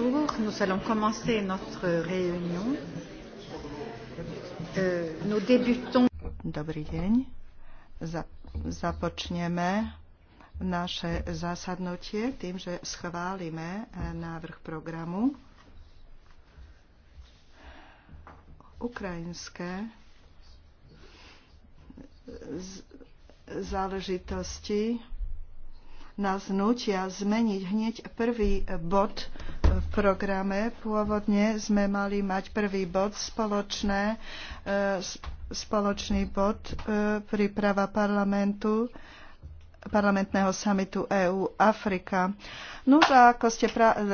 Bonjour, nous allons commencer notre réunion. Euh, nous débutons... Dobrý deň. Za, započneme naše zasadnutie tým, že schválime e, návrh programu. Ukrajinské záležitosti nás nutia zmeniť hneď prvý bod v programe. Pôvodne sme mali mať prvý bod spoločné, e, spoločný bod e, príprava parlamentu parlamentného samitu EU Afrika. No a ako ste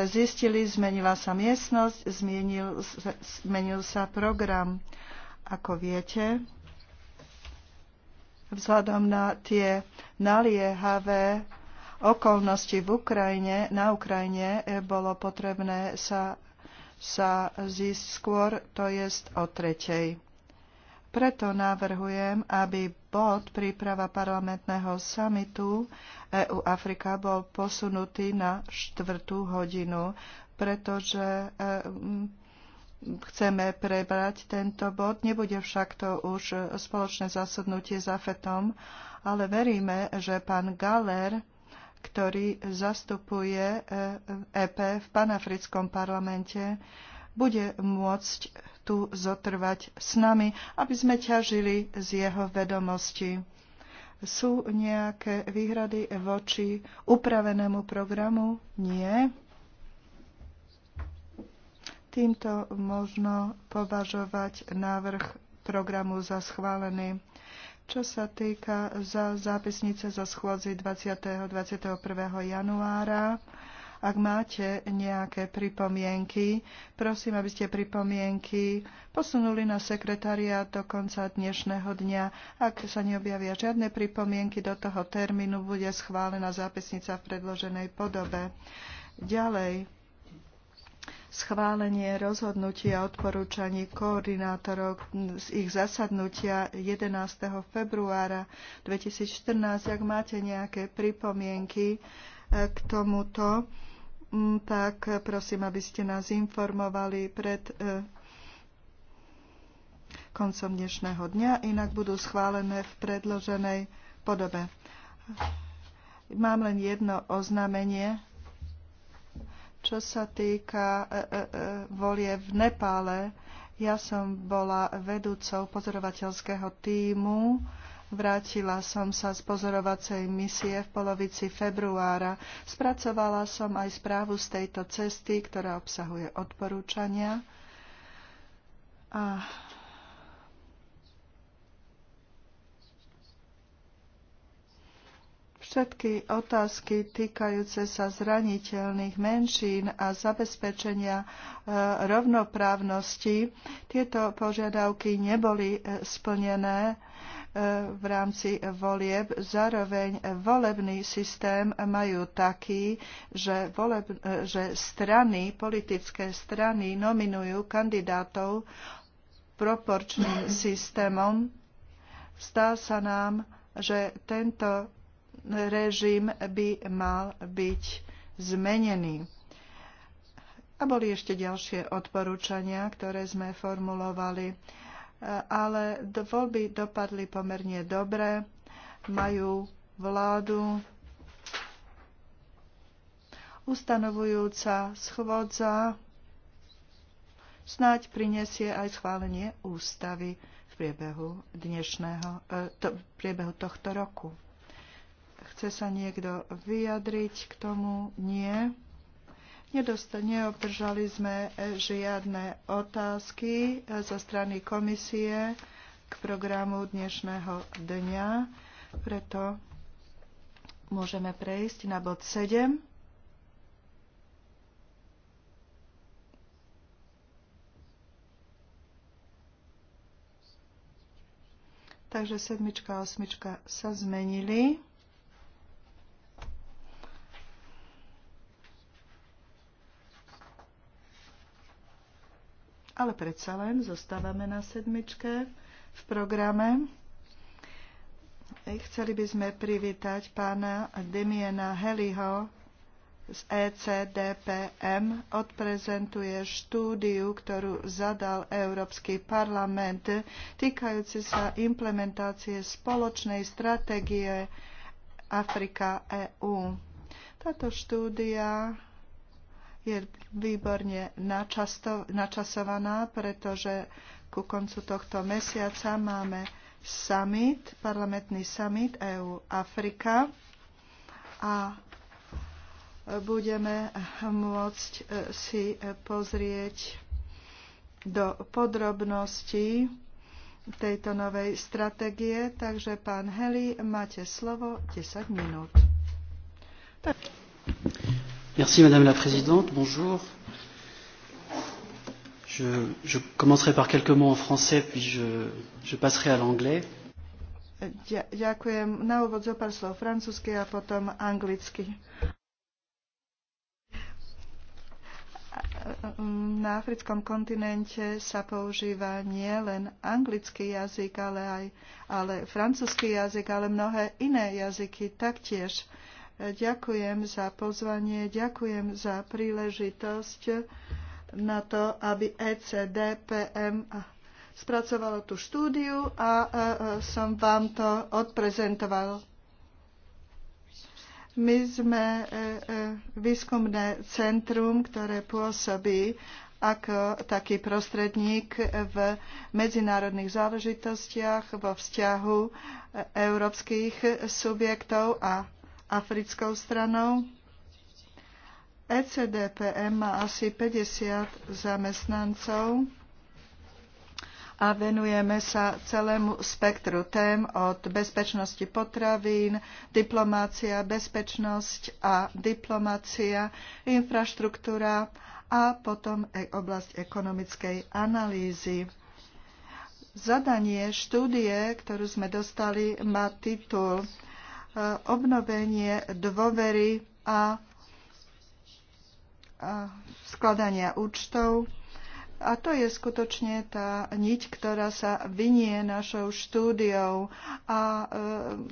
zistili, zmenila sa miestnosť, zmenil, zmenil sa program. Ako viete, vzhľadom na tie naliehavé okolnosti v Ukrajine, na Ukrajine e, bolo potrebné sa, sa zísť skôr, to jest o tretej. Preto navrhujem, aby bod príprava parlamentného samitu EU-Afrika bol posunutý na štvrtú hodinu, pretože e, chceme prebrať tento bod. Nebude však to už spoločné zasadnutie za fetom, ale veríme, že pán Galer ktorý zastupuje EP e v panafrickom parlamente, bude môcť tu zotrvať s nami, aby sme ťažili z jeho vedomosti. Sú nejaké výhrady voči upravenému programu? Nie. Týmto možno považovať návrh programu za schválený. Čo sa týka za zápisnice zo schôdzy 20. 21. januára, ak máte nejaké pripomienky, prosím, aby ste pripomienky posunuli na sekretariat do konca dnešného dňa. Ak sa neobjavia žiadne pripomienky do toho termínu, bude schválená zápisnica v predloženej podobe. Ďalej, schválenie rozhodnutia odporúčaní koordinátorov z ich zasadnutia 11. februára 2014. Ak máte nejaké pripomienky eh, k tomuto, mm, tak prosím, aby ste nás informovali pred eh, koncom dnešného dňa, inak budú schválené v predloženej podobe. Mám len jedno oznámenie. Čo sa týka e, e, e, volie v Nepále, ja som bola vedúcou pozorovateľského týmu. Vrátila som sa z pozorovacej misie v polovici februára. Spracovala som aj správu z tejto cesty, ktorá obsahuje odporúčania. A Všetky otázky týkajúce sa zraniteľných menšín a zabezpečenia e, rovnoprávnosti, tieto požiadavky neboli e, splnené e, v rámci volieb. Zároveň volebný systém majú taký, že, voleb, že strany, politické strany nominujú kandidátov proporčným systémom. Zdá sa nám, že tento režim by mal byť zmenený. A boli ešte ďalšie odporúčania, ktoré sme formulovali, ale voľby dopadli pomerne dobre, majú vládu ustanovujúca schôdza snáď prinesie aj schválenie ústavy v priebehu, dnešného, e, to, v priebehu tohto roku. Chce sa niekto vyjadriť k tomu? Nie. Neobdržali sme e, žiadne otázky e, zo strany komisie k programu dnešného dňa, preto môžeme prejsť na bod 7. Takže sedmička a osmička sa zmenili. ale predsa len zostávame na sedmičke v programe. Chceli by sme privítať pána Demiena Heliho z ECDPM. Odprezentuje štúdiu, ktorú zadal Európsky parlament týkajúci sa implementácie spoločnej stratégie Afrika EU. Táto štúdia je výborne načasovaná, pretože ku koncu tohto mesiaca máme summit, parlamentný summit EU-Afrika a budeme môcť e, si e, pozrieť do podrobností tejto novej stratégie. Takže, pán Heli, máte slovo 10 minút. Tak. Merci Madame la Présidente, bonjour. Je, je commencerai par quelques mots en français, puis je, je passerai à l'anglais. Ďakujem. Na úvod zo pár slov francúzsky a potom anglicky. na africkom kontinente sa používa nielen anglický jazyk, ale aj ale francúzsky jazyk, ale mnohé iné jazyky taktiež. Uh, Ďakujem za pozvanie, ďakujem za príležitosť na to, aby ECDPM spracovalo tú štúdiu a e, e, som vám to odprezentoval. My sme e, výskumné centrum, ktoré pôsobí ako taký prostredník v medzinárodných záležitostiach vo vzťahu európskych subjektov a africkou stranou. ECDPM má asi 50 zamestnancov a venujeme sa celému spektru tém od bezpečnosti potravín, diplomácia, bezpečnosť a diplomácia, infraštruktúra a potom aj e, oblasť ekonomickej analýzy. Zadanie štúdie, ktorú sme dostali, má titul obnovenie dôvery a skladania účtov. A to je skutočne tá niť, ktorá sa vynie našou štúdiou a e,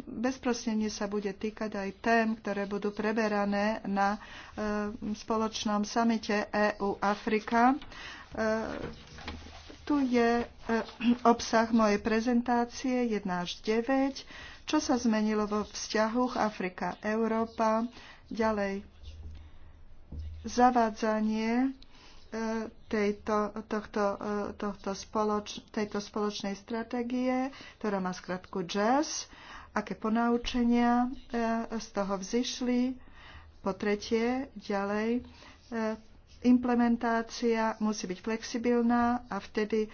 bezprostredne sa bude týkať aj tém, ktoré budú preberané na e, spoločnom samite EU-Afrika. E, tu je obsah mojej prezentácie 1 až 9 čo sa zmenilo vo vzťahoch Afrika-Európa? Ďalej, zavádzanie e, tejto, tohto, e, tohto spoloč, tejto spoločnej stratégie, ktorá má skratku JAS, aké ponaučenia e, z toho vzýšli. Po tretie, ďalej, implementácia musí byť flexibilná a vtedy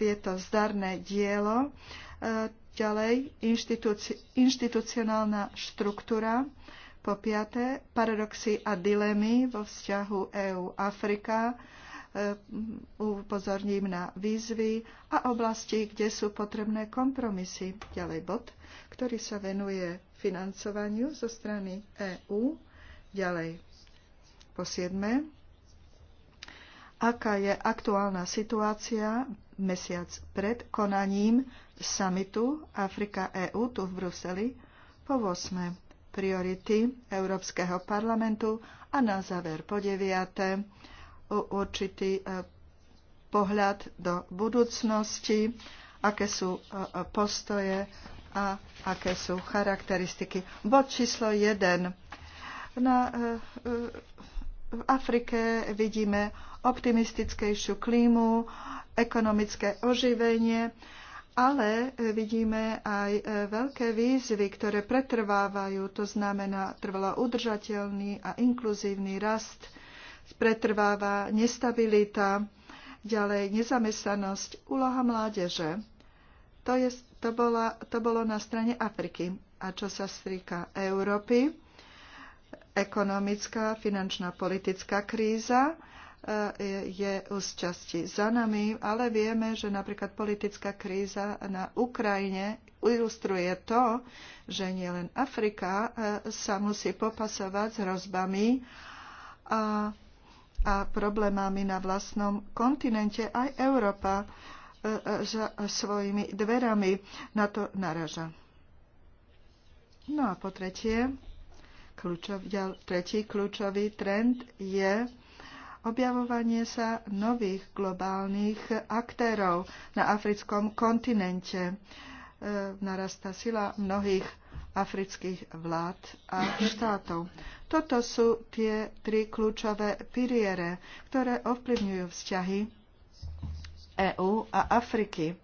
je to zdarné dielo Ďalej, inštitúci- inštitucionálna štruktúra. Po piaté, paradoxy a dilemy vo vzťahu EU-Afrika. E, upozorním na výzvy a oblasti, kde sú potrebné kompromisy. Ďalej bod, ktorý sa venuje financovaniu zo strany EÚ. Ďalej. Po siedme, aká je aktuálna situácia mesiac pred konaním samitu Afrika-EU tu v Bruseli, po 8. priority Európskeho parlamentu a na záver po 9. určitý e, pohľad do budúcnosti, aké sú e, e, postoje a aké sú charakteristiky. Bod číslo 1. Na, v Afrike vidíme optimistickejšiu klímu, ekonomické oživenie, ale e, vidíme aj e, veľké výzvy, ktoré pretrvávajú, to znamená trvalo udržateľný a inkluzívny rast, pretrváva nestabilita, ďalej nezamestnanosť, úloha mládeže. To, je, to, bola, to bolo na strane Afriky. A čo sa stríka Európy? Ekonomická, finančná, politická kríza E, je už časti za nami, ale vieme, že napríklad politická kríza na Ukrajine ilustruje to, že nielen Afrika e, sa musí popasovať s hrozbami a, a problémami na vlastnom kontinente, aj Európa e, za svojimi dverami na to naraža. No a po tretie, kľúčov, tretí kľúčový trend je objavovanie sa nových globálnych aktérov na africkom kontinente. E, narasta sila mnohých afrických vlád a štátov. Toto sú tie tri kľúčové piliere, ktoré ovplyvňujú vzťahy EÚ a Afriky.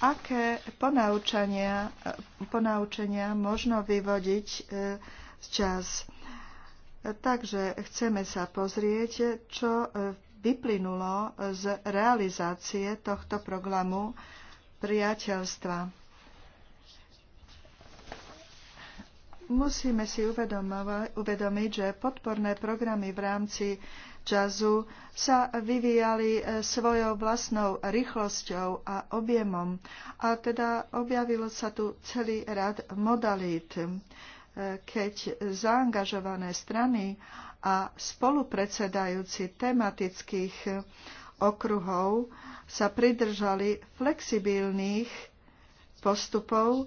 Aké ponaučenia, ponaučenia možno vyvodiť e, z čas Takže chceme sa pozrieť, čo e, vyplynulo z realizácie tohto programu priateľstva. Musíme si uvedomiť, že podporné programy v rámci jazzu sa vyvíjali e, svojou vlastnou rýchlosťou a objemom. A teda objavilo sa tu celý rad modalít keď zaangažované strany a spolupredsedajúci tematických okruhov sa pridržali flexibilných postupov, e,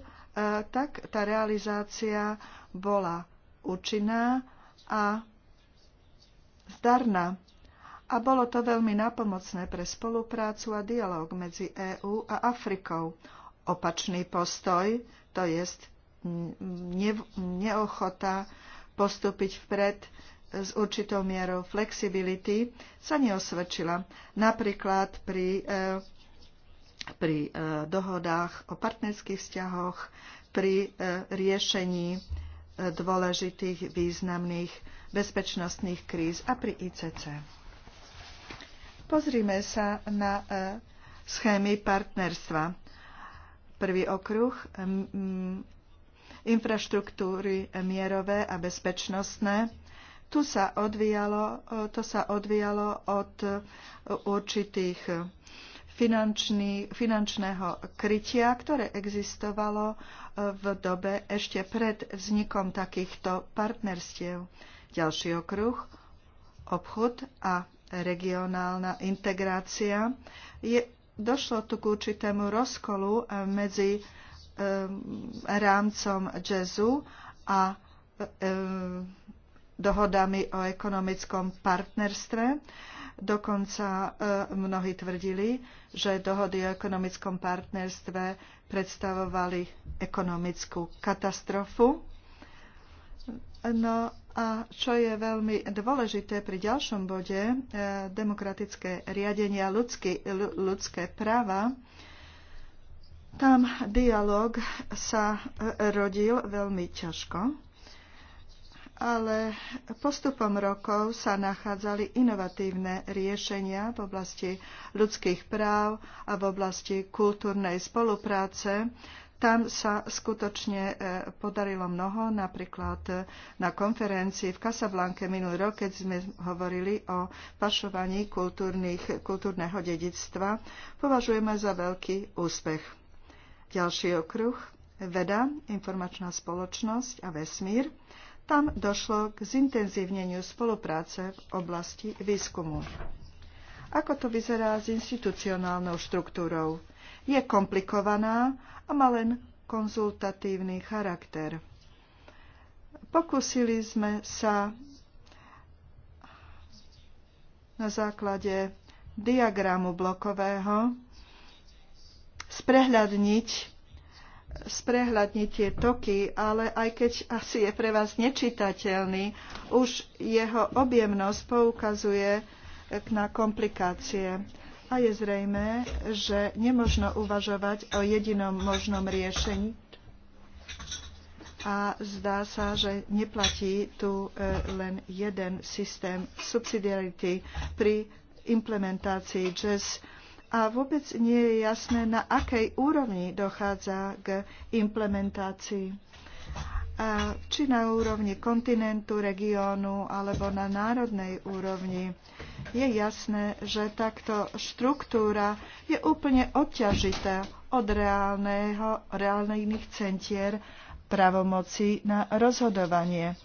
tak tá realizácia bola účinná a zdarná. A bolo to veľmi napomocné pre spoluprácu a dialog medzi EÚ a Afrikou. Opačný postoj, to jest neochota postúpiť vpred s určitou mierou flexibility sa neosvedčila. Napríklad pri, eh, pri eh, dohodách o partnerských vzťahoch, pri eh, riešení dôležitých významných bezpečnostných kríz a pri ICC. Pozrime sa na schémy partnerstva. Prvý okruh infraštruktúry mierové a bezpečnostné. Tu sa odvíjalo, to sa odvíjalo od určitých finančný, finančného krytia, ktoré existovalo e, v dobe ešte pred vznikom takýchto partnerstiev. Ďalší okruh, obchod a regionálna integrácia. Je, došlo tu k určitému rozkolu e, medzi Eh, rámcom jazzu a eh, dohodami o ekonomickom partnerstve. Dokonca eh, mnohí tvrdili, že dohody o ekonomickom partnerstve predstavovali ekonomickú katastrofu. No a čo je veľmi dôležité pri ďalšom bode, demokratické riadenie a ľudské práva, tam dialog sa e, rodil veľmi ťažko, ale postupom rokov sa nachádzali inovatívne riešenia v oblasti ľudských práv a v oblasti kultúrnej spolupráce. Tam sa skutočne e, podarilo mnoho, napríklad e, na konferencii v Casablanke minulý rok, keď sme hovorili o pašovaní kultúrneho dedictva, považujeme za veľký úspech ďalší okruh, veda, informačná spoločnosť a vesmír. Tam došlo k zintenzívneniu spolupráce v oblasti výskumu. Ako to vyzerá s institucionálnou štruktúrou? Je komplikovaná a má len konzultatívny charakter. Pokúsili sme sa na základe diagramu blokového sprehľadniť sprehľadniť tie toky, ale aj keď asi je pre vás nečitateľný, už jeho objemnosť poukazuje na komplikácie. A je zrejme, že nemožno uvažovať o jedinom možnom riešení. A zdá sa, že neplatí tu e, len jeden systém subsidiarity pri implementácii JES a vôbec nie je jasné, na akej úrovni dochádza k implementácii. Či na úrovni kontinentu, regiónu alebo na národnej úrovni. Je jasné, že takto štruktúra je úplne odťažitá od reálneho, reálnych centier pravomoci na rozhodovanie.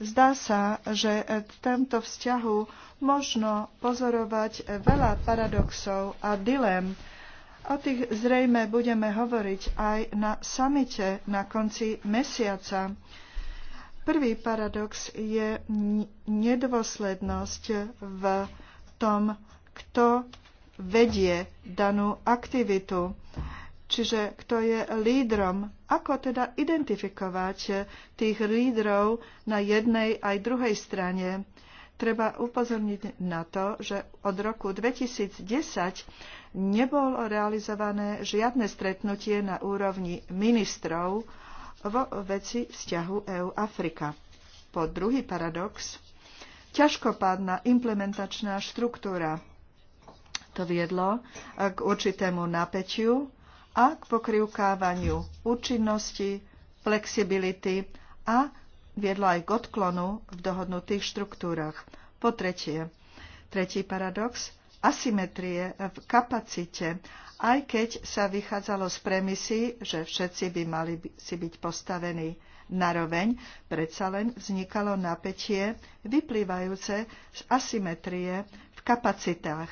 Zdá sa, že v tomto vzťahu možno pozorovať veľa paradoxov a dilem. O tých zrejme budeme hovoriť aj na samite na konci mesiaca. Prvý paradox je nedôslednosť v tom, kto vedie danú aktivitu. Čiže kto je lídrom? Ako teda identifikovať tých lídrov na jednej aj druhej strane? Treba upozorniť na to, že od roku 2010 nebolo realizované žiadne stretnutie na úrovni ministrov vo veci vzťahu EU-Afrika. Po druhý paradox, ťažkopádna implementačná štruktúra. To viedlo k určitému napätiu a k pokrivkávaniu účinnosti, flexibility a viedlo aj k odklonu v dohodnutých štruktúrach. Po tretie, tretí paradox, asymetrie v kapacite, aj keď sa vychádzalo z premisy, že všetci by mali si byť postavení naroveň, predsa len vznikalo napätie vyplývajúce z asymetrie v kapacitách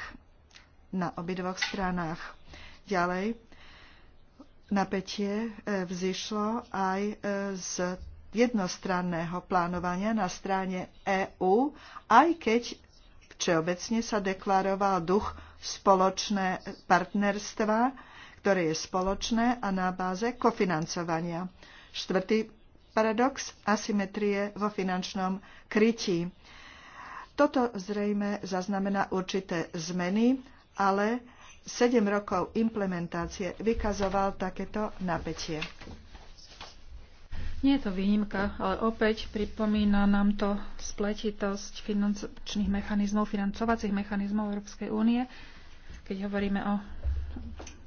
na obidvoch stranách. Ďalej, Napätie e, vzýšlo aj e, z jednostranného plánovania na strane EÚ, aj keď všeobecne sa deklaroval duch spoločné partnerstva, ktoré je spoločné a na báze kofinancovania. Štvrtý paradox asymetrie vo finančnom krytí. Toto zrejme zaznamená určité zmeny, ale 7 rokov implementácie vykazoval takéto napätie. Nie je to výnimka, ale opäť pripomína nám to spletitosť finančných mechanizmov, financovacích mechanizmov Európskej únie. Keď hovoríme o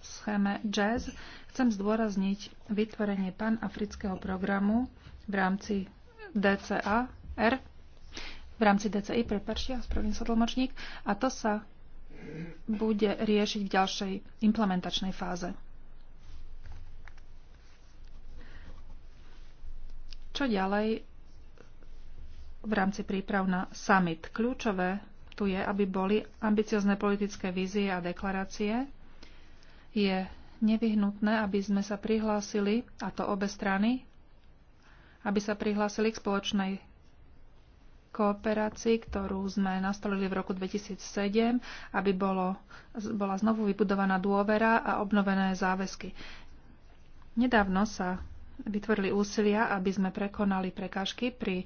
schéme JAZZ, e chcem zdôrazniť vytvorenie panafrického programu v rámci DCA, R, v rámci DCI, prepáčte, spravím sa tlmočník, a to sa bude riešiť v ďalšej implementačnej fáze. Čo ďalej v rámci príprav na summit? Kľúčové tu je, aby boli ambiciozne politické vízie a deklarácie. Je nevyhnutné, aby sme sa prihlásili, a to obe strany, aby sa prihlásili k spoločnej kooperácii, ktorú sme nastolili v roku 2007, aby bolo, bola znovu vybudovaná dôvera a obnovené záväzky. Nedávno sa vytvorili úsilia, aby sme prekonali prekážky pri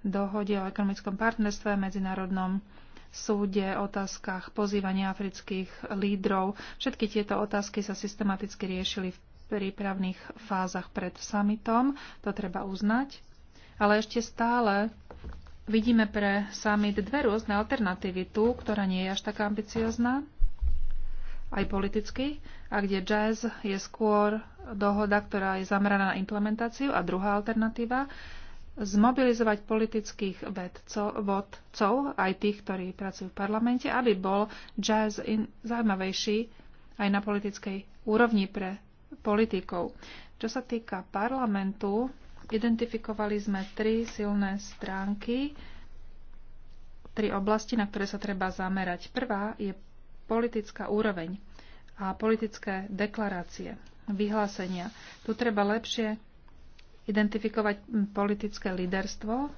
dohode o ekonomickom partnerstve v medzinárodnom súde, otázkach pozývania afrických lídrov. Všetky tieto otázky sa systematicky riešili v prípravných fázach pred summitom, to treba uznať. Ale ešte stále vidíme pre summit dve rôzne alternatívy. Tu, ktorá nie je až taká ambiciozná, aj politicky, a kde jazz je skôr dohoda, ktorá je zameraná na implementáciu. A druhá alternatíva, zmobilizovať politických vedcov, vodcov, aj tých, ktorí pracujú v parlamente, aby bol jazz in, zaujímavejší aj na politickej úrovni pre politikov. Čo sa týka parlamentu, Identifikovali sme tri silné stránky, tri oblasti, na ktoré sa treba zamerať. Prvá je politická úroveň a politické deklarácie, vyhlásenia. Tu treba lepšie identifikovať politické líderstvo,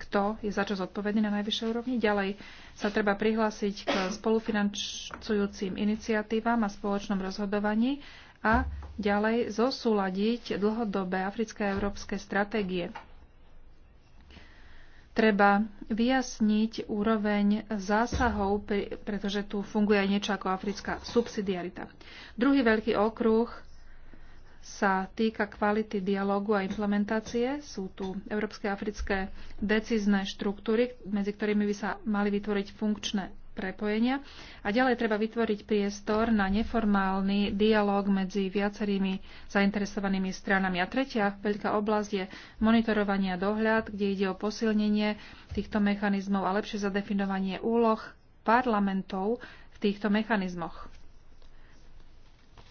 kto je za čo zodpovedný na najvyššej úrovni. Ďalej sa treba prihlásiť k spolufinančujúcim iniciatívam a spoločnom rozhodovaní a ďalej zosúladiť dlhodobé africké a európske stratégie. Treba vyjasniť úroveň zásahov, pretože tu funguje aj niečo ako africká subsidiarita. Druhý veľký okruh sa týka kvality dialogu a implementácie. Sú tu európske a africké decizné štruktúry, medzi ktorými by sa mali vytvoriť funkčné prepojenia. A ďalej treba vytvoriť priestor na neformálny dialog medzi viacerými zainteresovanými stranami. A tretia veľká oblasť je monitorovanie a dohľad, kde ide o posilnenie týchto mechanizmov a lepšie zadefinovanie úloh parlamentov v týchto mechanizmoch.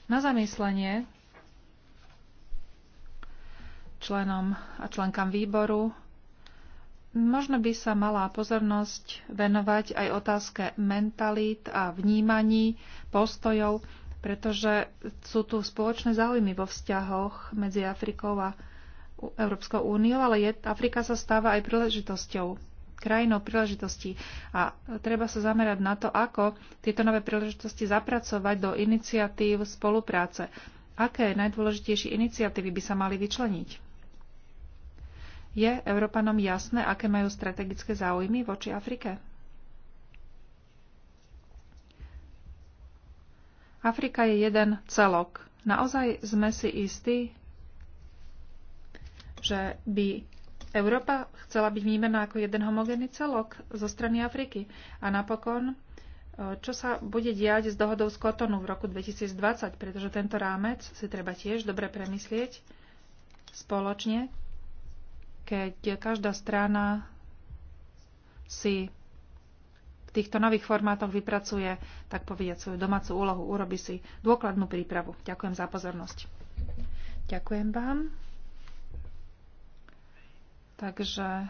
Na zamyslenie členom a členkám výboru Možno by sa mala pozornosť venovať aj otázke mentalít a vnímaní, postojov, pretože sú tu spoločné záujmy vo vzťahoch medzi Afrikou a Európskou úniou, ale je, Afrika sa stáva aj príležitosťou, krajinou príležitostí. A treba sa zamerať na to, ako tieto nové príležitosti zapracovať do iniciatív spolupráce. Aké najdôležitejšie iniciatívy by sa mali vyčleniť? Je Európanom jasné, aké majú strategické záujmy voči Afrike? Afrika je jeden celok. Naozaj sme si istí, že by Európa chcela byť vnímená ako jeden homogénny celok zo strany Afriky. A napokon, e, čo sa bude diať s dohodou z Kotonu v roku 2020, pretože tento rámec si treba tiež dobre premyslieť spoločne keď každá strana si v týchto nových formátoch vypracuje, tak povedia svoju domácu úlohu, urobi si dôkladnú prípravu. Ďakujem za pozornosť. Ďakujem vám. Takže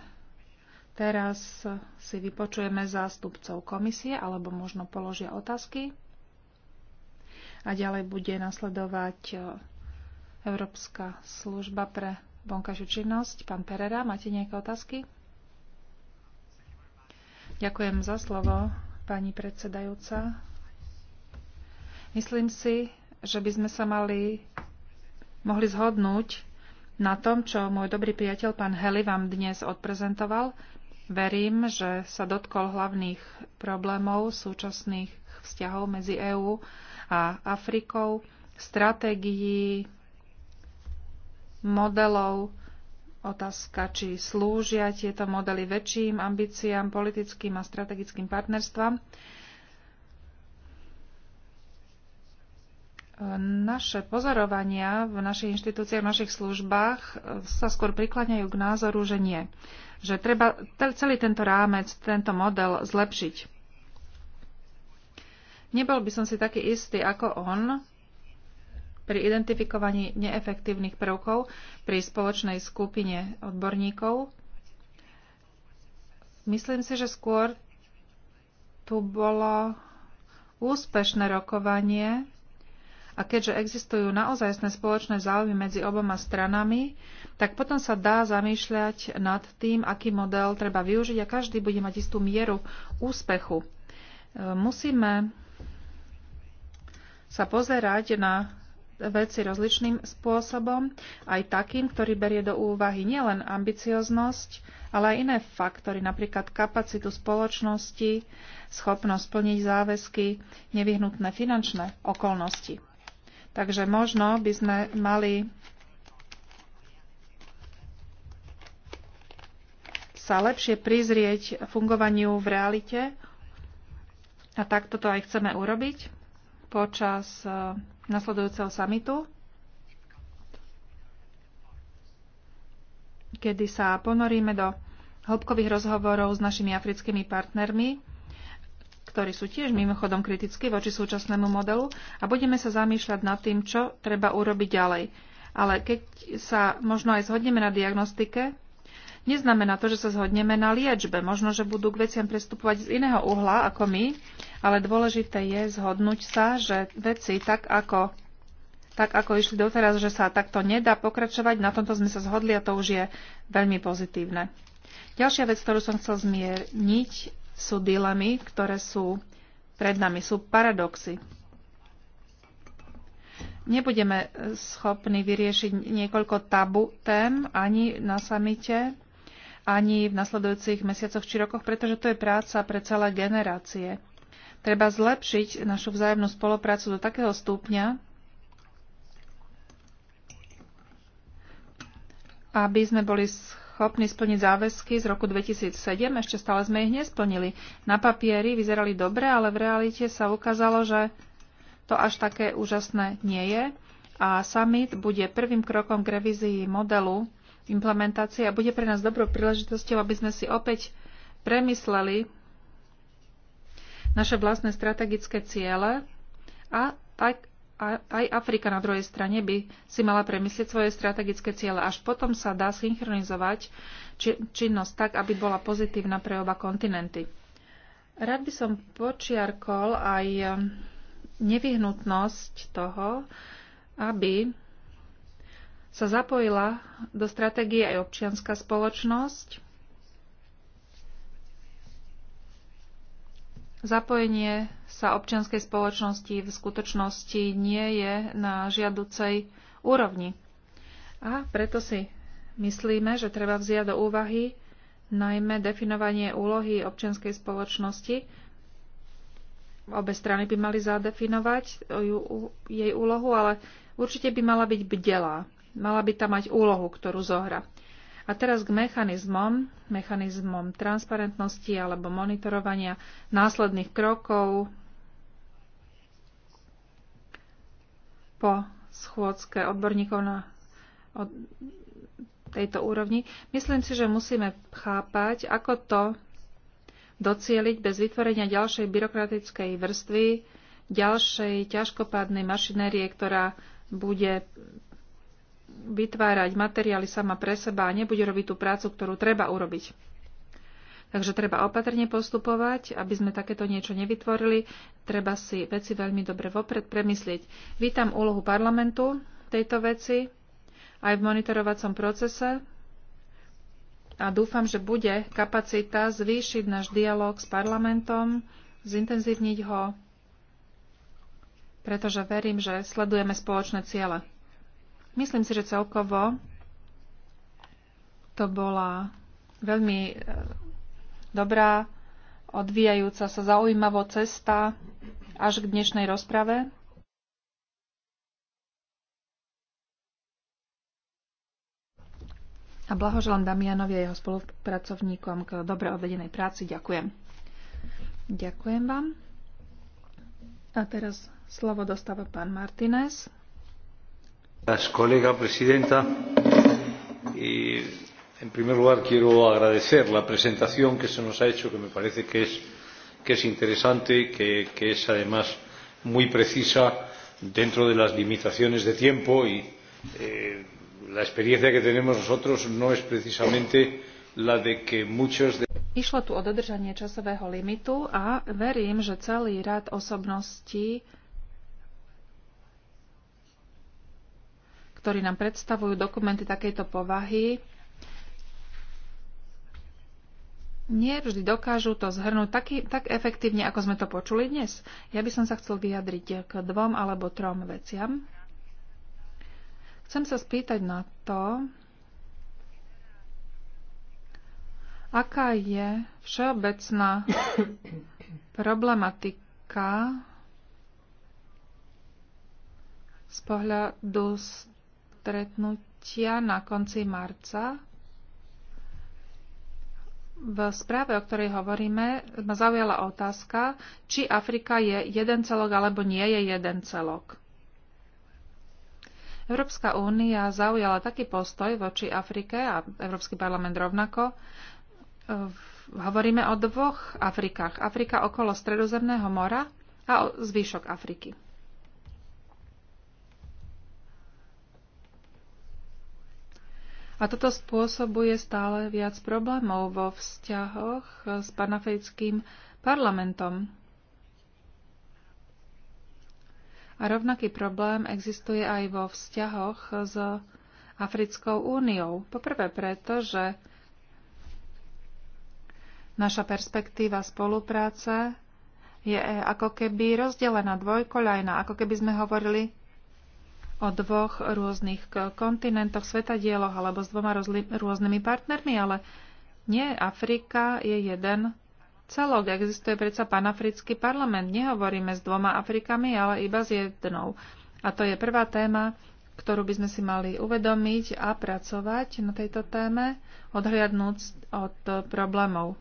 teraz si vypočujeme zástupcov komisie, alebo možno položia otázky. A ďalej bude nasledovať Európska služba pre vonkajšiu činnosť. Pán Perera, máte nejaké otázky? Ďakujem za slovo, pani predsedajúca. Myslím si, že by sme sa mali mohli zhodnúť na tom, čo môj dobrý priateľ pán Heli vám dnes odprezentoval. Verím, že sa dotkol hlavných problémov súčasných vzťahov medzi EÚ a Afrikou, stratégií, modelov. Otázka, či slúžia tieto modely väčším ambíciám, politickým a strategickým partnerstvám. Naše pozorovania v našich inštitúciách, v našich službách sa skôr prikladňajú k názoru, že nie. Že treba celý tento rámec, tento model zlepšiť. Nebol by som si taký istý ako on, pri identifikovaní neefektívnych prvkov pri spoločnej skupine odborníkov. Myslím si, že skôr tu bolo úspešné rokovanie a keďže existujú naozajstné spoločné záujmy medzi oboma stranami, tak potom sa dá zamýšľať nad tým, aký model treba využiť a každý bude mať istú mieru úspechu. E, musíme sa pozerať na veci rozličným spôsobom, aj takým, ktorý berie do úvahy nielen ambicioznosť, ale aj iné faktory, napríklad kapacitu spoločnosti, schopnosť plniť záväzky, nevyhnutné finančné okolnosti. Takže možno by sme mali sa lepšie prizrieť fungovaniu v realite a takto to aj chceme urobiť počas eh, nasledujúceho samitu, kedy sa ponoríme do hĺbkových rozhovorov s našimi africkými partnermi, ktorí sú tiež mimochodom kritickí voči súčasnému modelu a budeme sa zamýšľať nad tým, čo treba urobiť ďalej. Ale keď sa možno aj zhodneme na diagnostike, neznamená to, že sa zhodneme na liečbe. Možno, že budú k veciam prestupovať z iného uhla ako my ale dôležité je zhodnúť sa, že veci tak ako, tak ako išli doteraz, že sa takto nedá pokračovať, na tomto sme sa zhodli a to už je veľmi pozitívne. Ďalšia vec, ktorú som chcel zmierniť, sú dilemy, ktoré sú pred nami, sú paradoxy nebudeme schopní vyriešiť niekoľko tabu tém ani na samite, ani v nasledujúcich mesiacoch či rokoch, pretože to je práca pre celé generácie. Treba zlepšiť našu vzájomnú spoluprácu do takého stupňa, aby sme boli schopní splniť záväzky z roku 2007. Ešte stále sme ich nesplnili. Na papieri vyzerali dobre, ale v realite sa ukázalo, že to až také úžasné nie je. A summit bude prvým krokom k revízii modelu implementácie a bude pre nás dobrou príležitosťou, aby sme si opäť premysleli naše vlastné strategické ciele a tak aj Afrika na druhej strane by si mala premyslieť svoje strategické ciele. Až potom sa dá synchronizovať činnosť tak, aby bola pozitívna pre oba kontinenty. Rád by som počiarkol aj um, nevyhnutnosť toho, aby sa zapojila do stratégie aj občianská spoločnosť, Zapojenie sa občianskej spoločnosti v skutočnosti nie je na žiaducej úrovni. A preto si myslíme, že treba vziať do úvahy najmä definovanie úlohy občianskej spoločnosti. Obe strany by mali zadefinovať jej úlohu, ale určite by mala byť bdelá. Mala by tam mať úlohu, ktorú zohra. A teraz k mechanizmom, mechanizmom transparentnosti alebo monitorovania následných krokov po schôdzke odborníkov na od tejto úrovni. Myslím si, že musíme chápať, ako to docieliť bez vytvorenia ďalšej byrokratickej vrstvy, ďalšej ťažkopádnej mašinérie, ktorá bude vytvárať materiály sama pre seba a nebude robiť tú prácu, ktorú treba urobiť. Takže treba opatrne postupovať, aby sme takéto niečo nevytvorili. Treba si veci veľmi dobre vopred premyslieť. Vítam úlohu parlamentu tejto veci aj v monitorovacom procese a dúfam, že bude kapacita zvýšiť náš dialog s parlamentom, zintenzívniť ho, pretože verím, že sledujeme spoločné ciele. Myslím si, že celkovo to bola veľmi e, dobrá, odvíjajúca sa zaujímavá cesta až k dnešnej rozprave. A blahoželám Damianovi a jeho spolupracovníkom k dobre odvedenej práci. Ďakujem. Ďakujem vám. A teraz slovo dostáva pán Martinez señora presidenta, en primer lugar quiero agradecer la presentación que se nos ha hecho, que me parece que es, interesante, que, que es además muy precisa dentro de las limitaciones de tiempo y eh, la experiencia que tenemos nosotros no es precisamente la de que muchos de Išlo tu o dodržanie časového limitu a verím, že celý rad osobností ktorí nám predstavujú dokumenty takejto povahy, nie vždy dokážu to zhrnúť taký, tak efektívne, ako sme to počuli dnes. Ja by som sa chcel vyjadriť k dvom alebo trom veciam. Chcem sa spýtať na to, aká je všeobecná problematika z pohľadu stretnutia na konci marca. V správe, o ktorej hovoríme, ma zaujala otázka, či Afrika je jeden celok alebo nie je jeden celok. Európska únia zaujala taký postoj voči Afrike a Európsky parlament rovnako. Hovoríme o dvoch Afrikách. Afrika okolo Stredozemného mora a o zvyšok Afriky. A toto spôsobuje stále viac problémov vo vzťahoch s panafejským parlamentom. A rovnaký problém existuje aj vo vzťahoch s Africkou úniou. Poprvé preto, že naša perspektíva spolupráce je ako keby rozdelená dvojkoľajná, ako keby sme hovorili o dvoch rôznych kontinentoch, svetadieloch alebo s dvoma rôznymi partnermi, ale nie, Afrika je jeden celok. Existuje predsa panafrický parlament. Nehovoríme s dvoma Afrikami, ale iba s jednou. A to je prvá téma, ktorú by sme si mali uvedomiť a pracovať na tejto téme, odhliadnúť od problémov.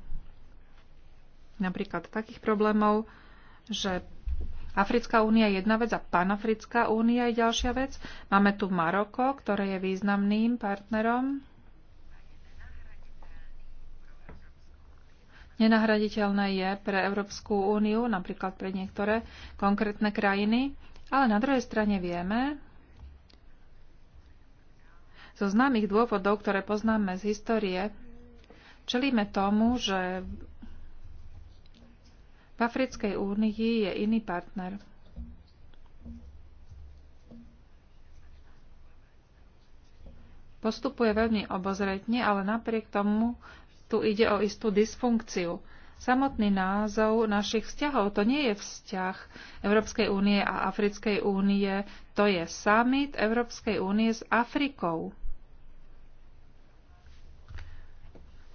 Napríklad takých problémov, že Africká únia je jedna vec a Panafrická únia je ďalšia vec. Máme tu Maroko, ktoré je významným partnerom. Nenahraditeľné je pre Európsku úniu, napríklad pre niektoré konkrétne krajiny, ale na druhej strane vieme, zo známych dôvodov, ktoré poznáme z histórie, čelíme tomu, že v Africkej únii je iný partner. Postupuje veľmi obozretne, ale napriek tomu tu ide o istú dysfunkciu. Samotný názov našich vzťahov to nie je vzťah Európskej únie a Africkej únie, to je summit Európskej únie s Afrikou.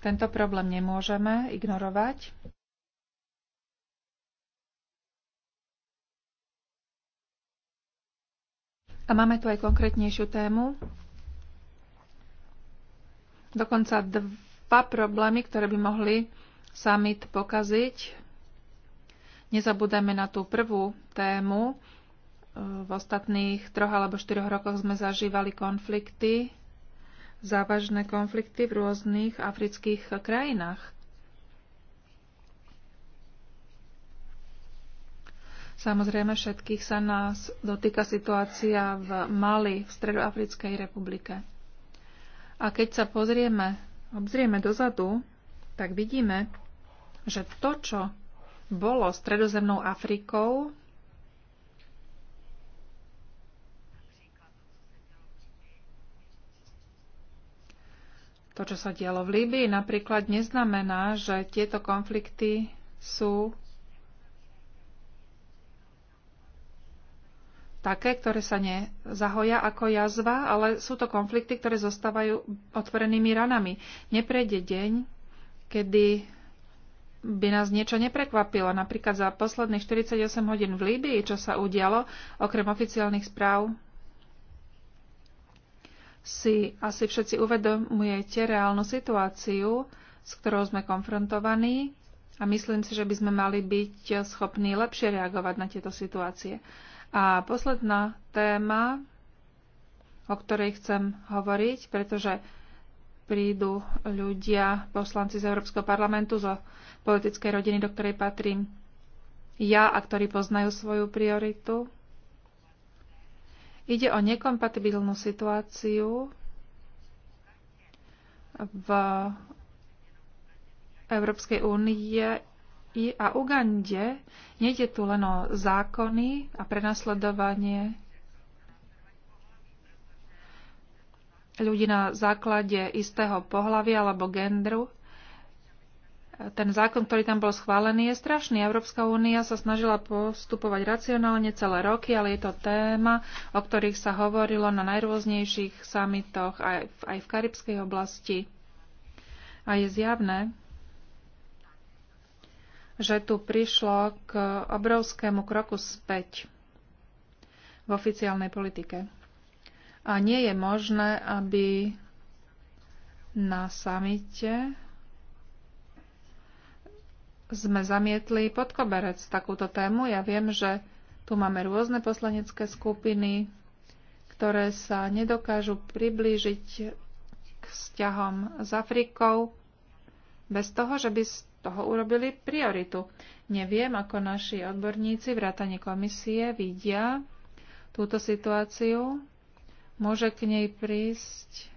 Tento problém nemôžeme ignorovať. A máme tu aj konkrétnejšiu tému. Dokonca dva problémy, ktoré by mohli summit pokaziť. Nezabúdajme na tú prvú tému. E, v ostatných troch alebo štyroch rokoch sme zažívali konflikty, závažné konflikty v rôznych afrických krajinách. Samozrejme, všetkých sa nás dotýka situácia v Mali, v Stredoafrickej republike. A keď sa pozrieme, obzrieme dozadu, tak vidíme, že to, čo bolo Stredozemnou Afrikou, To, čo sa dialo v Líbii, napríklad neznamená, že tieto konflikty sú také, ktoré sa nezahoja ako jazva, ale sú to konflikty, ktoré zostávajú otvorenými ranami. Neprejde deň, kedy by nás niečo neprekvapilo. Napríklad za posledných 48 hodín v Líbii, čo sa udialo, okrem oficiálnych správ, si asi všetci uvedomujete reálnu situáciu, s ktorou sme konfrontovaní a myslím si, že by sme mali byť schopní lepšie reagovať na tieto situácie. A posledná téma, o ktorej chcem hovoriť, pretože prídu ľudia, poslanci z Európskeho parlamentu, zo politickej rodiny, do ktorej patrím ja a ktorí poznajú svoju prioritu. Ide o nekompatibilnú situáciu v Európskej únie i a Ugande nejde tu len o zákony a prenasledovanie ľudí na základe istého pohlavia alebo gendru. Ten zákon, ktorý tam bol schválený, je strašný. Európska únia sa snažila postupovať racionálne celé roky, ale je to téma, o ktorých sa hovorilo na najrôznejších samitoch aj v, aj v karibskej oblasti. A je zjavné, že tu prišlo k obrovskému kroku späť v oficiálnej politike. A nie je možné, aby na samite sme zamietli pod koberec takúto tému. Ja viem, že tu máme rôzne poslanecké skupiny, ktoré sa nedokážu priblížiť k vzťahom s Afrikou bez toho, že by toho urobili prioritu. Neviem, ako naši odborníci vrátane komisie vidia túto situáciu. Môže k nej prísť.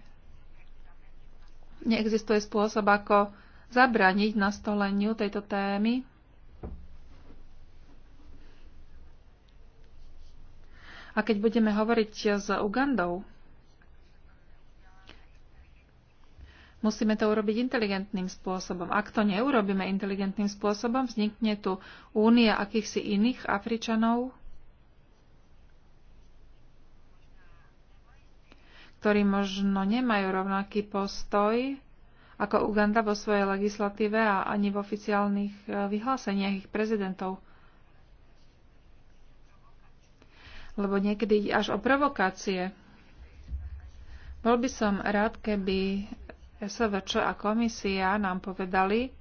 Neexistuje spôsob, ako zabraniť nastoleniu tejto témy. A keď budeme hovoriť s Ugandou, Musíme to urobiť inteligentným spôsobom. Ak to neurobíme inteligentným spôsobom, vznikne tu únia akýchsi iných Afričanov, ktorí možno nemajú rovnaký postoj ako Uganda vo svojej legislatíve a ani v oficiálnych e, vyhláseniach ich prezidentov. Lebo niekedy až o provokácie. Bol by som rád, keby SVČ a komisia nám povedali,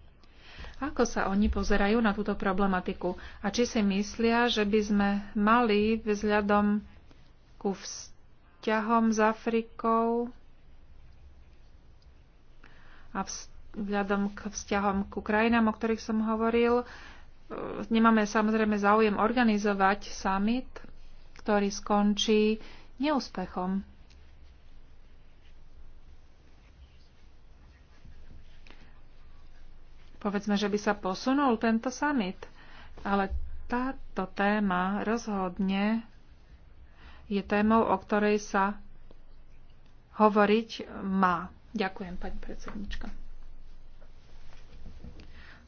ako sa oni pozerajú na túto problematiku a či si myslia, že by sme mali vzhľadom ku vzťahom s Afrikou a vzhľadom k vzťahom ku krajinám, o ktorých som hovoril. E, nemáme samozrejme záujem organizovať summit, ktorý skončí neúspechom. Povedzme, že by sa posunul tento summit. Ale táto téma rozhodne je témou, o ktorej sa hovoriť má. Ďakujem, pani predsednička.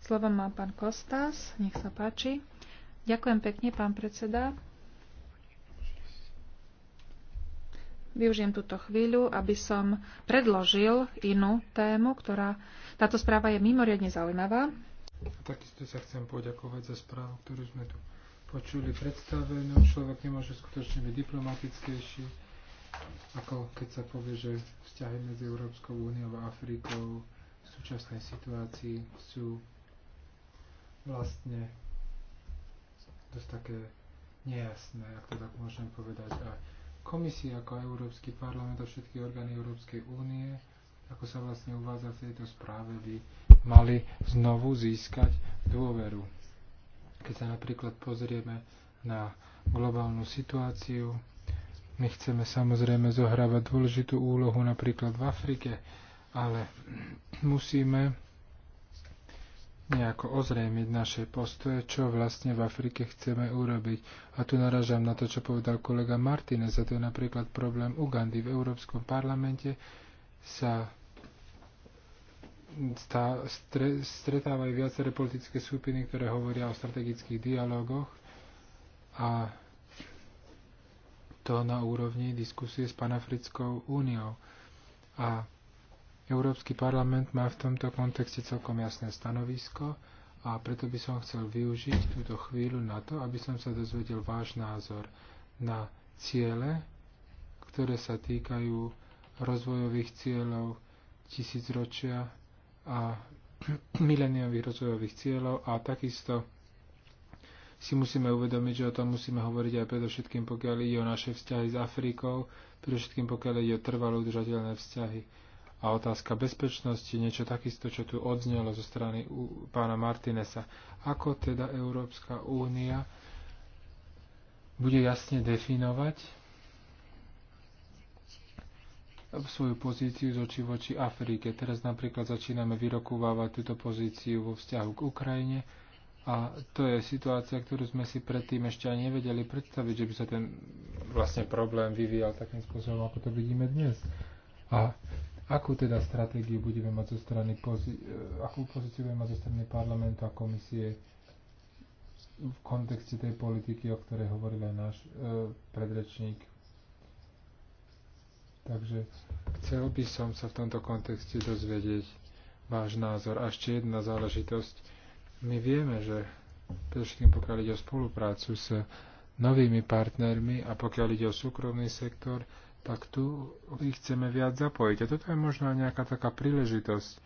Slovo má pán Kostas, nech sa páči. Ďakujem pekne, pán predseda. Využijem túto chvíľu, aby som predložil inú tému, ktorá táto správa je mimoriadne zaujímavá. A takisto sa chcem poďakovať za správu, ktorú sme tu počuli predstavenú. Človek nemôže skutočne byť diplomatickejší, ako keď sa povie, že vzťahy medzi Európskou úniou a Afrikou v súčasnej situácii sú vlastne dosť také nejasné, ak to tak môžem povedať. A komisia ako Európsky parlament a všetky orgány Európskej únie ako sa vlastne uvádza v tejto správe, by mali znovu získať dôveru. Keď sa napríklad pozrieme na globálnu situáciu, my chceme samozrejme zohrávať dôležitú úlohu napríklad v Afrike, ale musíme nejako ozrejmiť naše postoje, čo vlastne v Afrike chceme urobiť. A tu naražam na to, čo povedal kolega Martinez, a to je napríklad problém Ugandy. V Európskom parlamente sa stá, stre, stretávajú viaceré politické skupiny, ktoré hovoria o strategických dialogoch a to na úrovni diskusie s Panafrickou úniou. A Európsky parlament má v tomto kontexte celkom jasné stanovisko a preto by som chcel využiť túto chvíľu na to, aby som sa dozvedel váš názor na ciele, ktoré sa týkajú rozvojových cieľov tisícročia a mileniových rozvojových cieľov a takisto si musíme uvedomiť, že o tom musíme hovoriť aj predovšetkým, pokiaľ ide o naše vzťahy s Afrikou, predovšetkým pokiaľ ide o trvalo udržateľné vzťahy. A otázka bezpečnosti, niečo takisto, čo tu odznelo zo strany pána Martinesa. Ako teda Európska únia bude jasne definovať svoju pozíciu z oči voči Afrike. Teraz napríklad začíname vyrokovávať túto pozíciu vo vzťahu k Ukrajine a to je situácia, ktorú sme si predtým ešte ani nevedeli predstaviť, že by sa ten vlastne problém vyvíjal takým spôsobom, ako to vidíme dnes. A akú teda stratégiu budeme mať zo strany pozí e, akú pozíciu budeme mať zo strany parlamentu a komisie v kontexte tej politiky, o ktorej hovoril aj náš e, predrečník Takže chcel by som sa v tomto kontexte dozvedieť váš názor. A ešte jedna záležitosť. My vieme, že predovšetkým pokiaľ ide o spoluprácu s novými partnermi a pokiaľ ide o súkromný sektor, tak tu ich chceme viac zapojiť. A toto je možno nejaká taká príležitosť,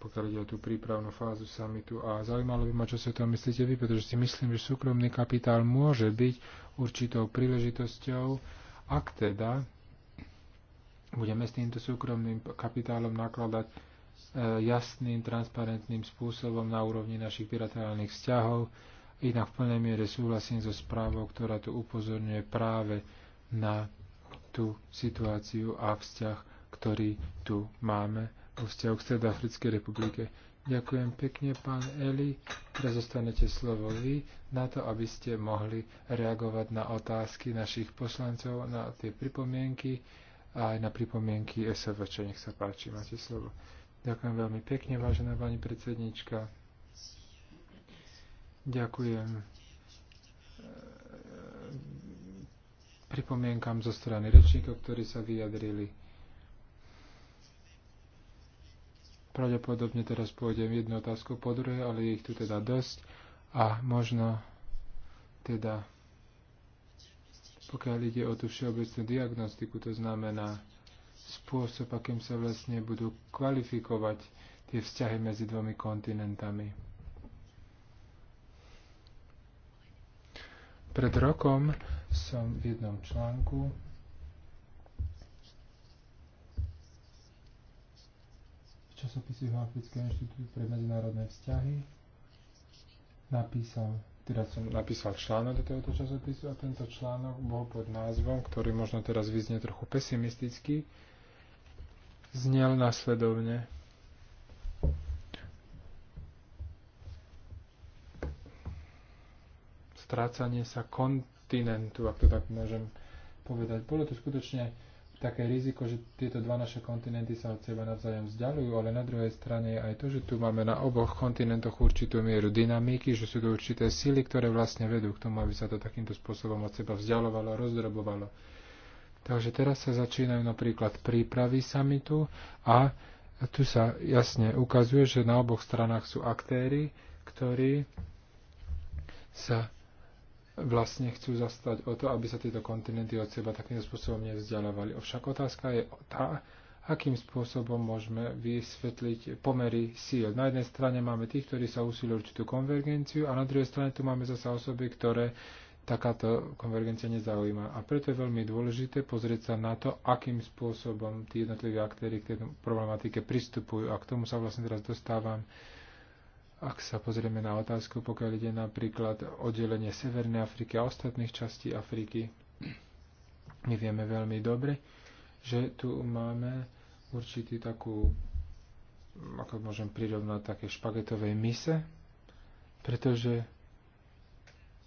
pokiaľ ide o tú prípravnú fázu samitu. A zaujímalo by ma, čo si o tom myslíte vy, pretože si myslím, že súkromný kapitál môže byť určitou príležitosťou, ak teda budeme s týmto súkromným kapitálom nakladať e, jasným, transparentným spôsobom na úrovni našich bilaterálnych vzťahov. Inak v plnej miere súhlasím so správou, ktorá tu upozorňuje práve na tú situáciu a vzťah, ktorý tu máme vo vzťahu k Stredoafrickej republike. Ďakujem pekne, pán Eli. Teraz zostanete slovo vy na to, aby ste mohli reagovať na otázky našich poslancov, na tie pripomienky aj na pripomienky SVČ. Nech sa páči, máte slovo. Ďakujem veľmi pekne, vážená pani predsednička. Ďakujem eh, pripomienkam zo strany rečníkov, ktorí sa vyjadrili. Pravdepodobne teraz pôjdem jednu otázku po druhej, ale je ich tu teda dosť a možno teda pokiaľ ide o tú všeobecnú diagnostiku, to znamená spôsob, akým sa vlastne budú kvalifikovať tie vzťahy medzi dvomi kontinentami. Pred rokom som v jednom článku v časopise Afrického inštitútu pre medzinárodné vzťahy napísal teraz som napísal článok do tohoto časopisu a tento článok bol pod názvom, ktorý možno teraz vyznie trochu pesimisticky, znel nasledovne. Strácanie sa kontinentu, ak to tak môžem povedať. Bolo to skutočne také riziko, že tieto dva naše kontinenty sa od seba navzájom vzdialujú, ale na druhej strane je aj to, že tu máme na oboch kontinentoch určitú mieru dynamiky, že sú to určité síly, ktoré vlastne vedú k tomu, aby sa to takýmto spôsobom od seba vzdialovalo a rozdrobovalo. Takže teraz sa začínajú napríklad prípravy samitu a tu sa jasne ukazuje, že na oboch stranách sú aktéry, ktorí sa vlastne chcú zastať o to, aby sa tieto kontinenty od seba takýmto spôsobom nevzdialovali. Ovšak otázka je tá, akým spôsobom môžeme vysvetliť pomery síl. Na jednej strane máme tých, ktorí sa usilujú určitú konvergenciu a na druhej strane tu máme zase osoby, ktoré takáto konvergencia nezaujíma. A preto je veľmi dôležité pozrieť sa na to, akým spôsobom tí jednotliví aktéry k tejto problematike pristupujú. A k tomu sa vlastne teraz dostávam ak sa pozrieme na otázku, pokiaľ ide napríklad oddelenie Severnej Afriky a ostatných častí Afriky, my vieme veľmi dobre, že tu máme určitý takú, ako môžem prirovnať, také špagetovej mise, pretože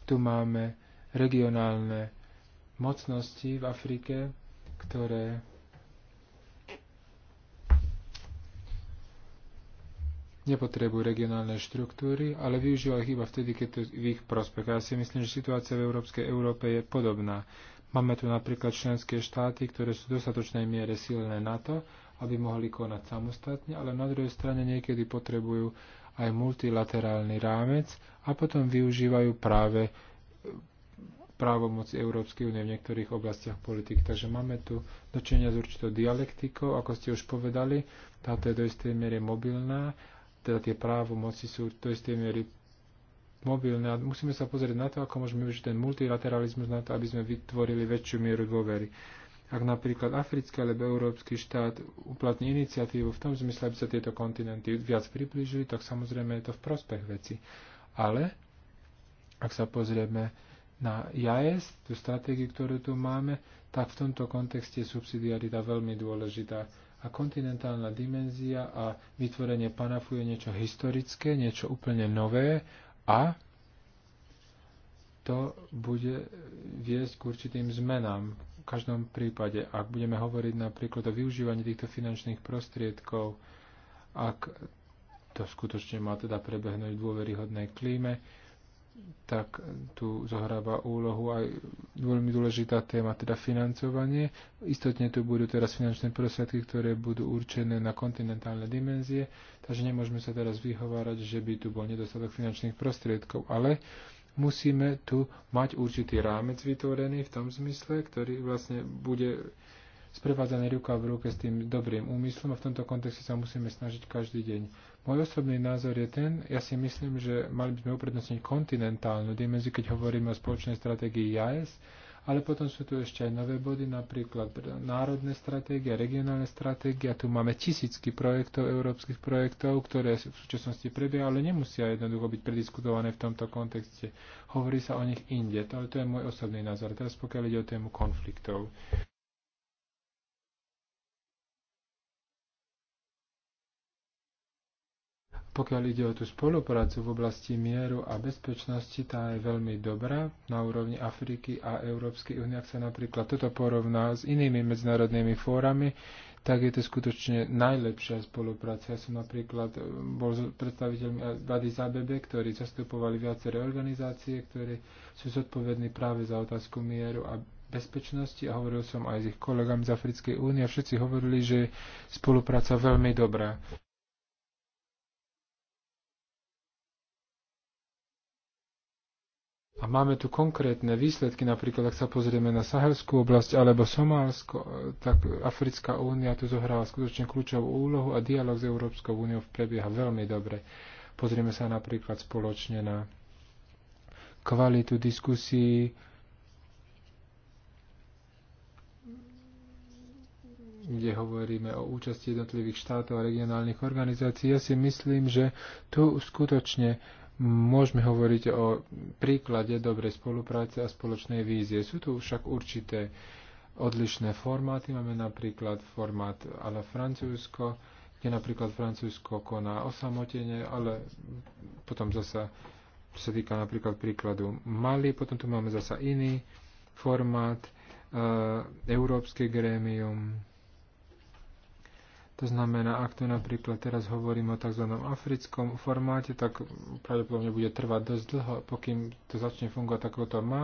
tu máme regionálne mocnosti v Afrike, ktoré nepotrebujú regionálne štruktúry, ale využívajú ich iba vtedy, keď to je v ich prospech. Ja si myslím, že situácia v Európskej Európe je podobná. Máme tu napríklad členské štáty, ktoré sú v dostatočnej miere silné na to, aby mohli konať samostatne, ale na druhej strane niekedy potrebujú aj multilaterálny rámec a potom využívajú práve e, právomoc Európskej únie v niektorých oblastiach politik. Takže máme tu dočenia s určitou dialektikou, ako ste už povedali, táto je do istej miery mobilná teda tie právo moci sú do istej miery mobilné a musíme sa pozrieť na to, ako môžeme využiť ten multilateralizmus na to, aby sme vytvorili väčšiu mieru dôvery. Ak napríklad africký alebo európsky štát uplatní iniciatívu v tom zmysle, aby sa tieto kontinenty viac priblížili, tak samozrejme je to v prospech veci. Ale ak sa pozrieme na JAES, tú stratégiu, ktorú tu máme, tak v tomto kontexte je subsidiarita veľmi dôležitá a kontinentálna dimenzia a vytvorenie Panafu je niečo historické, niečo úplne nové a to bude viesť k určitým zmenám. V každom prípade, ak budeme hovoriť napríklad o využívaní týchto finančných prostriedkov, ak to skutočne má teda prebehnúť v dôveryhodnej klíme, tak tu zohráva úlohu aj veľmi dôležitá téma, teda financovanie. Istotne tu budú teraz finančné prostriedky, ktoré budú určené na kontinentálne dimenzie, takže nemôžeme sa teraz vyhovárať, že by tu bol nedostatok finančných prostriedkov, ale musíme tu mať určitý rámec vytvorený v tom zmysle, ktorý vlastne bude sprevádzaný ruka v ruke s tým dobrým úmyslom a v tomto kontexte sa musíme snažiť každý deň môj osobný názor je ten, ja si myslím, že mali by sme uprednostniť kontinentálnu dimenziu, keď hovoríme o spoločnej stratégii JAS, ale potom sú tu ešte aj nové body, napríklad národné stratégie, regionálne stratégie. Tu máme tisícky projektov, európskych projektov, ktoré v súčasnosti prebiehajú, ale nemusia jednoducho byť prediskutované v tomto kontexte. Hovorí sa o nich inde, ale to je môj osobný názor. Teraz pokiaľ ide o tému konfliktov. Pokiaľ ide o tú spoluprácu v oblasti mieru a bezpečnosti, tá je veľmi dobrá na úrovni Afriky a Európskej únie. Ak sa napríklad toto porovná s inými medzinárodnými fórami, tak je to skutočne najlepšia spolupráca. Ja som napríklad e, bol predstaviteľmi Rady Zabebe, ktorí zastupovali viaceré organizácie, ktoré sú zodpovední práve za otázku mieru a bezpečnosti a hovoril som aj s ich kolegami z Africkej únie a všetci hovorili, že spolupráca veľmi dobrá. A máme tu konkrétne výsledky, napríklad ak sa pozrieme na Sahelskú oblasť alebo Somálsko, e, tak Africká únia tu zohráva skutočne kľúčovú úlohu a dialog s Európskou úniou prebieha veľmi dobre. Pozrieme sa napríklad spoločne na kvalitu diskusí, kde hovoríme o účasti jednotlivých štátov a regionálnych organizácií. Ja si myslím, že tu skutočne môžeme hovoriť o príklade dobrej spolupráce a spoločnej vízie. Sú tu však určité odlišné formáty. Máme napríklad formát ale Francúzsko, kde napríklad Francúzsko koná osamotene, ale potom zasa, čo sa týka napríklad príkladu Mali, potom tu máme zasa iný formát, e, Európske grémium, to znamená, ak tu napríklad teraz hovorím o tzv. africkom formáte, tak pravdepodobne bude trvať dosť dlho, pokým to začne fungovať tak, ako to má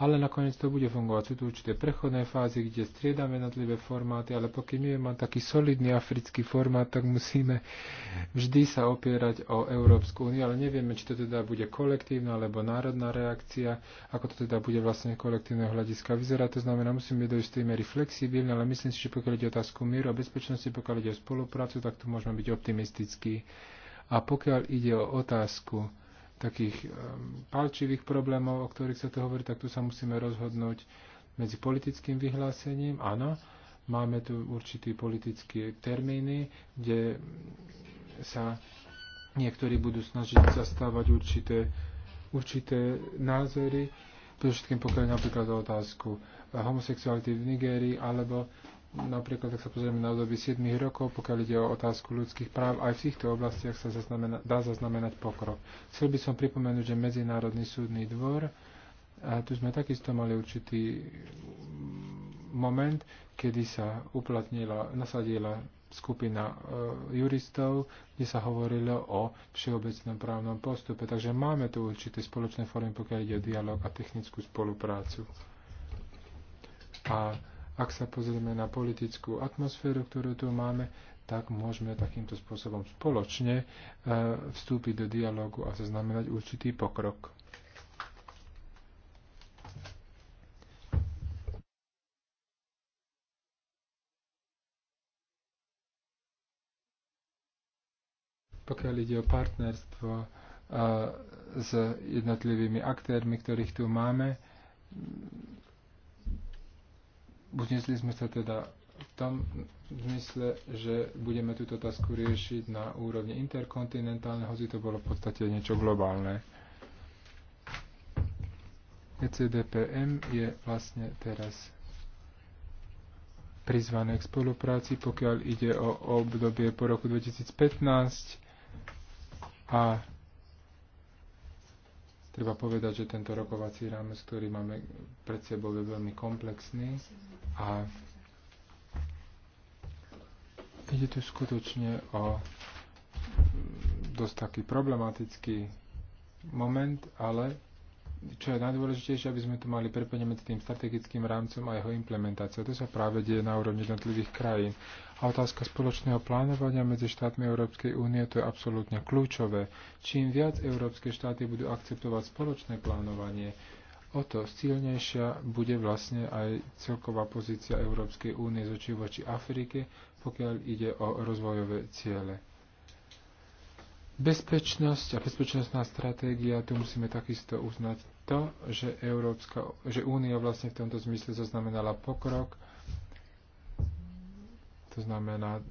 ale nakoniec to bude fungovať. Sú tu určité prechodné fázy, kde striedame jednotlivé formáty, ale pokým nie mám taký solidný africký formát, tak musíme vždy sa opierať o Európsku úniu, ale nevieme, či to teda bude kolektívna alebo národná reakcia, ako to teda bude vlastne kolektívneho hľadiska vyzerať. To znamená, musíme byť do istej miery flexibilní, ale myslím si, že pokiaľ ide otázku mieru a bezpečnosti, pokiaľ ide o spoluprácu, tak tu môžeme byť optimistickí. A pokiaľ ide o otázku, takých palčivých problémov, o ktorých sa to hovorí, tak tu sa musíme rozhodnúť medzi politickým vyhlásením. Áno, máme tu určité politické termíny, kde sa niektorí budú snažiť zastávať určité, určité názory, predovšetkým pokiaľ napríklad o otázku homosexuality v Nigérii alebo Napríklad, ak sa pozrieme na obdobie 7 rokov, pokiaľ ide o otázku ľudských práv, aj v týchto oblastiach sa zaznamená, dá zaznamenať pokrok. Chcel by som pripomenúť, že Medzinárodný súdny dvor, a tu sme takisto mali určitý moment, kedy sa uplatnila, nasadila skupina e, juristov, kde sa hovorilo o všeobecnom právnom postupe. Takže máme tu určité spoločné formy, pokiaľ ide o dialog a technickú spoluprácu. A ak sa pozrieme na politickú atmosféru, ktorú tu máme, tak môžeme takýmto spôsobom spoločne e, vstúpiť do dialogu a zaznamenať určitý pokrok. Pokiaľ ide o partnerstvo e, s jednotlivými aktérmi, ktorých tu máme, uznesli sme sa teda v tom zmysle, že budeme túto otázku riešiť na úrovni interkontinentálnej, hoci to bolo v podstate niečo globálne. ECDPM je vlastne teraz prizvané k spolupráci, pokiaľ ide o obdobie po roku 2015 a treba povedať, že tento rokovací rámec, ktorý máme pred sebou, je veľmi komplexný a ide tu skutočne o e, dosť taký problematický moment, ale čo je najdôležitejšie, aby sme tu mali prepojenie medzi tým strategickým rámcom a jeho implementáciou. To sa práve deje na úrovni jednotlivých krajín. A otázka spoločného plánovania medzi štátmi Európskej únie to je absolútne kľúčové. Čím viac európske štáty budú akceptovať spoločné plánovanie, o to silnejšia bude vlastne aj celková pozícia Európskej únie zoči voči Afrike, pokiaľ ide o rozvojové ciele. Bezpečnosť a bezpečnostná stratégia, tu musíme takisto uznať to, že, Európska, že Únia vlastne v tomto zmysle zaznamenala pokrok, to znamená,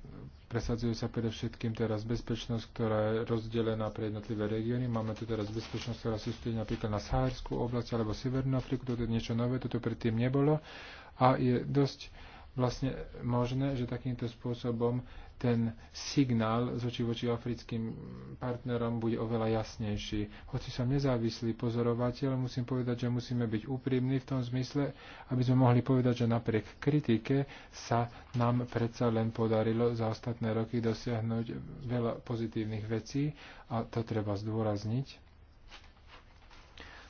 Presadzuje sa predovšetkým teraz bezpečnosť, ktorá je rozdelená pre jednotlivé regióny. Máme tu teraz bezpečnosť, ktorá sústredí napríklad na Sahárskú oblasť alebo Severnú Afriku. Toto je niečo nové, toto predtým nebolo. A je dosť vlastne možné, že takýmto spôsobom ten signál z oči voči africkým partnerom bude oveľa jasnejší. Hoci som nezávislý pozorovateľ, musím povedať, že musíme byť úprimní v tom zmysle, aby sme mohli povedať, že napriek kritike sa nám predsa len podarilo za ostatné roky dosiahnuť veľa pozitívnych vecí a to treba zdôrazniť.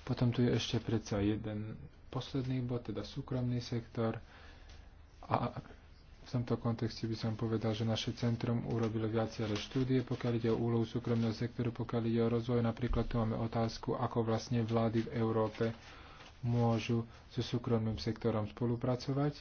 Potom tu je ešte predsa jeden posledný bod, teda súkromný sektor. A v tomto kontexte by som povedal, že naše centrum urobilo viaceré štúdie, pokiaľ ide o úlohu súkromného sektoru, pokiaľ ide o rozvoj. Napríklad tu máme otázku, ako vlastne vlády v Európe môžu so súkromným sektorom spolupracovať,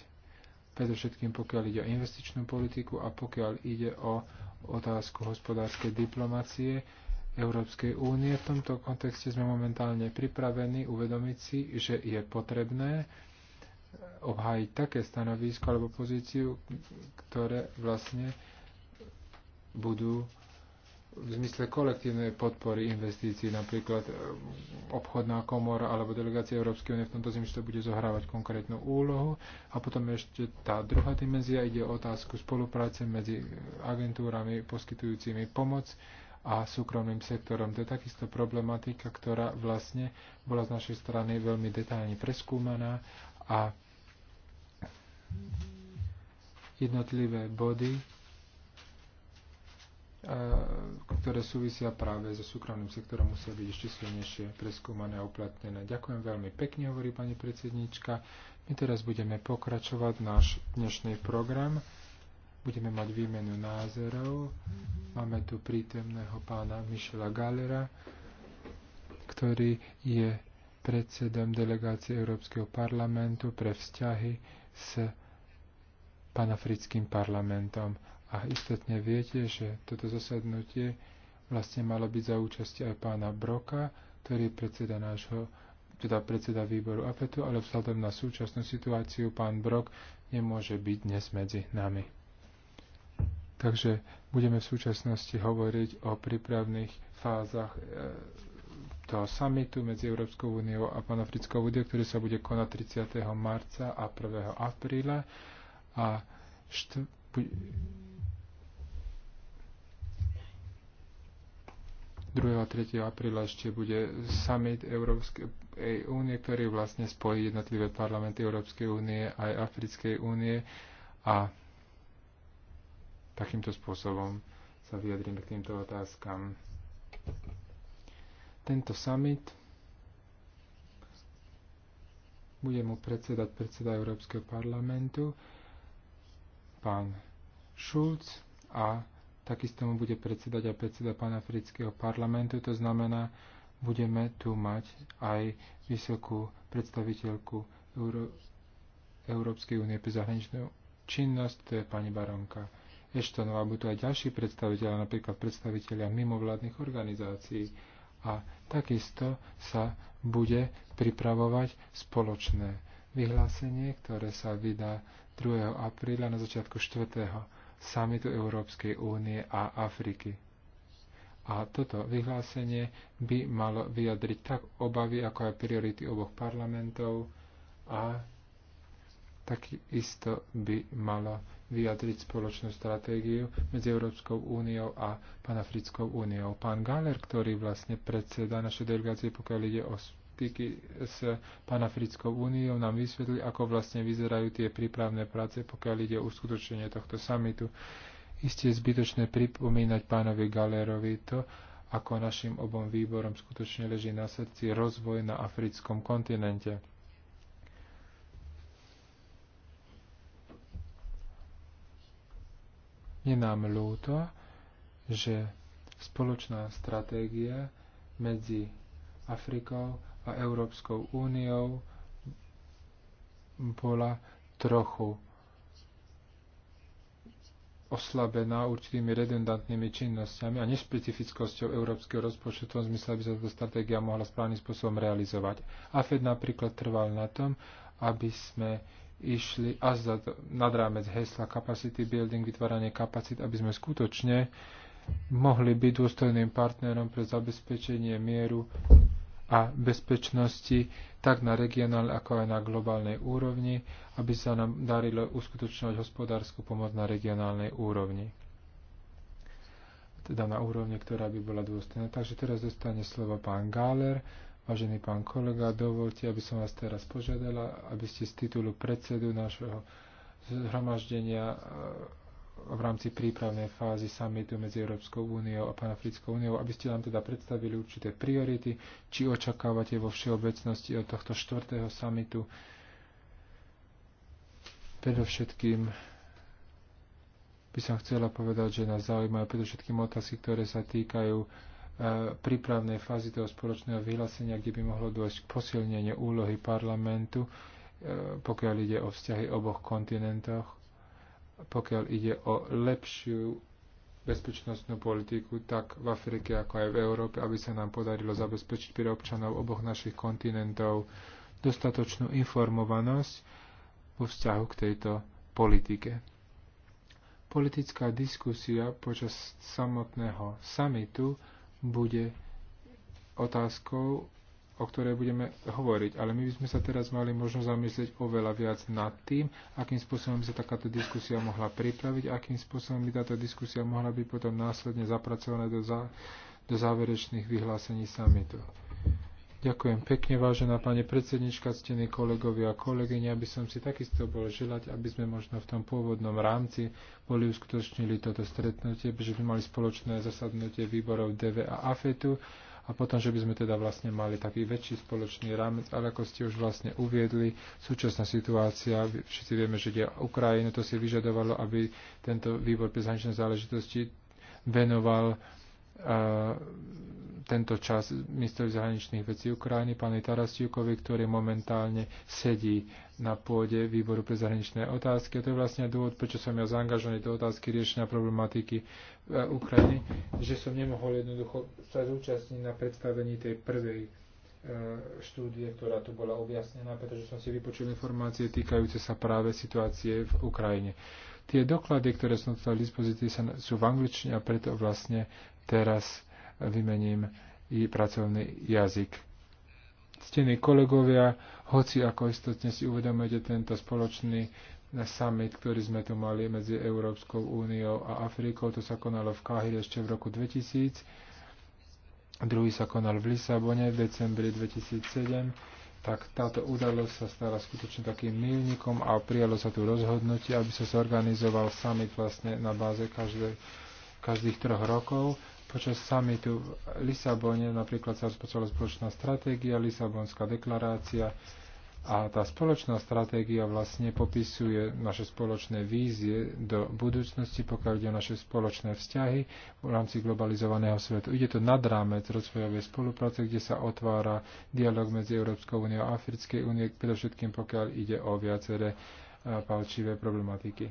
predovšetkým pokiaľ ide o investičnú politiku a pokiaľ ide o otázku hospodárskej diplomácie Európskej únie. V tomto kontexte sme momentálne pripravení uvedomiť si, že je potrebné obhájiť také stanovisko alebo pozíciu, ktoré vlastne budú v zmysle kolektívnej podpory investícií, napríklad e, obchodná komora alebo delegácia Európskej únie v tomto zmysle bude zohrávať konkrétnu úlohu. A potom ešte tá druhá dimenzia ide o otázku spolupráce medzi agentúrami poskytujúcimi pomoc a súkromným sektorom. To je takisto problematika, ktorá vlastne bola z našej strany veľmi detailne preskúmaná a jednotlivé body, e, ktoré súvisia práve so súkromným sektorom, musia byť ešte silnejšie preskúmané a uplatnené. Ďakujem veľmi pekne, hovorí pani predsednička. My teraz budeme pokračovať náš dnešný program. Budeme mať výmenu názorov. Máme tu prítomného pána Michela Galera, ktorý je predsedom delegácie Európskeho parlamentu pre vzťahy s panafrickým parlamentom. A istotne viete, že toto zasadnutie vlastne malo byť za účasti aj pána Broka, ktorý je predseda nášho teda predseda výboru apetu, ale vzhľadom na súčasnú situáciu pán Brok nemôže byť dnes medzi nami. Takže budeme v súčasnosti hovoriť o prípravných fázach e, toho samitu medzi Európskou úniou a Panafrickou úniou, ktorý sa bude konať 30. marca a 1. apríla. A št- bu- 2. a 3. apríla ešte bude summit Európskej únie, ktorý vlastne spojí jednotlivé parlamenty Európskej únie aj Africkej únie a takýmto spôsobom sa vyjadríme k týmto otázkam. Tento summit bude mu predsedať predseda Európskeho parlamentu, pán Schulz, a takisto mu bude predsedať aj predseda afrického parlamentu. To znamená, budeme tu mať aj vysokú predstaviteľku Euró- Európskej únie pre zahraničnú činnosť, to je pani baronka Eštonová, budú aj ďalší predstaviteľ napríklad predstaviteľia mimovládnych organizácií a takisto sa bude pripravovať spoločné vyhlásenie, ktoré sa vydá 2. apríla na začiatku 4. samitu Európskej únie a Afriky. A toto vyhlásenie by malo vyjadriť tak obavy, ako aj priority oboch parlamentov a takisto by mala vyjadriť spoločnú stratégiu medzi Európskou úniou a Panafrickou úniou. Pán Galer, ktorý vlastne predseda našej delegácie, pokiaľ ide o styky s Panafrickou úniou, nám vysvetlí, ako vlastne vyzerajú tie prípravné práce, pokiaľ ide o uskutočenie tohto samitu. Isté je zbytočné pripomínať pánovi Galerovi to, ako našim obom výborom skutočne leží na srdci rozvoj na africkom kontinente. Je nám ľúto, že spoločná stratégia medzi Afrikou a Európskou úniou bola trochu oslabená určitými redundantnými činnosťami a nešpecifickosťou európskeho rozpočtu v tom zmysle, aby sa táto stratégia mohla správnym spôsobom realizovať. AFED napríklad trval na tom, aby sme išli až za to, nad rámec hesla capacity building, vytváranie kapacít, aby sme skutočne mohli byť dôstojným partnerom pre zabezpečenie mieru a bezpečnosti tak na regionálnej ako aj na globálnej úrovni, aby sa nám darilo uskutočňovať hospodárskú pomoc na regionálnej úrovni. Teda na úrovni, ktorá by bola dôstojná. Takže teraz dostane slovo pán Gáler Vážený pán kolega, dovolte, aby som vás teraz požiadala, aby ste z titulu predsedu našeho zhromaždenia eh, v rámci prípravnej fázy summitu medzi Európskou úniou a Panafrickou úniou, aby ste nám teda predstavili určité priority, či očakávate vo všeobecnosti od tohto štvrtého summitu predovšetkým by som chcela povedať, že nás zaujímajú predovšetkým otázky, ktoré sa týkajú E, prípravnej fázi toho spoločného vyhlásenia, kde by mohlo dôjsť k posilneniu úlohy parlamentu, e, pokiaľ ide o vzťahy oboch kontinentoch, pokiaľ ide o lepšiu bezpečnostnú politiku, tak v Afrike ako aj v Európe, aby sa nám podarilo zabezpečiť pre občanov oboch našich kontinentov dostatočnú informovanosť vo vzťahu k tejto politike. Politická diskusia počas samotného samitu bude otázkou, o ktorej budeme hovoriť. Ale my by sme sa teraz mali možno zamyslieť oveľa viac nad tým, akým spôsobom by sa takáto diskusia mohla pripraviť, akým spôsobom by táto diskusia mohla byť potom následne zapracovaná do, za, do záverečných vyhlásení samitu. Ďakujem pekne, vážená pani predsednička, ctení kolegovia a kolegyne, aby som si takisto bol želať, aby sme možno v tom pôvodnom rámci boli uskutočnili toto stretnutie, že by mali spoločné zasadnutie výborov DV a AFETu a potom, že by sme teda vlastne mali taký väčší spoločný rámec, ale ako ste už vlastne uviedli, súčasná situácia, všetci vieme, že ide Ukrajinu, to si vyžadovalo, aby tento výbor pre záležitosti venoval tento čas minister zahraničných vecí Ukrajiny, pani Tarasiukovi, ktorý momentálne sedí na pôde výboru pre zahraničné otázky. A to je vlastne dôvod, prečo som ja zaangažovaný do otázky riešenia problematiky e, Ukrajiny, že som nemohol jednoducho sa zúčastniť na predstavení tej prvej e, štúdie, ktorá tu bola objasnená, pretože som si vypočul informácie týkajúce sa práve situácie v Ukrajine. Tie doklady, ktoré som dostal v sú v angličtine a preto vlastne teraz vymením i pracovný jazyk. Ctení kolegovia, hoci ako istotne si uvedomujete tento spoločný summit, ktorý sme tu mali medzi Európskou úniou a Afrikou, to sa konalo v Káhire ešte v roku 2000, druhý sa konal v Lisabone v decembri 2007 tak táto udalosť sa stala skutočne takým milníkom a prijalo sa tu rozhodnutie, aby sa zorganizoval summit vlastne na báze každé, každých troch rokov. Počas samitu v Lisabone napríklad sa rozpočala spoločná stratégia, Lisabonská deklarácia a tá spoločná stratégia vlastne popisuje naše spoločné vízie do budúcnosti, pokiaľ ide o naše spoločné vzťahy v rámci globalizovaného svetu. Ide to nad rámec rozvojovej spolupráce, kde sa otvára dialog medzi Európskou úniou a Africkej únie, predovšetkým pokiaľ ide o viaceré eh, palčivé problematiky.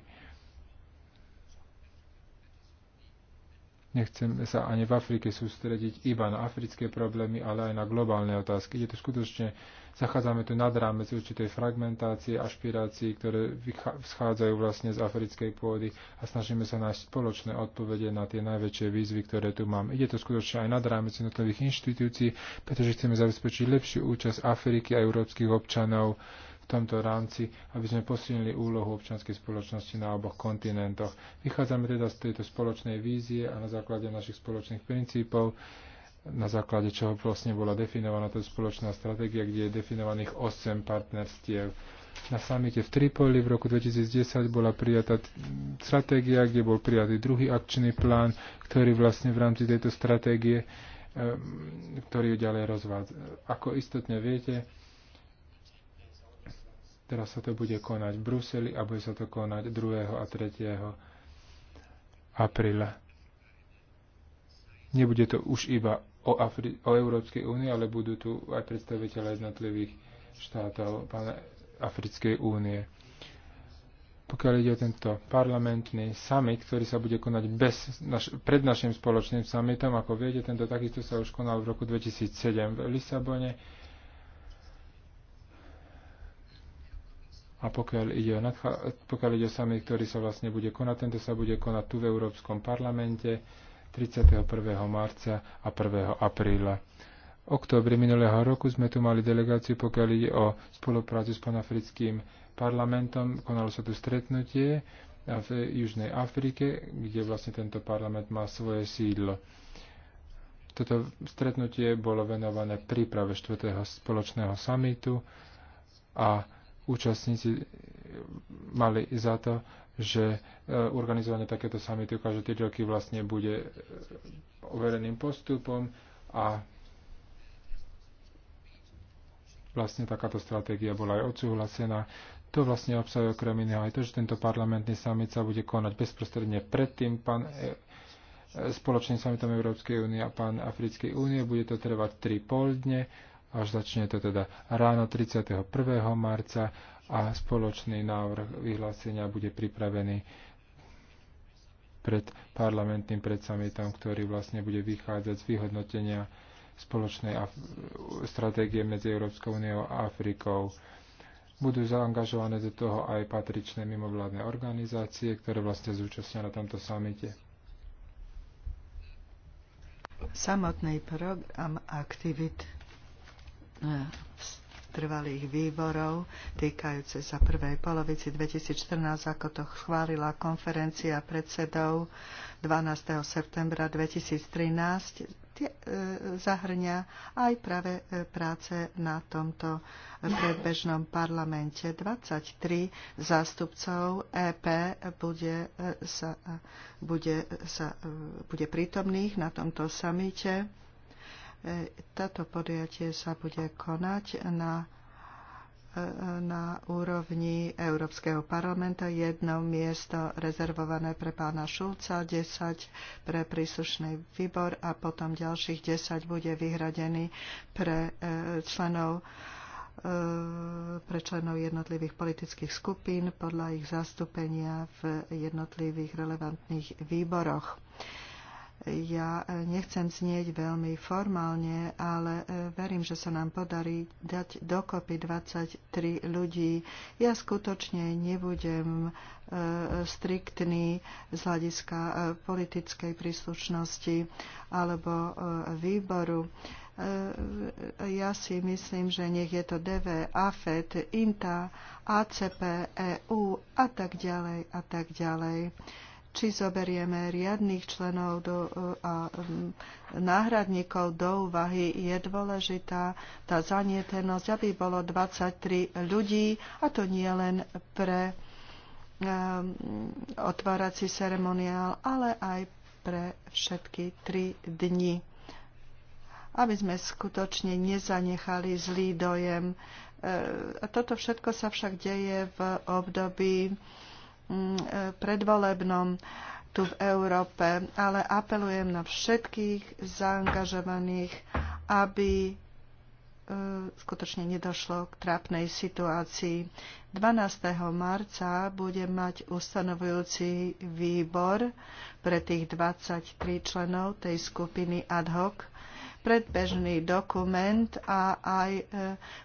Nechcem sa ani v Afrike sústrediť iba na africké problémy, ale aj na globálne otázky. Je to skutočne, zachádzame tu nad rámec určitej fragmentácie a špirácií, ktoré vschádzajú vlastne z africkej pôdy a snažíme sa nájsť spoločné odpovede na tie najväčšie výzvy, ktoré tu máme. Ide to skutočne aj nad rámec jednotlivých inštitúcií, pretože chceme zabezpečiť lepšiu účasť Afriky a európskych občanov tomto rámci, aby sme posilnili úlohu občianskej spoločnosti na oboch kontinentoch. Vychádzame teda z tejto spoločnej vízie a na základe našich spoločných princípov, na základe čoho vlastne bola definovaná tá spoločná stratégia, kde je definovaných 8 partnerstiev. Na samite v Tripoli v roku 2010 bola prijatá stratégia, kde bol prijatý druhý akčný plán, ktorý vlastne v rámci tejto stratégie ehm, ktorý ju ďalej rozvádza. Ako istotne viete, Teraz sa to bude konať v Bruseli a bude sa to konať 2. a 3. apríla. Nebude to už iba o, Afri- o Európskej únii, ale budú tu aj predstaviteľe jednotlivých štátov pána Africkej únie. Pokiaľ ide o tento parlamentný summit, ktorý sa bude konať bez, naš, pred našim spoločným summitom, ako viete, tento takisto sa už konal v roku 2007 v Lisabone A pokiaľ ide, o nadcha- pokiaľ ide o summit, ktorý sa vlastne bude konať, tento sa bude konať tu v Európskom parlamente 31. marca a 1. apríla. V Októbri minulého roku sme tu mali delegáciu, pokiaľ ide o spoluprácu s panafrickým parlamentom. Konalo sa tu stretnutie v Južnej Afrike, kde vlastne tento parlament má svoje sídlo. Toto stretnutie bolo venované príprave 4. spoločného samitu a účastníci eh, mali za to, že eh, organizovanie takéto samity každé 3 roky vlastne bude eh, overeným postupom a vlastne takáto stratégia bola aj odsúhlasená. To vlastne obsahuje okrem iného aj to, že tento parlamentný summit sa bude konať bezprostredne predtým pán, e, spoločným summitom Európskej únie a pán Africkej únie. Bude to trvať 3,5 pol dne až začne to teda ráno 31. marca a spoločný návrh vyhlásenia bude pripravený pred parlamentným predsamitom, ktorý vlastne bude vychádzať z vyhodnotenia spoločnej Af- stratégie medzi Európskou úniou a Afrikou. Budú zaangažované do toho aj patričné mimovládne organizácie, ktoré vlastne zúčastnia na tomto samite. Samotný program aktivit No trvalých výborov týkajúce sa prvej polovici 2014, ako to schválila konferencia predsedov 12. septembra 2013. E, zahrňa aj práve e, práce na tomto predbežnom parlamente. 23 zástupcov EP e, bude, sa, bude, sa, bude prítomných na tomto samite toto podujatie sa bude konať na, na úrovni Európskeho parlamenta. Jedno miesto rezervované pre pána Šulca, 10 pre príslušný výbor a potom ďalších 10 bude vyhradený pre e, členov e, pre členov jednotlivých politických skupín podľa ich zastúpenia v jednotlivých relevantných výboroch. Ja e, nechcem znieť veľmi formálne, ale e, verím, že sa nám podarí dať dokopy 23 ľudí. Ja skutočne nebudem e, striktný z hľadiska politickej príslušnosti alebo výboru. Ja si myslím, že nech je to DV, AFET, INTA, ACP, EU a tak ďalej a tak ďalej či zoberieme riadných členov do, a náhradníkov do úvahy, je dôležitá tá zanietenosť, aby bolo 23 ľudí, a to nie len pre um, otvárací ceremoniál, ale aj pre všetky tri dni. Aby sme skutočne nezanechali zlý dojem. E, toto všetko sa však deje v období Mm, e, predvolebnom tu v Európe, ale apelujem na všetkých zaangažovaných, aby e, skutočne nedošlo k trápnej situácii. 12. marca bude mať ustanovujúci výbor pre tých 23 členov tej skupiny ad hoc Predbežný dokument a aj e,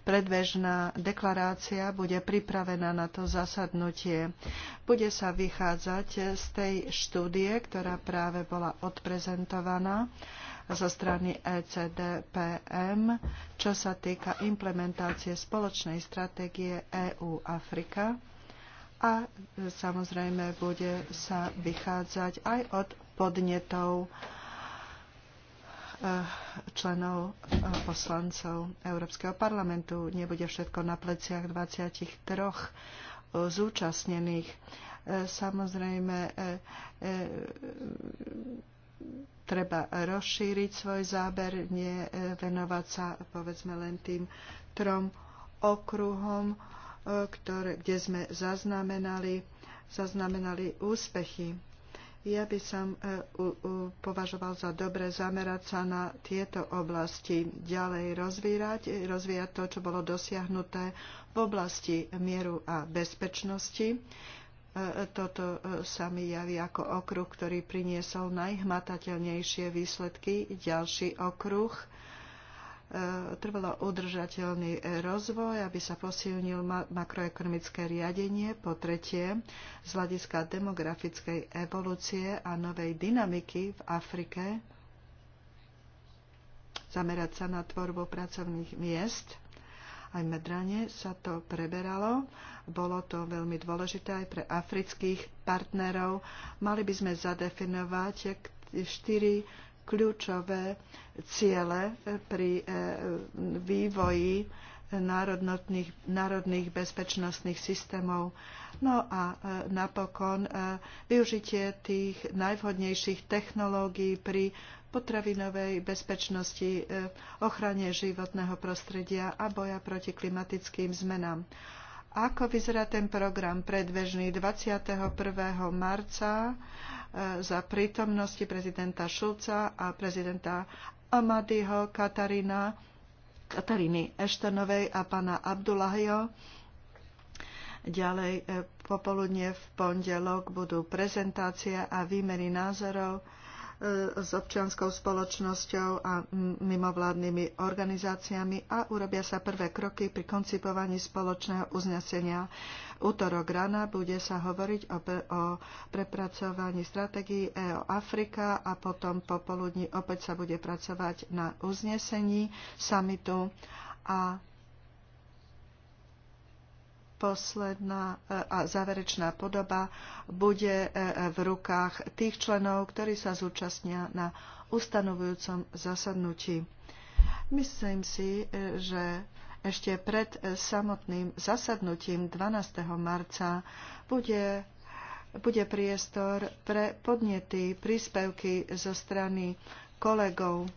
predbežná deklarácia bude pripravená na to zasadnutie. Bude sa vychádzať z tej štúdie, ktorá práve bola odprezentovaná zo strany ECDPM, čo sa týka implementácie spoločnej stratégie EU-Afrika a e, samozrejme bude sa vychádzať aj od podnetov Eh, členov eh, poslancov Európskeho parlamentu. Nebude všetko na pleciach 23 eh, zúčastnených. Samozrejme, treba rozšíriť svoj záber, nie venovať sa povedzme len tým trom okruhom, ktoré, kde sme zaznamenali, zaznamenali úspechy ja by som e, považoval za dobre zamerať sa na tieto oblasti, ďalej rozvírať, rozvíjať to, čo bolo dosiahnuté v oblasti mieru a bezpečnosti. E, toto e, sa mi javí ako okruh, ktorý priniesol najhmatateľnejšie výsledky. Ďalší okruh – trvalo udržateľný rozvoj, aby sa posilnil makroekonomické riadenie. Po tretie, z hľadiska demografickej evolúcie a novej dynamiky v Afrike zamerať sa na tvorbu pracovných miest. Aj Medrane sa to preberalo. Bolo to veľmi dôležité aj pre afrických partnerov. Mali by sme zadefinovať štyri kľúčové ciele eh, pri eh, vývoji národných, bezpečnostných systémov. No a eh, napokon využitie tých najvhodnejších technológií pri potravinovej bezpečnosti, ochrane životného prostredia a boja proti klimatickým zmenám. Ako vyzerá ten program predbežný 21. marca e, za prítomnosti prezidenta Šulca a prezidenta Amadiho Katarina, Kataríny Eštenovej a pána Abdullahio. Ďalej e, popoludne v pondelok budú prezentácie a výmery názorov E, s občianskou spoločnosťou a mimovládnymi organizáciami a urobia sa prvé kroky pri koncipovaní spoločného uznesenia. Útorok rána bude sa hovoriť o, o prepracovaní stratégií EO Afrika a potom popoludní opäť sa bude pracovať na uznesení samitu a posledná e, a záverečná podoba bude e, v rukách tých členov, ktorí sa zúčastnia na ustanovujúcom zasadnutí. Myslím si, e, že ešte pred samotným zasadnutím 12. marca bude, bude priestor pre podnety, príspevky zo strany kolegov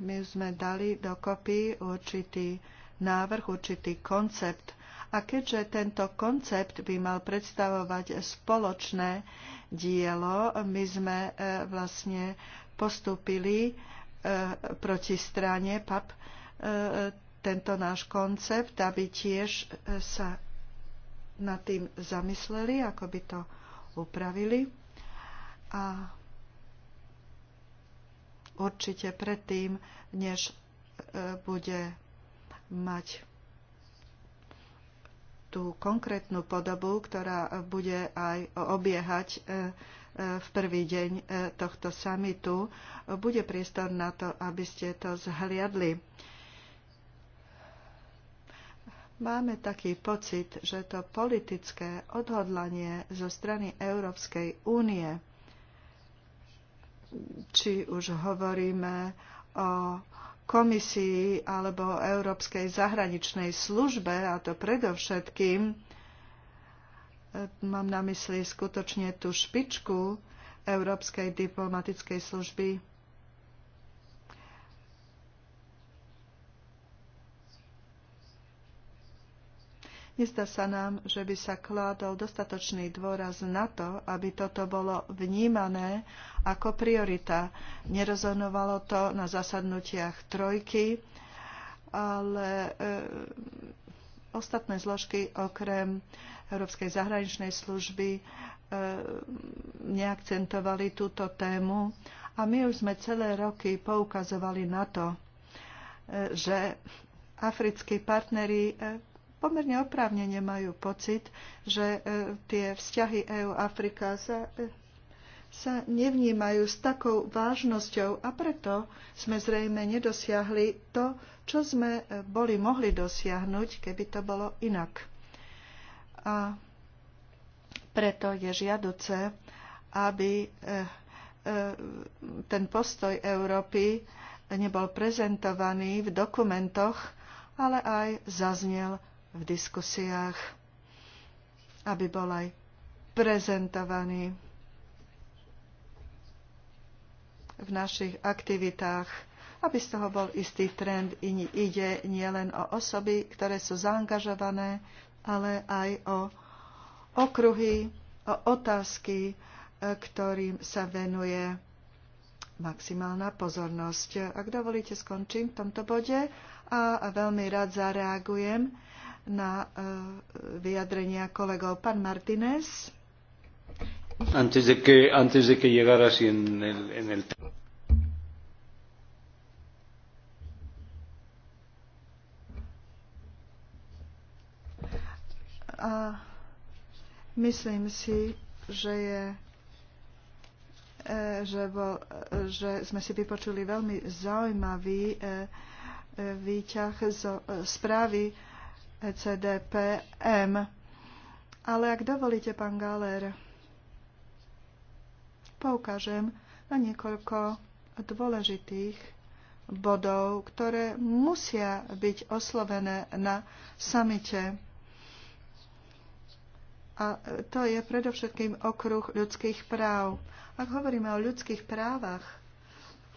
my sme dali dokopy určitý návrh, určitý koncept. A keďže tento koncept by mal predstavovať spoločné dielo, my sme e, vlastne postúpili e, proti strane PAP e, tento náš koncept, aby tiež sa nad tým zamysleli, ako by to upravili. A určite predtým, než e, bude mať tú konkrétnu podobu, ktorá bude aj obiehať e, e, v prvý deň tohto samitu, bude priestor na to, aby ste to zhliadli. Máme taký pocit, že to politické odhodlanie zo strany Európskej únie či už hovoríme o komisii alebo o Európskej zahraničnej službe, a to predovšetkým, e, mám na mysli skutočne tú špičku Európskej diplomatickej služby, Nezdá sa nám, že by sa kládol dostatočný dôraz na to, aby toto bolo vnímané ako priorita. Nerozonovalo to na zasadnutiach trojky, ale e, ostatné zložky okrem Európskej zahraničnej služby e, neakcentovali túto tému a my už sme celé roky poukazovali na to, e, že africkí partneri pomerne oprávnene majú pocit, že e, tie vzťahy EU-Afrika sa e, sa nevnímajú s takou vážnosťou a preto sme zrejme nedosiahli to, čo sme e, boli mohli dosiahnuť, keby to bolo inak. A preto je žiaduce, aby ten postoj Európy nebol prezentovaný v dokumentoch, ale aj zaznel v diskusiách, aby bol aj prezentovaný v našich aktivitách, aby z toho bol istý trend. Ide nielen o osoby, ktoré sú zaangažované, ale aj o okruhy, o otázky, e, ktorým sa venuje maximálna pozornosť. Ak dovolíte, skončím v tomto bode a veľmi rád zareagujem na uh, vyjadrenia kolegov. Pán Martinez. Antes de que, antes de que llegaras en el, en el... A myslím si, že je e, že, bol, že sme si vypočuli veľmi zaujímavý e, výťah zo správy ECDPM. Ale ak dovolíte, pán Galer, poukážem na niekoľko dôležitých bodov, ktoré musia byť oslovené na samite. A to je predovšetkým okruh ľudských práv. Ak hovoríme o ľudských právach,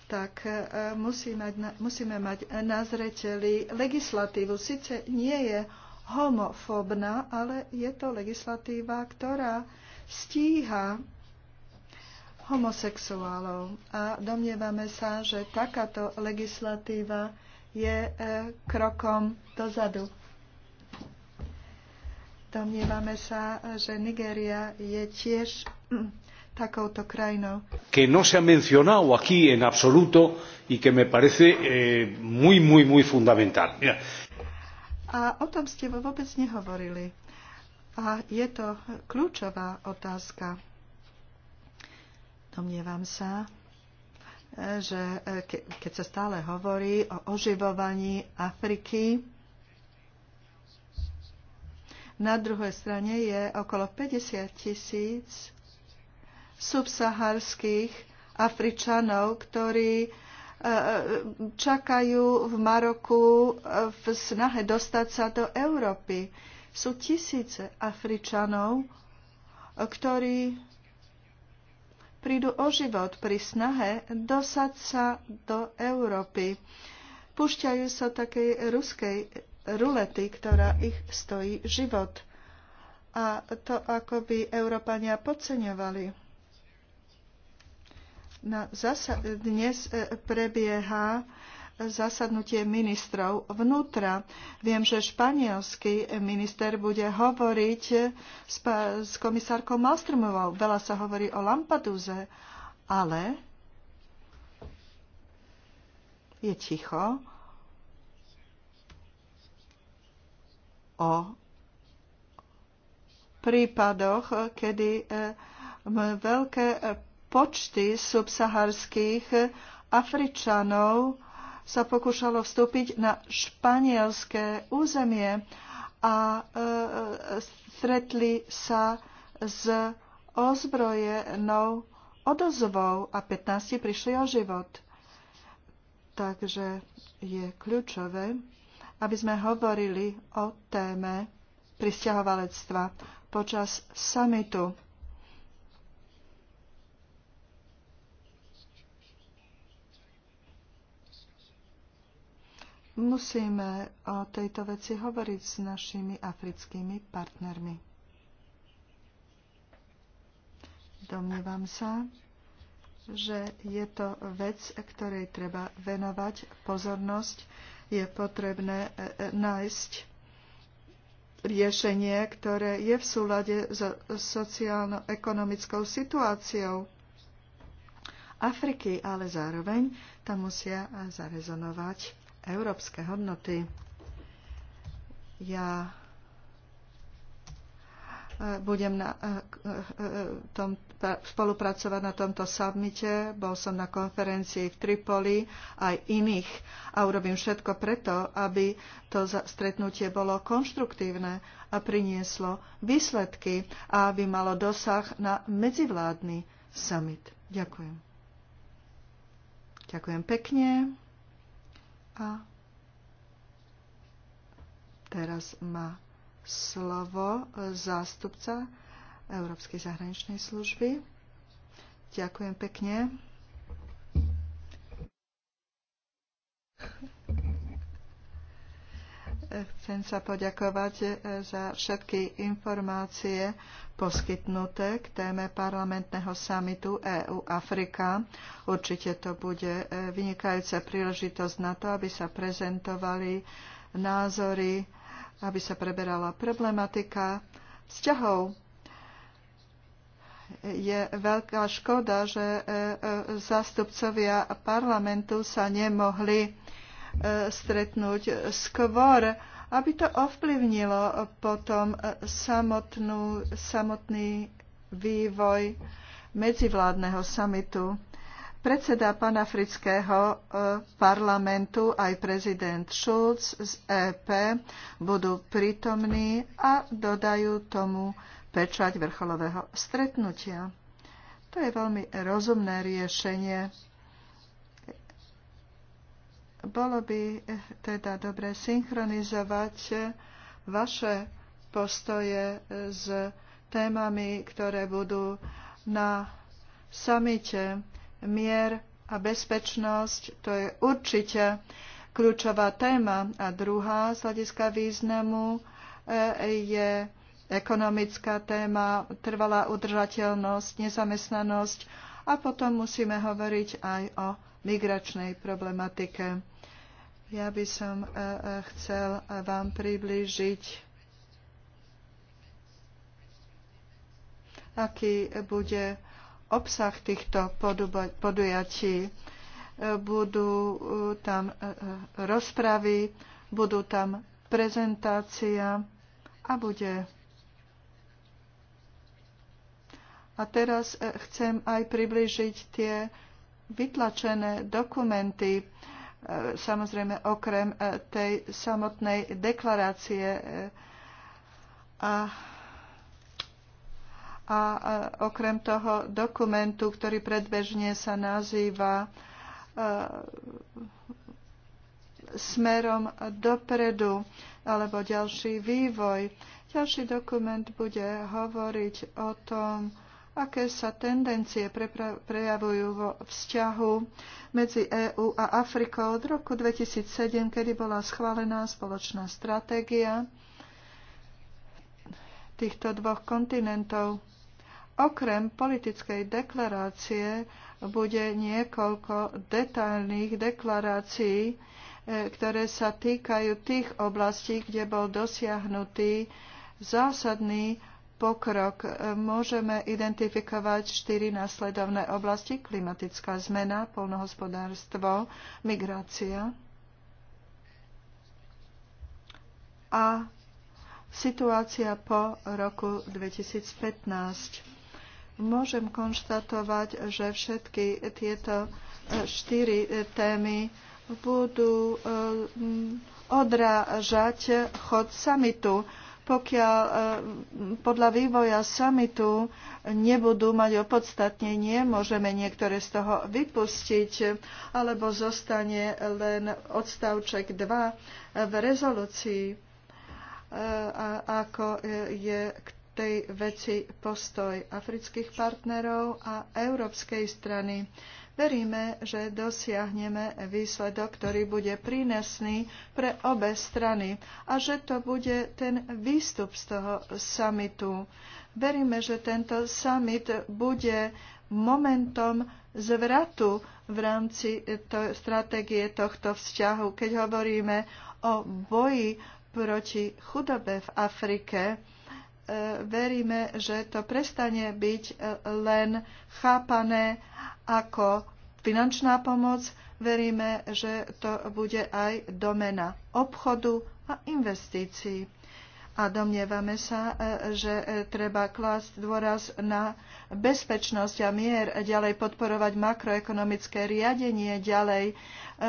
tak e, musí mať, musíme mať na zreteli legislatívu. Sice nie je homofóbna, ale je to legislatíva, ktorá stíha homosexuálov. A domnievame sa, že takáto legislatíva je e, krokom dozadu. Domnievame sa, že Nigéria je tiež takouto krajinou. Que no se ha mencionado aquí en absoluto y que me parece eh, muy, muy, muy fundamental. Mira. A o tom ste vôbec nehovorili. A je to kľúčová otázka. Domnievam sa, eh, že eh, ke, keď sa stále hovorí o oživovaní Afriky, na druhej strane je okolo 50 tisíc subsaharských Afričanov, ktorí e, e, čakajú v Maroku e, v snahe dostať sa do Európy. Sú tisíce Afričanov, ktorí prídu o život pri snahe dosať sa do Európy. Púšťajú sa takej ruskej rulety, ktorá ich stojí život. A to ako by Európania podceňovali. Na zasa- dnes e, prebieha zasadnutie ministrov vnútra. Viem, že španielský minister bude hovoriť s, s komisárkou Malstromovou. Veľa sa hovorí o Lampaduze, ale je ticho o prípadoch, kedy e, veľké počty subsaharských Afričanov sa pokúšalo vstúpiť na španielské územie a e, e stretli sa s ozbrojenou odozvou a 15 prišli o život. Takže je kľúčové, aby sme hovorili o téme pristahovalectva počas samitu Musíme o tejto veci hovoriť s našimi africkými partnermi. Domnievam sa, že je to vec, ktorej treba venovať pozornosť. Je potrebné e, e, nájsť riešenie, ktoré je v súlade so sociálno-ekonomickou situáciou Afriky, ale zároveň tam musia zarezonovať európske hodnoty. Ja e, budem na, e, e, tom, spolupracovať na tomto submite. Bol som na konferencii v Tripoli aj iných a urobím všetko preto, aby to stretnutie bolo konštruktívne a prinieslo výsledky a aby malo dosah na medzivládny summit. Ďakujem. Ďakujem pekne. A teraz má slovo zástupca Európskej zahraničnej služby. Ďakujem pekne. Chcem sa poďakovať e, za všetky informácie poskytnuté k téme parlamentného samitu EU-Afrika. Určite to bude e, vynikajúca príležitosť na to, aby sa prezentovali názory, aby sa preberala problematika vzťahov je veľká škoda, že e, zástupcovia parlamentu sa nemohli E, stretnúť skôr, aby to ovplyvnilo potom samotnú, samotný vývoj medzivládneho samitu. Predseda panafrického e, parlamentu aj prezident Schulz z EP budú prítomní a dodajú tomu pečať vrcholového stretnutia. To je veľmi rozumné riešenie bolo by eh, teda dobre synchronizovať eh, vaše postoje eh, s témami, ktoré budú na samite. Mier a bezpečnosť, to je určite kľúčová téma. A druhá z hľadiska významu je ekonomická téma, trvalá udržateľnosť, nezamestnanosť a potom musíme hovoriť aj o migračnej problematike. Ja by som e, e, chcel vám priblížiť aký bude obsah týchto podujatí. E, budú tam rozpravy, budú tam prezentácia a bude. A teraz chcem aj približiť tie vytlačené dokumenty, e, samozrejme okrem e, tej samotnej deklarácie e, a a okrem toho dokumentu, ktorý predbežne sa nazýva smerom dopredu alebo ďalší vývoj. Ďalší dokument bude hovoriť o tom, aké sa tendencie prejavujú vo vzťahu medzi EÚ a Afrikou od roku 2007, kedy bola schválená spoločná stratégia týchto dvoch kontinentov. Okrem politickej deklarácie bude niekoľko detailných deklarácií, e, ktoré sa týkajú tých oblastí, kde bol dosiahnutý zásadný pokrok. Môžeme identifikovať štyri následovné oblasti. Klimatická zmena, polnohospodárstvo, migrácia a situácia po roku 2015. Môžem konštatovať, že všetky tieto e, štyri e, témy budú e, odrážať chod samitu pokiaľ eh, podľa vývoja samitu nebudú mať opodstatnenie, môžeme niektoré z toho vypustiť, alebo zostane len odstavček 2 v rezolúcii, eh, ako je k tej veci postoj afrických partnerov a európskej strany. Veríme, že dosiahneme výsledok, ktorý bude prínesný pre obe strany a že to bude ten výstup z toho samitu. Veríme, že tento summit bude momentom zvratu v rámci to, stratégie tohto vzťahu. Keď hovoríme o boji proti chudobe v Afrike, E, veríme, že to prestane byť e, len chápané ako finančná pomoc, veríme, že to bude aj domena obchodu a investícií a domnievame sa, e, že e, treba klásť dôraz na bezpečnosť a mier, ďalej podporovať makroekonomické riadenie, ďalej e,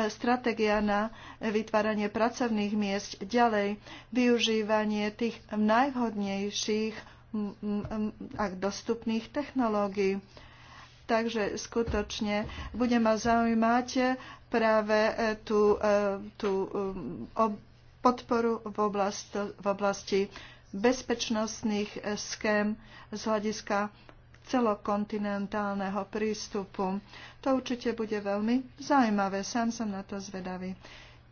stratégia na vytváranie pracovných miest, ďalej využívanie tých najvhodnejších a dostupných technológií. Takže skutočne bude ma zaujímať práve tú, tú podporu v oblasti, v oblasti bezpečnostných schém z hľadiska celokontinentálneho prístupu. To určite bude veľmi zaujímavé, sám som na to zvedavý.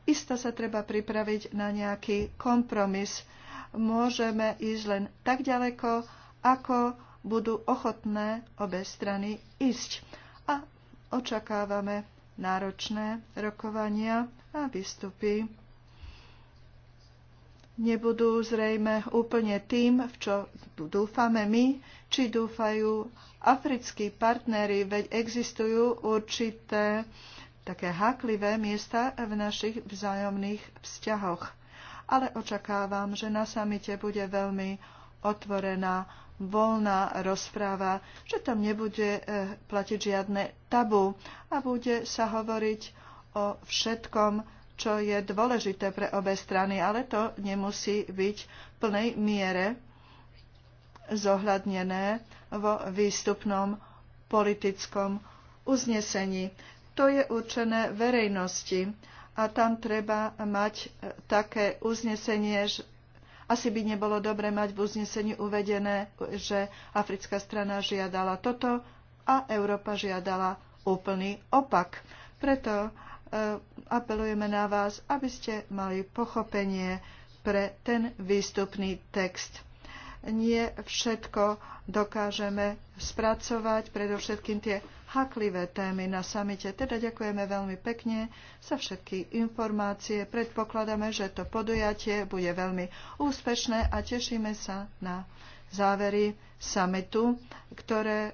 Isto sa treba pripraviť na nejaký kompromis. Môžeme ísť len tak ďaleko, ako budú ochotné obe strany ísť. A očakávame náročné rokovania a výstupy nebudú zrejme úplne tým, v čo dúfame my, či dúfajú africkí partnery, veď existujú určité také háklivé miesta v našich vzájomných vzťahoch. Ale očakávam, že na samite bude veľmi otvorená, voľná rozpráva, že tam nebude eh, platiť žiadne tabu a bude sa hovoriť o všetkom, čo je dôležité pre obe strany, ale to nemusí byť v plnej miere zohľadnené vo výstupnom politickom uznesení. To je určené verejnosti a tam treba mať také uznesenie, že asi by nebolo dobre mať v uznesení uvedené, že africká strana žiadala toto a Európa žiadala úplný opak. Preto Eh, apelujeme na vás, aby ste mali pochopenie pre ten výstupný text. Nie všetko dokážeme spracovať, predovšetkým tie haklivé témy na samite. Teda ďakujeme veľmi pekne za všetky informácie. Predpokladáme, že to podujatie bude veľmi úspešné a tešíme sa na závery samitu, ktoré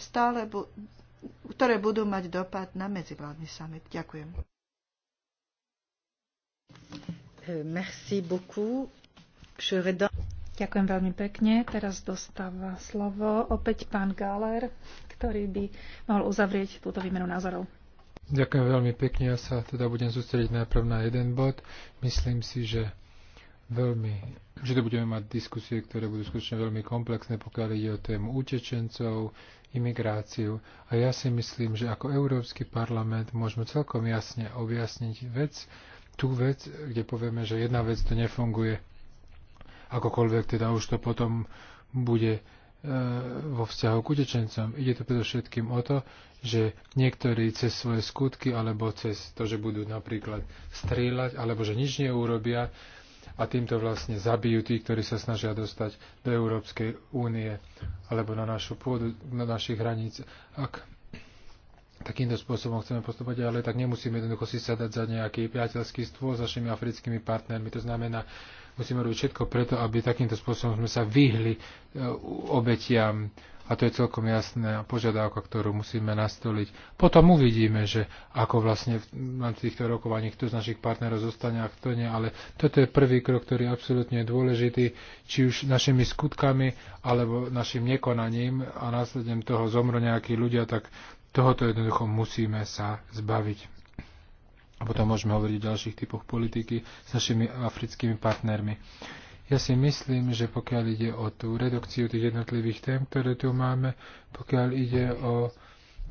stále budú ktoré budú mať dopad na medzivládny summit. Ďakujem. Eh, merci beaucoup. Je Ďakujem veľmi pekne. Teraz dostáva slovo opäť pán Galer, ktorý by mohol uzavrieť túto výmenu názorov. Ďakujem veľmi pekne. Ja sa teda budem sústrediť najprv na jeden bod. Myslím si, že veľmi, že tu budeme mať diskusie, ktoré budú skutočne veľmi komplexné, pokiaľ ide o tému utečencov, imigráciu. A ja si myslím, že ako Európsky parlament môžeme celkom jasne objasniť vec, tú vec, kde povieme, že jedna vec to nefunguje. Akokoľvek teda už to potom bude e, vo vzťahu k utečencom. Ide to predovšetkým o to, že niektorí cez svoje skutky alebo cez to, že budú napríklad strieľať alebo že nič neurobia, a týmto vlastne zabijú tí, ktorí sa snažia dostať do Európskej únie alebo na našu pôdu, na našich hraníc. Ak takýmto spôsobom chceme postupovať, ale tak nemusíme jednoducho si sadať za nejaký priateľský stôl s našimi africkými partnermi. To znamená, musíme robiť všetko preto, aby takýmto spôsobom sme sa vyhli e, obetiam a to je celkom jasná požiadavka, ktorú musíme nastoliť. Potom uvidíme, že ako vlastne v týchto rokovaní kto z našich partnerov zostane a kto nie, ale toto je prvý krok, ktorý je absolútne dôležitý, či už našimi skutkami alebo našim nekonaním a následne toho zomru nejakí ľudia, tak tohoto jednoducho musíme sa zbaviť. A potom môžeme hovoriť o ďalších typoch politiky s našimi africkými partnermi. Ja si myslím, že pokiaľ ide o tú redukciu tých jednotlivých tém, ktoré tu máme, pokiaľ ide o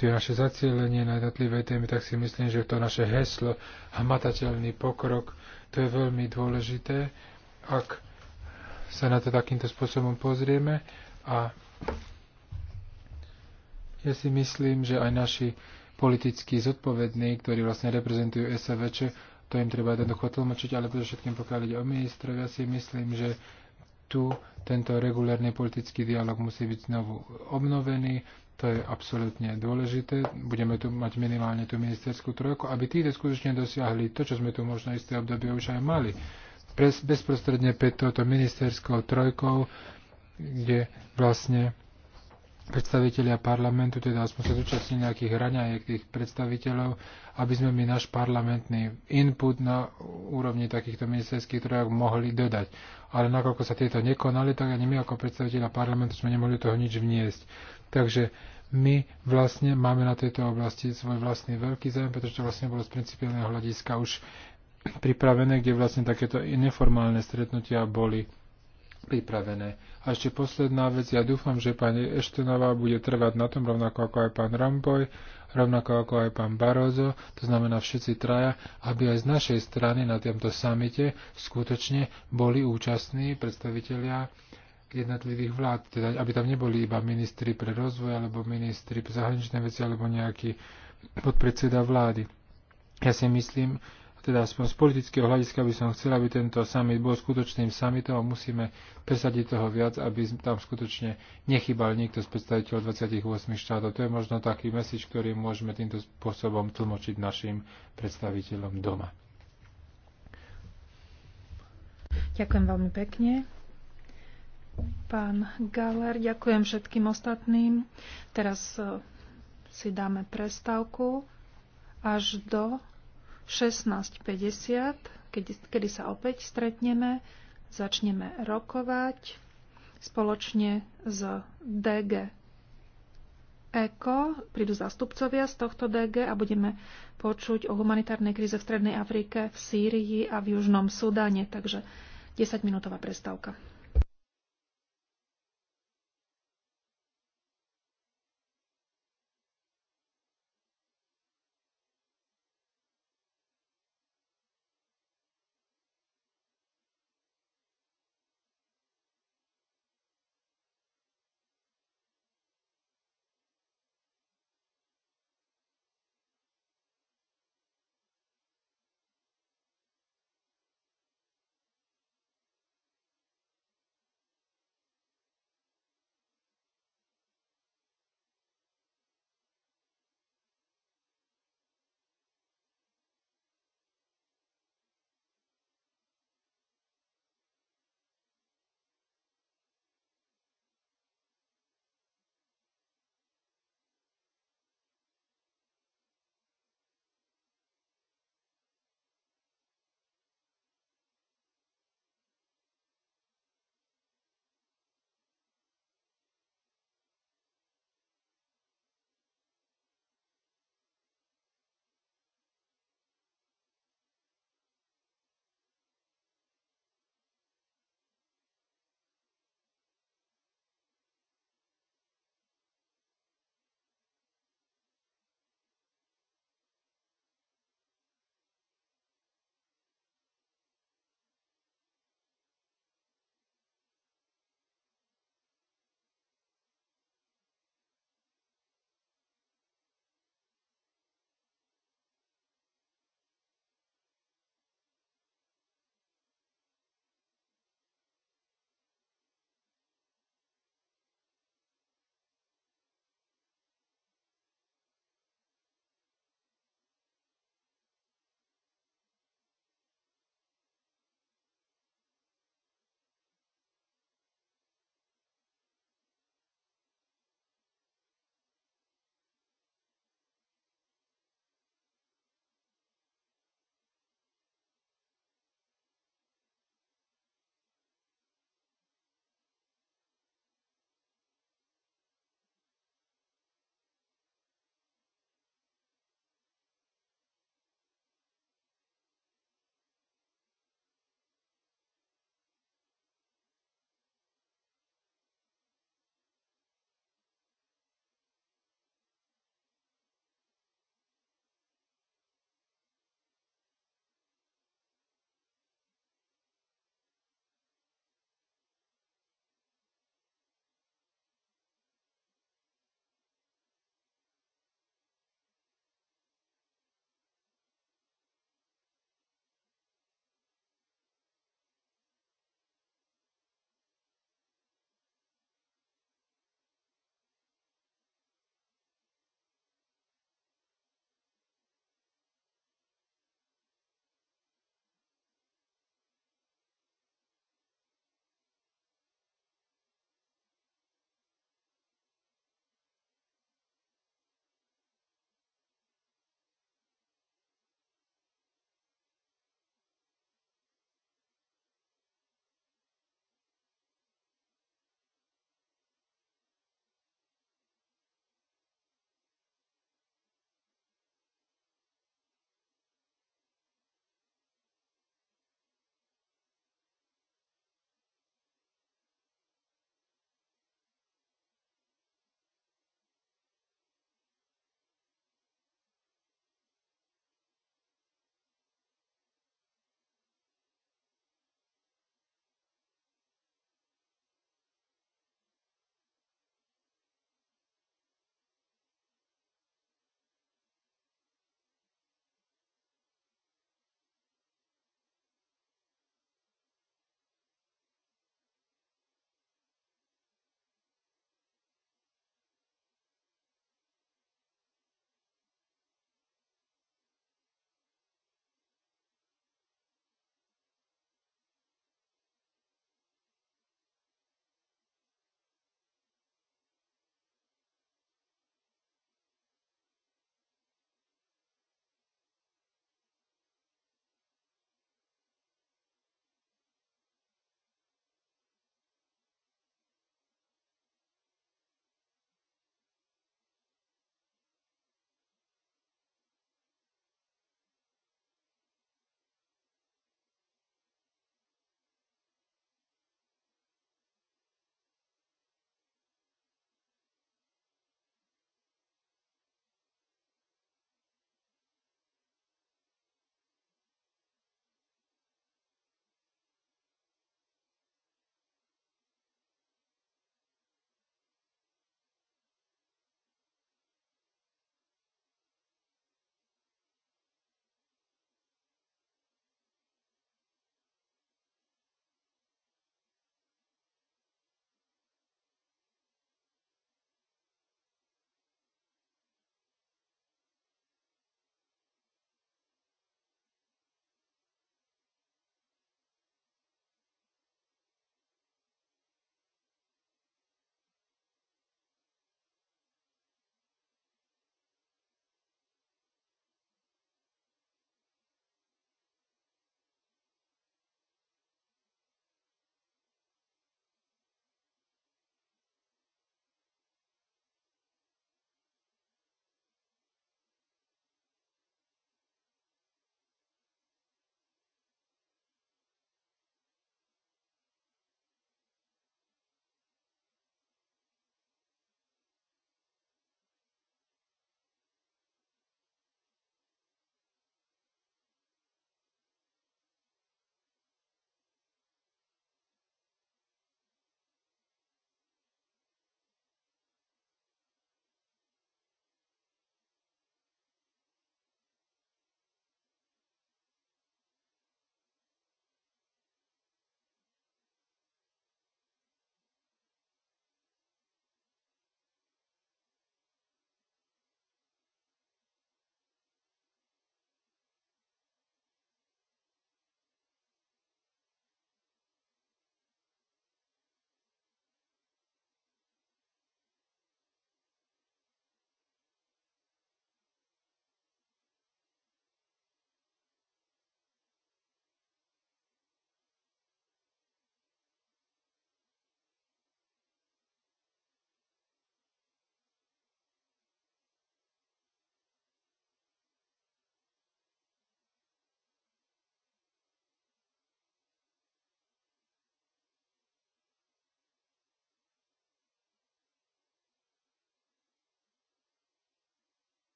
tie naše zacielenie na jednotlivé témy, tak si myslím, že to naše heslo, hmatateľný pokrok, to je veľmi dôležité, ak sa na to takýmto spôsobom pozrieme a ja si myslím, že aj naši politicky zodpovední, ktorí vlastne reprezentujú SVČ, to im treba jednoducho tlmočiť, ale predovšetkým pokiaľ ide o ministrov, ja si myslím, že tu tento regulárny politický dialog musí byť znovu obnovený, to je absolútne dôležité. Budeme tu mať minimálne tú ministerskú trojku, aby títo skutočne dosiahli to, čo sme tu možno isté obdobie už aj mali. Bez, bezprostredne pred touto ministerskou trojkou, kde vlastne predstavitelia parlamentu, teda sme sa zúčastnili nejakých raňajek tých predstaviteľov, aby sme my náš parlamentný input na úrovni takýchto ministerských trojok mohli dodať. Ale nakoľko sa tieto nekonali, tak ani my ako predstaviteľa parlamentu sme nemohli toho nič vniesť. Takže my vlastne máme na tejto oblasti svoj vlastný veľký zájem, pretože to vlastne bolo z principiálneho hľadiska už pripravené, kde vlastne takéto neformálne stretnutia boli pripravené. A ešte posledná vec, ja dúfam, že pani Eštenová bude trvať na tom, rovnako ako aj pán Rampoj, rovnako ako aj pán Barozo, to znamená všetci traja, aby aj z našej strany na tomto samite skutočne boli účastní predstavitelia jednotlivých vlád, teda aby tam neboli iba ministri pre rozvoj, alebo ministri pre zahraničné veci, alebo nejaký podpredseda vlády. Ja si myslím, teda aspoň z politického hľadiska by som chcel, aby tento summit bol skutočným summitom a musíme presadiť toho viac, aby tam skutočne nechybal niekto z predstaviteľov 28 štátov. To je možno taký message, ktorý môžeme týmto spôsobom tlmočiť našim predstaviteľom doma. Ďakujem veľmi pekne. Pán Galer, ďakujem všetkým ostatným. Teraz eh, si dáme prestávku až do 16.50, kedy, kedy sa opäť stretneme, začneme rokovať spoločne s DG ECO. Prídu zastupcovia z tohto DG a budeme počuť o humanitárnej kríze v Strednej Afrike, v Sýrii a v Južnom Sudáne. Takže 10-minútová prestávka.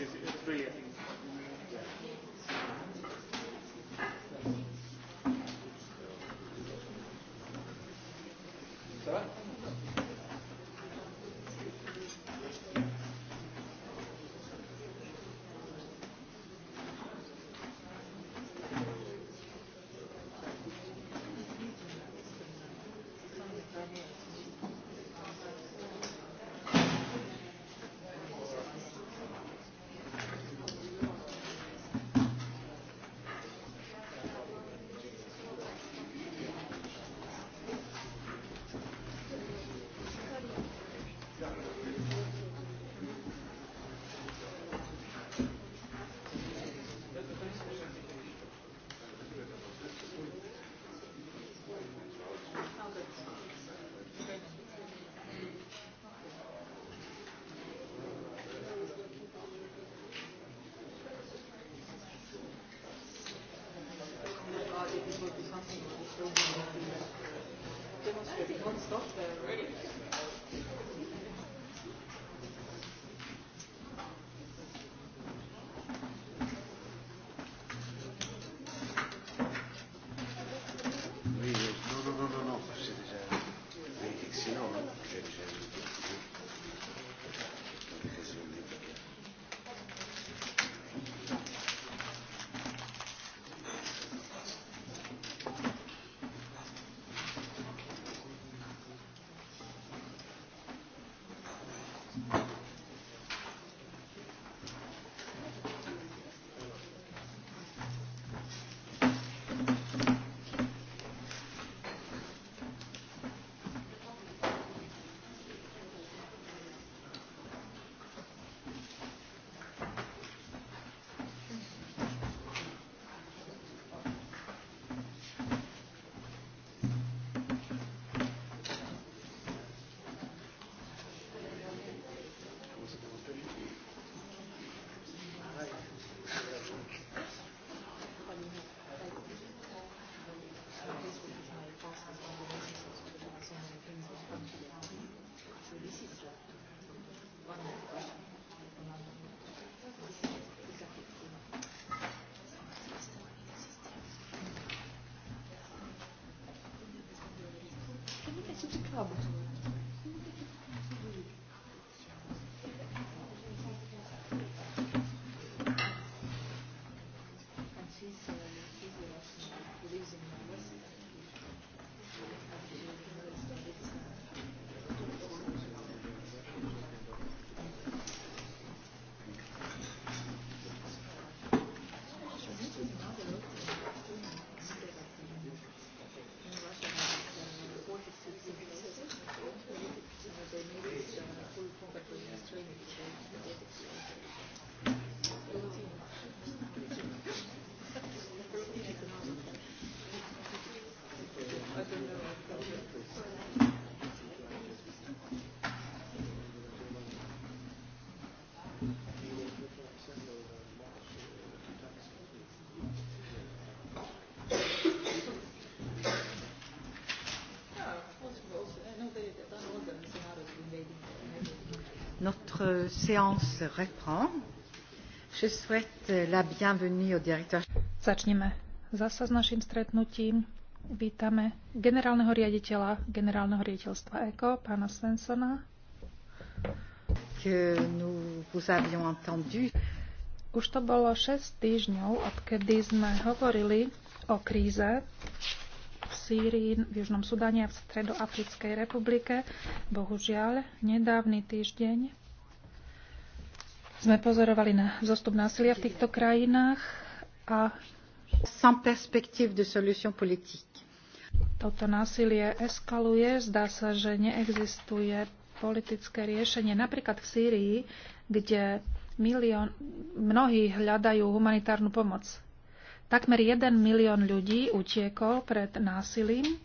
is, is really, I think, It's a big Notre séance reprend. Je souhaite la bienvenue au directeur. Začneme zasa s našim stretnutím. Vítame generálneho riaditeľa generálneho riaditeľstva ECO, pána Svensona. Que nous vous avions entendu. Už to bolo 6 týždňov, odkedy sme hovorili o kríze v Sýrii, v Južnom Sudáne a v Stredoafrickej republike. Bohužiaľ, nedávny týždeň sme pozorovali na zostup násilia v týchto krajinách a sans perspective de solution politique. Toto násilie eskaluje, zdá sa, že neexistuje politické riešenie. Napríklad v Sýrii, kde milión, mnohí hľadajú humanitárnu pomoc. Takmer jeden milión ľudí utiekol pred násilím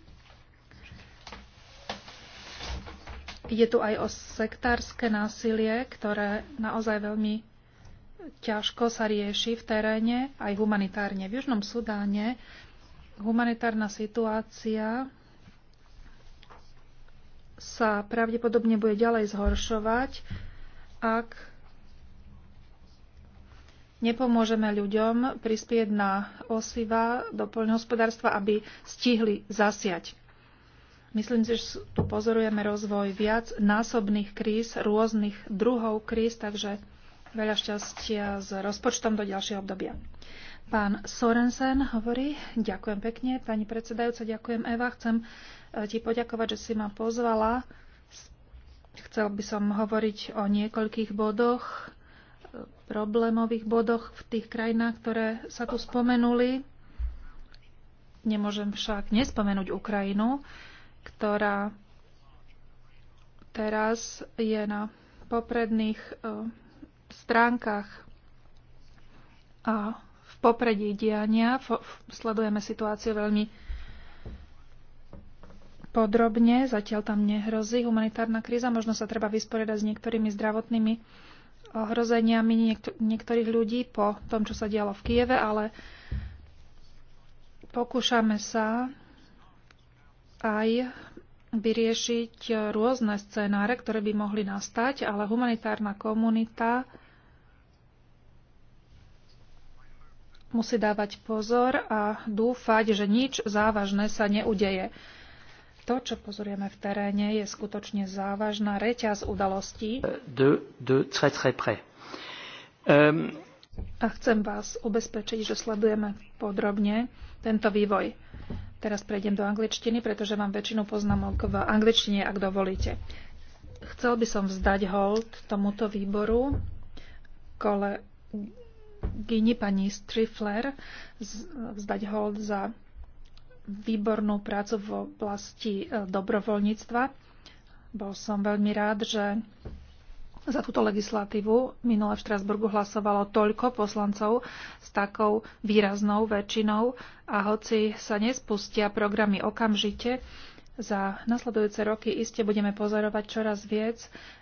Ide tu aj o sektárske násilie, ktoré naozaj veľmi ťažko sa rieši v teréne, aj humanitárne. V Južnom Sudáne humanitárna situácia sa pravdepodobne bude ďalej zhoršovať, ak nepomôžeme ľuďom prispieť na osiva do poľnohospodárstva, aby stihli zasiať. Myslím si, že tu pozorujeme rozvoj viac násobných kríz, rôznych druhov kríz, takže veľa šťastia s rozpočtom do ďalšieho obdobia. Pán Sorensen hovorí, ďakujem pekne, pani predsedajúca, ďakujem Eva, chcem e, ti poďakovať, že si ma pozvala. Chcel by som hovoriť o niekoľkých bodoch, e, problémových bodoch v tých krajinách, ktoré sa tu spomenuli. Nemôžem však nespomenúť Ukrajinu ktorá teraz je na popredných e, stránkach a v popredí diania. Sledujeme situáciu veľmi podrobne. Zatiaľ tam nehrozí humanitárna kríza. Možno sa treba vysporiadať s niektorými zdravotnými ohrozeniami niektorých ľudí po tom, čo sa dialo v Kieve, ale pokúšame sa aj vyriešiť rôzne scenáre, ktoré by mohli nastať, ale humanitárna komunita musí dávať pozor a dúfať, že nič závažné sa neudeje. To, čo pozorujeme v teréne, je skutočne závažná reťaz udalostí. Euh, de, de très, très près. Um... A chcem vás ubezpečiť, že sledujeme podrobne tento vývoj. Teraz prejdem do angličtiny, pretože mám väčšinu poznámok v angličtine, ak dovolíte. Chcel by som vzdať hold tomuto výboru kolegyni pani Strifler, vzdať hold za výbornú prácu v oblasti e, dobrovoľníctva. Bol som veľmi rád, že za túto legislatívu minule v Štrasburgu hlasovalo toľko poslancov s takou výraznou väčšinou a hoci sa nespustia programy okamžite, za nasledujúce roky iste budeme pozorovať čoraz viac,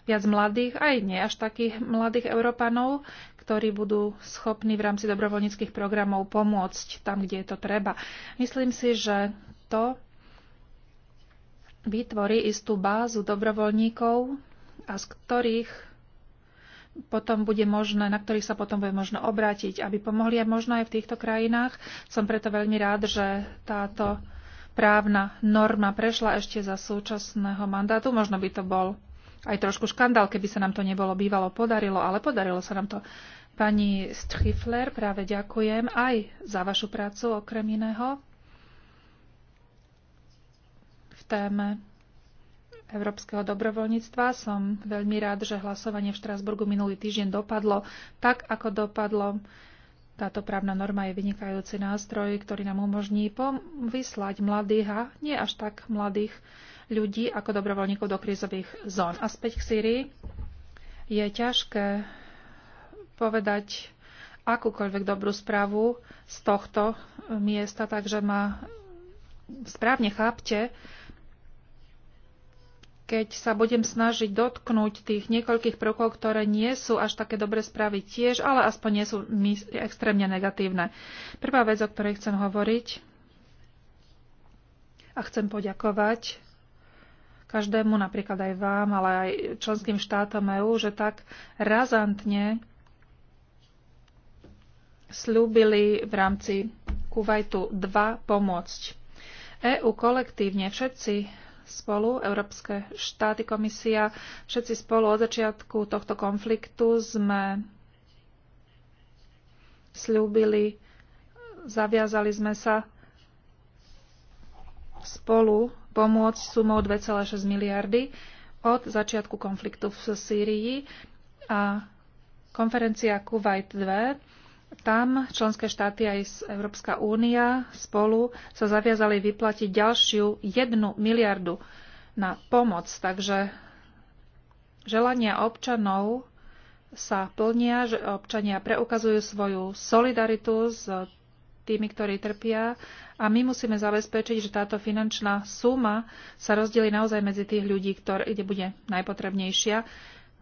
viac mladých, aj nie až takých mladých Európanov, ktorí budú schopní v rámci dobrovoľníckých programov pomôcť tam, kde je to treba. Myslím si, že to vytvorí istú bázu dobrovoľníkov, a z ktorých potom bude možné, na ktorých sa potom bude možno obrátiť, aby pomohli aj možno aj v týchto krajinách. Som preto veľmi rád, že táto právna norma prešla ešte za súčasného mandátu. Možno by to bol aj trošku škandál, keby sa nám to nebolo bývalo podarilo, ale podarilo sa nám to. Pani Strifler, práve ďakujem aj za vašu prácu okrem iného v téme európskeho dobrovoľníctva. Som veľmi rád, že hlasovanie v Štrásburgu minulý týždeň dopadlo tak, ako dopadlo. Táto právna norma je vynikajúci nástroj, ktorý nám umožní vyslať mladých a nie až tak mladých ľudí ako dobrovoľníkov do krízových zón. A späť k Syrii je ťažké povedať akúkoľvek dobrú správu z tohto miesta, takže ma správne chápte, keď sa budem snažiť dotknúť tých niekoľkých prvkov, ktoré nie sú až také dobre správy tiež, ale aspoň nie sú extrémne negatívne. Prvá vec, o ktorej chcem hovoriť a chcem poďakovať každému, napríklad aj vám, ale aj členským štátom EÚ, že tak razantne slúbili v rámci Kuwaitu 2 pomôcť. EÚ kolektívne všetci spolu, Európske štáty, komisia, všetci spolu od začiatku tohto konfliktu sme slúbili, zaviazali sme sa spolu pomôcť sumou 2,6 miliardy od začiatku konfliktu v Sýrii a konferencia Kuwait 2 tam členské štáty aj Európska únia spolu sa zaviazali vyplatiť ďalšiu jednu miliardu na pomoc. Takže želania občanov sa plnia, že občania preukazujú svoju solidaritu s tými, ktorí trpia a my musíme zabezpečiť, že táto finančná suma sa rozdelí naozaj medzi tých ľudí, ktoré, kde bude najpotrebnejšia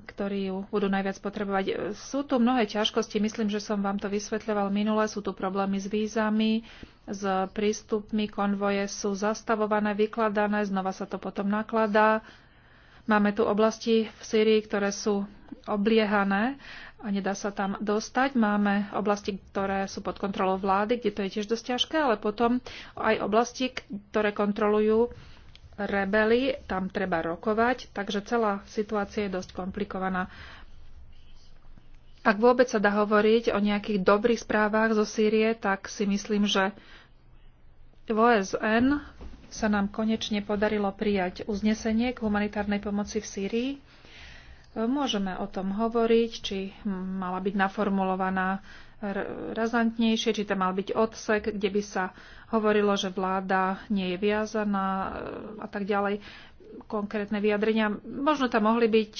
ktorí ju budú najviac potrebovať. E, sú tu mnohé ťažkosti, myslím, že som vám to vysvetľoval minule, sú tu problémy s vízami, s prístupmi, konvoje sú zastavované, vykladané, znova sa to potom nakladá. Máme tu oblasti v Syrii, ktoré sú obliehané a nedá sa tam dostať. Máme oblasti, ktoré sú pod kontrolou vlády, kde to je tiež dosť ťažké, ale potom aj oblasti, ktoré kontrolujú rebeli, tam treba rokovať, takže celá situácia je dosť komplikovaná. Ak vôbec sa dá hovoriť o nejakých dobrých správach zo Sýrie, tak si myslím, že v OSN sa nám konečne podarilo prijať uznesenie k humanitárnej pomoci v Sýrii. Môžeme o tom hovoriť, či mala byť naformulovaná razantnejšie, či tam mal byť odsek, kde by sa hovorilo, že vláda nie je viazaná e, a tak ďalej. Konkrétne vyjadrenia možno tam mohli byť,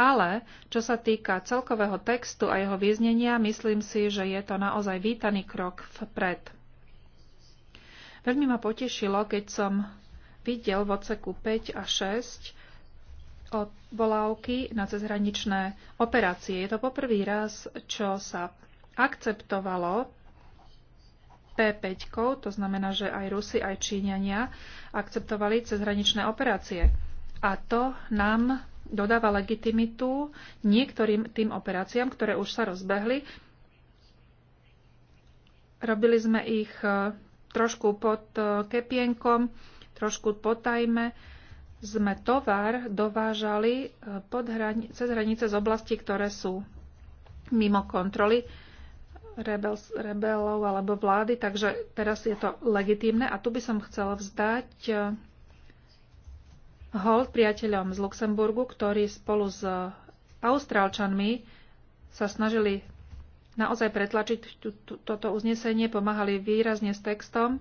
ale čo sa týka celkového textu a jeho význenia, myslím si, že je to naozaj vítaný krok vpred. Veľmi ma potešilo, keď som videl v odseku 5 a 6 volávky na cezhraničné operácie. Je to poprvý raz, čo sa akceptovalo P5, to znamená, že aj Rusi, aj Číňania akceptovali cezhraničné operácie. A to nám dodáva legitimitu niektorým tým operáciám, ktoré už sa rozbehli. Robili sme ich e, trošku pod e, kepienkom, trošku potajme. Sme tovar dovážali e, pod hrani- cez hranice z oblasti, ktoré sú mimo kontroly rebel, rebelov alebo vlády, takže teraz je to legitímne. A tu by som chcela vzdať eh, hold priateľom z Luxemburgu, ktorí spolu s Austrálčanmi sa snažili naozaj pretlačiť toto uznesenie, pomáhali výrazne s textom.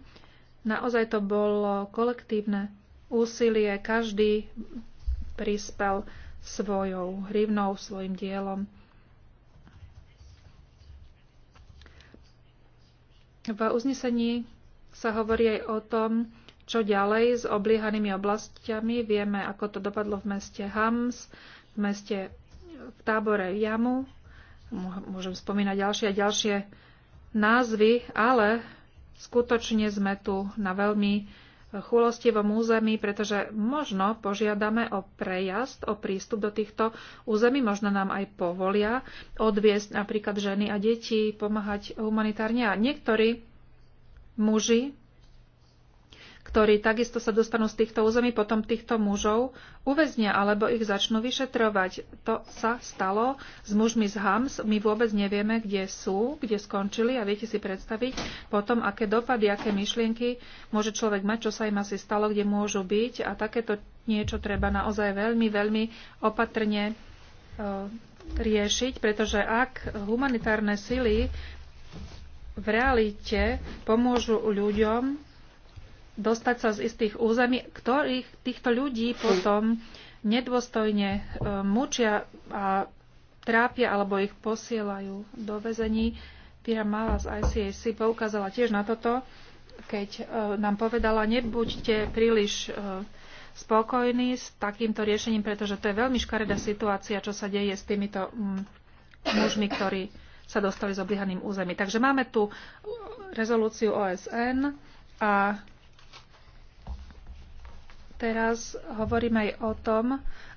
Naozaj to bolo kolektívne úsilie, každý prispel svojou hrivnou, svojim dielom. V uznesení sa hovorí aj o tom, čo ďalej s obliehanými oblastiami. Vieme, ako to dopadlo v meste Hams, v meste v tábore Jamu. Môžem spomínať ďalšie a ďalšie názvy, ale skutočne sme tu na veľmi chulostivom území, pretože možno požiadame o prejazd, o prístup do týchto území, možno nám aj povolia odviesť napríklad ženy a deti, pomáhať humanitárne. A niektorí muži ktorí takisto sa dostanú z týchto území, potom týchto mužov uväznia alebo ich začnú vyšetrovať. To sa stalo s mužmi z Hams. My vôbec nevieme, kde sú, kde skončili a viete si predstaviť potom, aké dopady, aké myšlienky môže človek mať, čo sa im asi stalo, kde môžu byť a takéto niečo treba naozaj veľmi, veľmi opatrne e, riešiť, pretože ak humanitárne sily v realite pomôžu ľuďom, dostať sa z istých území, ktorých týchto ľudí potom nedôstojne e, mučia a trápia alebo ich posielajú do väzení. Pira Mala z ICAC poukázala tiež na toto, keď e, nám povedala, nebuďte príliš e, spokojní s takýmto riešením, pretože to je veľmi škaredá situácia, čo sa deje s týmito mm, mužmi, ktorí sa dostali z obliehaným území. Takže máme tu rezolúciu OSN a Teraz hovorím aj o tom,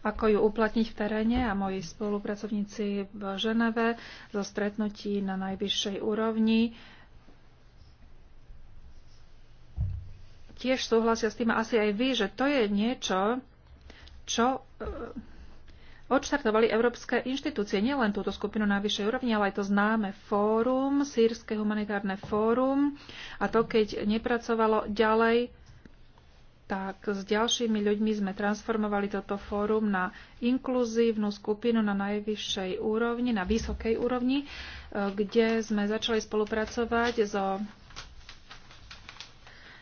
ako ju uplatniť v teréne a moji spolupracovníci v Ženeve zo stretnutí na najvyššej úrovni tiež súhlasia s tým asi aj vy, že to je niečo, čo eh, odštartovali európske inštitúcie, nielen túto skupinu na vyššej úrovni, ale aj to známe fórum, sírske humanitárne fórum a to, keď nepracovalo ďalej tak s ďalšími ľuďmi sme transformovali toto fórum na inkluzívnu skupinu na najvyššej úrovni, na vysokej úrovni, e, kde sme začali spolupracovať so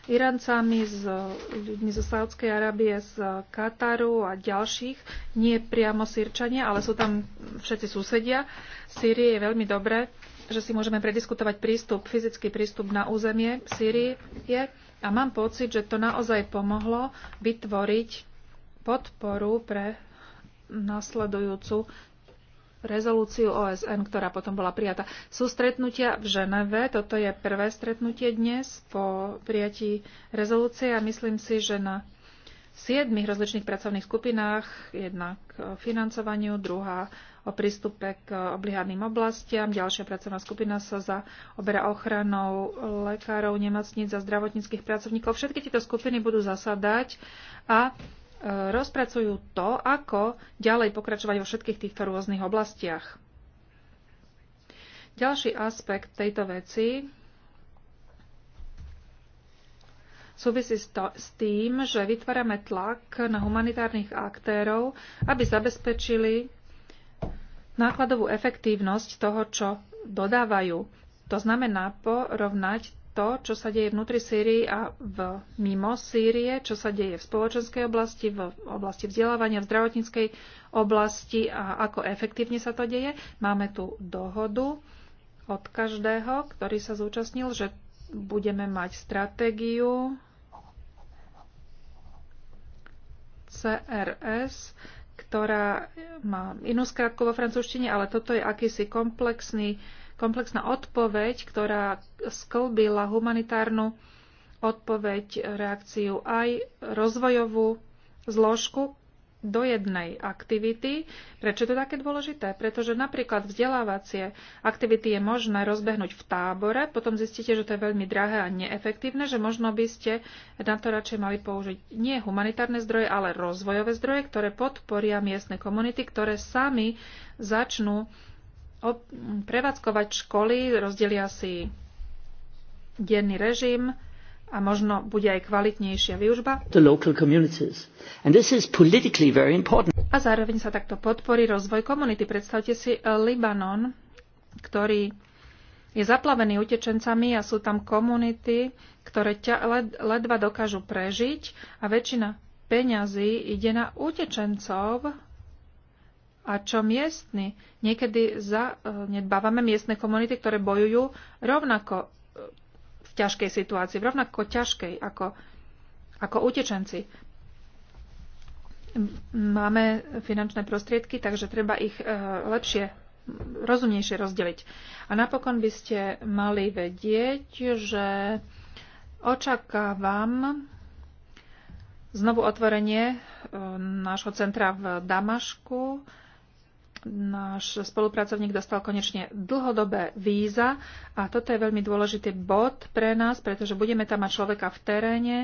Irancami, s ľuďmi zo Saudskej Arábie, z Kataru a ďalších, nie priamo Sýrčania, ale sú tam všetci susedia. Sýrie je veľmi dobré, že si môžeme prediskutovať prístup, fyzický prístup na územie Sýrie. Je a mám pocit, že to naozaj pomohlo vytvoriť podporu pre nasledujúcu rezolúciu OSN, ktorá potom bola prijatá. Sú stretnutia v Ženeve, toto je prvé stretnutie dnes po prijatí rezolúcie a myslím si, že na siedmých rozličných pracovných skupinách, jedna k financovaniu, druhá o prístupe k obligárnym oblastiam, ďalšia pracovná skupina sa zaoberá ochranou lekárov, nemocníc a zdravotníckých pracovníkov. Všetky tieto skupiny budú zasadať a e, rozpracujú to, ako ďalej pokračovať vo všetkých týchto rôznych oblastiach. Ďalší aspekt tejto veci súvisí s, to, s tým, že vytvárame tlak na humanitárnych aktérov, aby zabezpečili nákladovú efektívnosť toho, čo dodávajú. To znamená porovnať to, čo sa deje vnútri Sýrii a v, mimo Sýrie, čo sa deje v spoločenskej oblasti, v oblasti vzdelávania, v zdravotníckej oblasti a ako efektívne sa to deje. Máme tu dohodu od každého, ktorý sa zúčastnil, že budeme mať stratégiu CRS, ktorá má inú skratku vo francúzštine, ale toto je akýsi komplexný, komplexná odpoveď, ktorá sklbila humanitárnu odpoveď, reakciu aj rozvojovú zložku do jednej aktivity. Prečo je to také dôležité? Pretože napríklad vzdelávacie aktivity je možné rozbehnúť v tábore, potom zistíte, že to je veľmi drahé a neefektívne, že možno by ste na to radšej mali použiť nie humanitárne zdroje, ale rozvojové zdroje, ktoré podporia miestne komunity, ktoré sami začnú prevádzkovať školy, rozdelia si denný režim, a možno bude aj kvalitnejšia výužba. A zároveň sa takto podporí rozvoj komunity. Predstavte si eh, Libanon, ktorý je zaplavený utečencami a sú tam komunity, ktoré ťa led, ledva dokážu prežiť a väčšina peňazí ide na utečencov a čo miestni. Niekedy eh, nedbávame miestne komunity, ktoré bojujú rovnako v ťažkej situácii, v rovnako ťažkej ako, ako utečenci. Máme finančné prostriedky, takže treba ich e, lepšie, rozumnejšie rozdeliť. A napokon by ste mali vedieť, že očakávam znovu otvorenie e, nášho centra v Damašku náš spolupracovník dostal konečne dlhodobé víza a toto je veľmi dôležitý bod pre nás, pretože budeme tam mať človeka v teréne,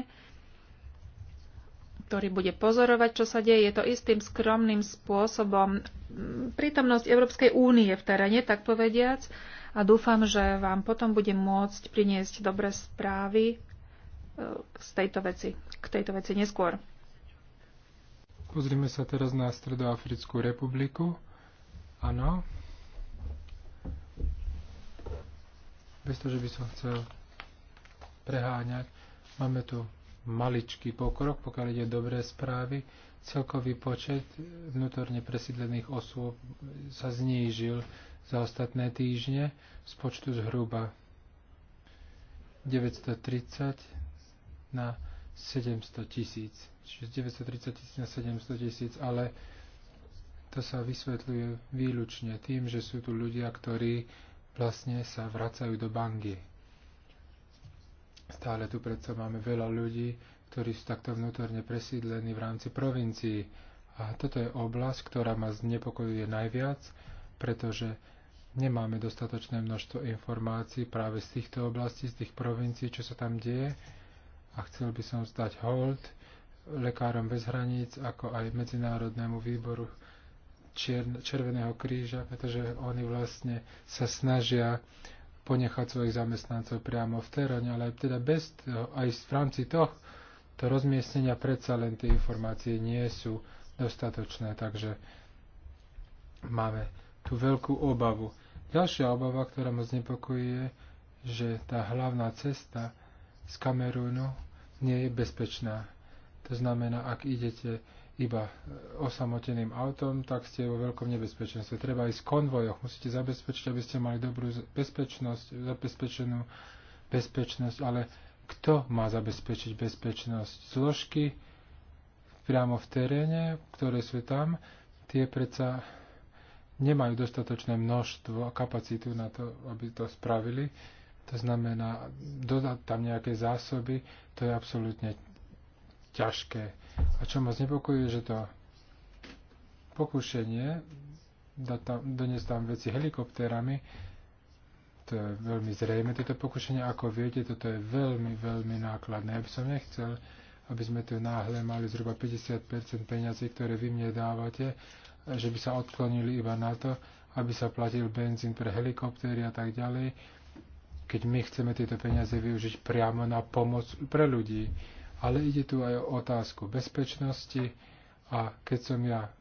ktorý bude pozorovať, čo sa deje. Je to istým skromným spôsobom prítomnosť Európskej únie v teréne, tak povediac. A dúfam, že vám potom bude môcť priniesť dobré správy e, z tejto veci, k tejto veci neskôr. Pozrime sa teraz na Stredoafrickú republiku. Áno. Bez toho, že by som chcel preháňať, máme tu maličký pokrok, pokiaľ ide dobré správy. Celkový počet vnútorne presídlených osôb sa znížil za ostatné týždne z počtu zhruba 930 na 700 tisíc. Čiže 930 tisíc na 700 tisíc, ale to sa vysvetľuje výlučne tým, že sú tu ľudia, ktorí vlastne sa vracajú do bangy. Stále tu predsa máme veľa ľudí, ktorí sú takto vnútorne presídlení v rámci provincií. A toto je oblasť, ktorá ma znepokojuje najviac, pretože nemáme dostatočné množstvo informácií práve z týchto oblastí, z tých provincií, čo sa tam deje. A chcel by som zdať hold lekárom bez hraníc, ako aj Medzinárodnému výboru čier, Červeného kríža, pretože oni vlastne sa snažia ponechať svojich zamestnancov priamo v teréne, ale teda bez toho, aj v rámci toho to rozmiestnenia predsa len tie informácie nie sú dostatočné, takže máme tú veľkú obavu. Ďalšia obava, ktorá ma znepokojuje, že tá hlavná cesta z Kamerúnu nie je bezpečná. To znamená, ak idete iba osamoteným autom, tak ste vo veľkom nebezpečenstve. Treba ísť v konvojoch, musíte zabezpečiť, aby ste mali dobrú bezpečnosť, zabezpečenú bezpečnosť, ale kto má zabezpečiť bezpečnosť? Zložky priamo v teréne, ktoré sú tam, tie predsa nemajú dostatočné množstvo a kapacitu na to, aby to spravili. To znamená, dodať tam nejaké zásoby, to je absolútne ťažké a čo ma znepokojuje, že to pokušenie tam, doniesť tam veci helikoptérami, to je veľmi zrejme, toto pokušenie, ako viete, toto je veľmi, veľmi nákladné. Ja by som nechcel, aby sme tu náhle mali zhruba 50% peňazí, ktoré vy mne dávate, že by sa odklonili iba na to, aby sa platil benzín pre helikoptéry a tak ďalej, keď my chceme tieto peniaze využiť priamo na pomoc pre ľudí ale ide tu aj o otázku bezpečnosti a keď som ja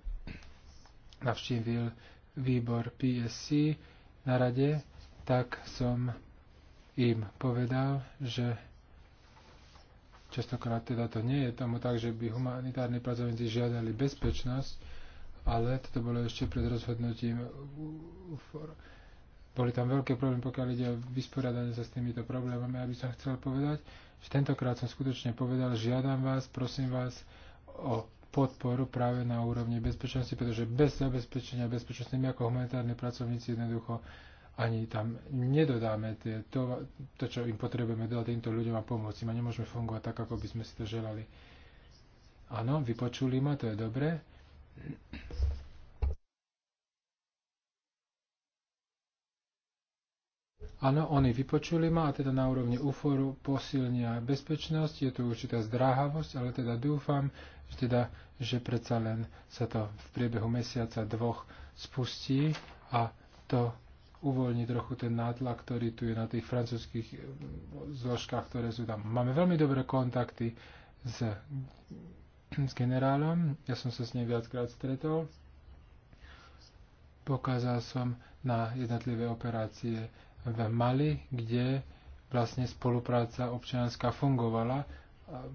navštívil výbor PSC na rade, tak som im povedal, že častokrát teda to nie je tomu tak, že by humanitárni pracovníci žiadali bezpečnosť, ale toto bolo ešte pred rozhodnutím boli tam veľké problémy, pokiaľ ide o vysporiadanie sa s týmito problémami. aby som chcel povedať, Tentokrát som skutočne povedal, žiadam vás, prosím vás o podporu práve na úrovni bezpečnosti, pretože bez zabezpečenia bezpečnosti my ako humanitárni pracovníci jednoducho ani tam nedodáme tie, to, to, čo im potrebujeme dodať týmto ľuďom a pomôcť im a nemôžeme fungovať tak, ako by sme si to želali. Áno, vypočuli ma, to je dobré. Áno, oni vypočuli ma a teda na úrovni UFORu posilnia bezpečnosť, je tu určitá zdráhavosť, ale teda dúfam, že, teda, že predsa len sa to v priebehu mesiaca dvoch spustí a to uvoľní trochu ten nátlak, ktorý tu je na tých francúzských eh, zložkách, ktoré sú tam. Máme veľmi dobré kontakty s, s generálom, ja som sa s ním viackrát stretol, pokázal som na jednotlivé operácie v Mali, kde vlastne spolupráca občianská fungovala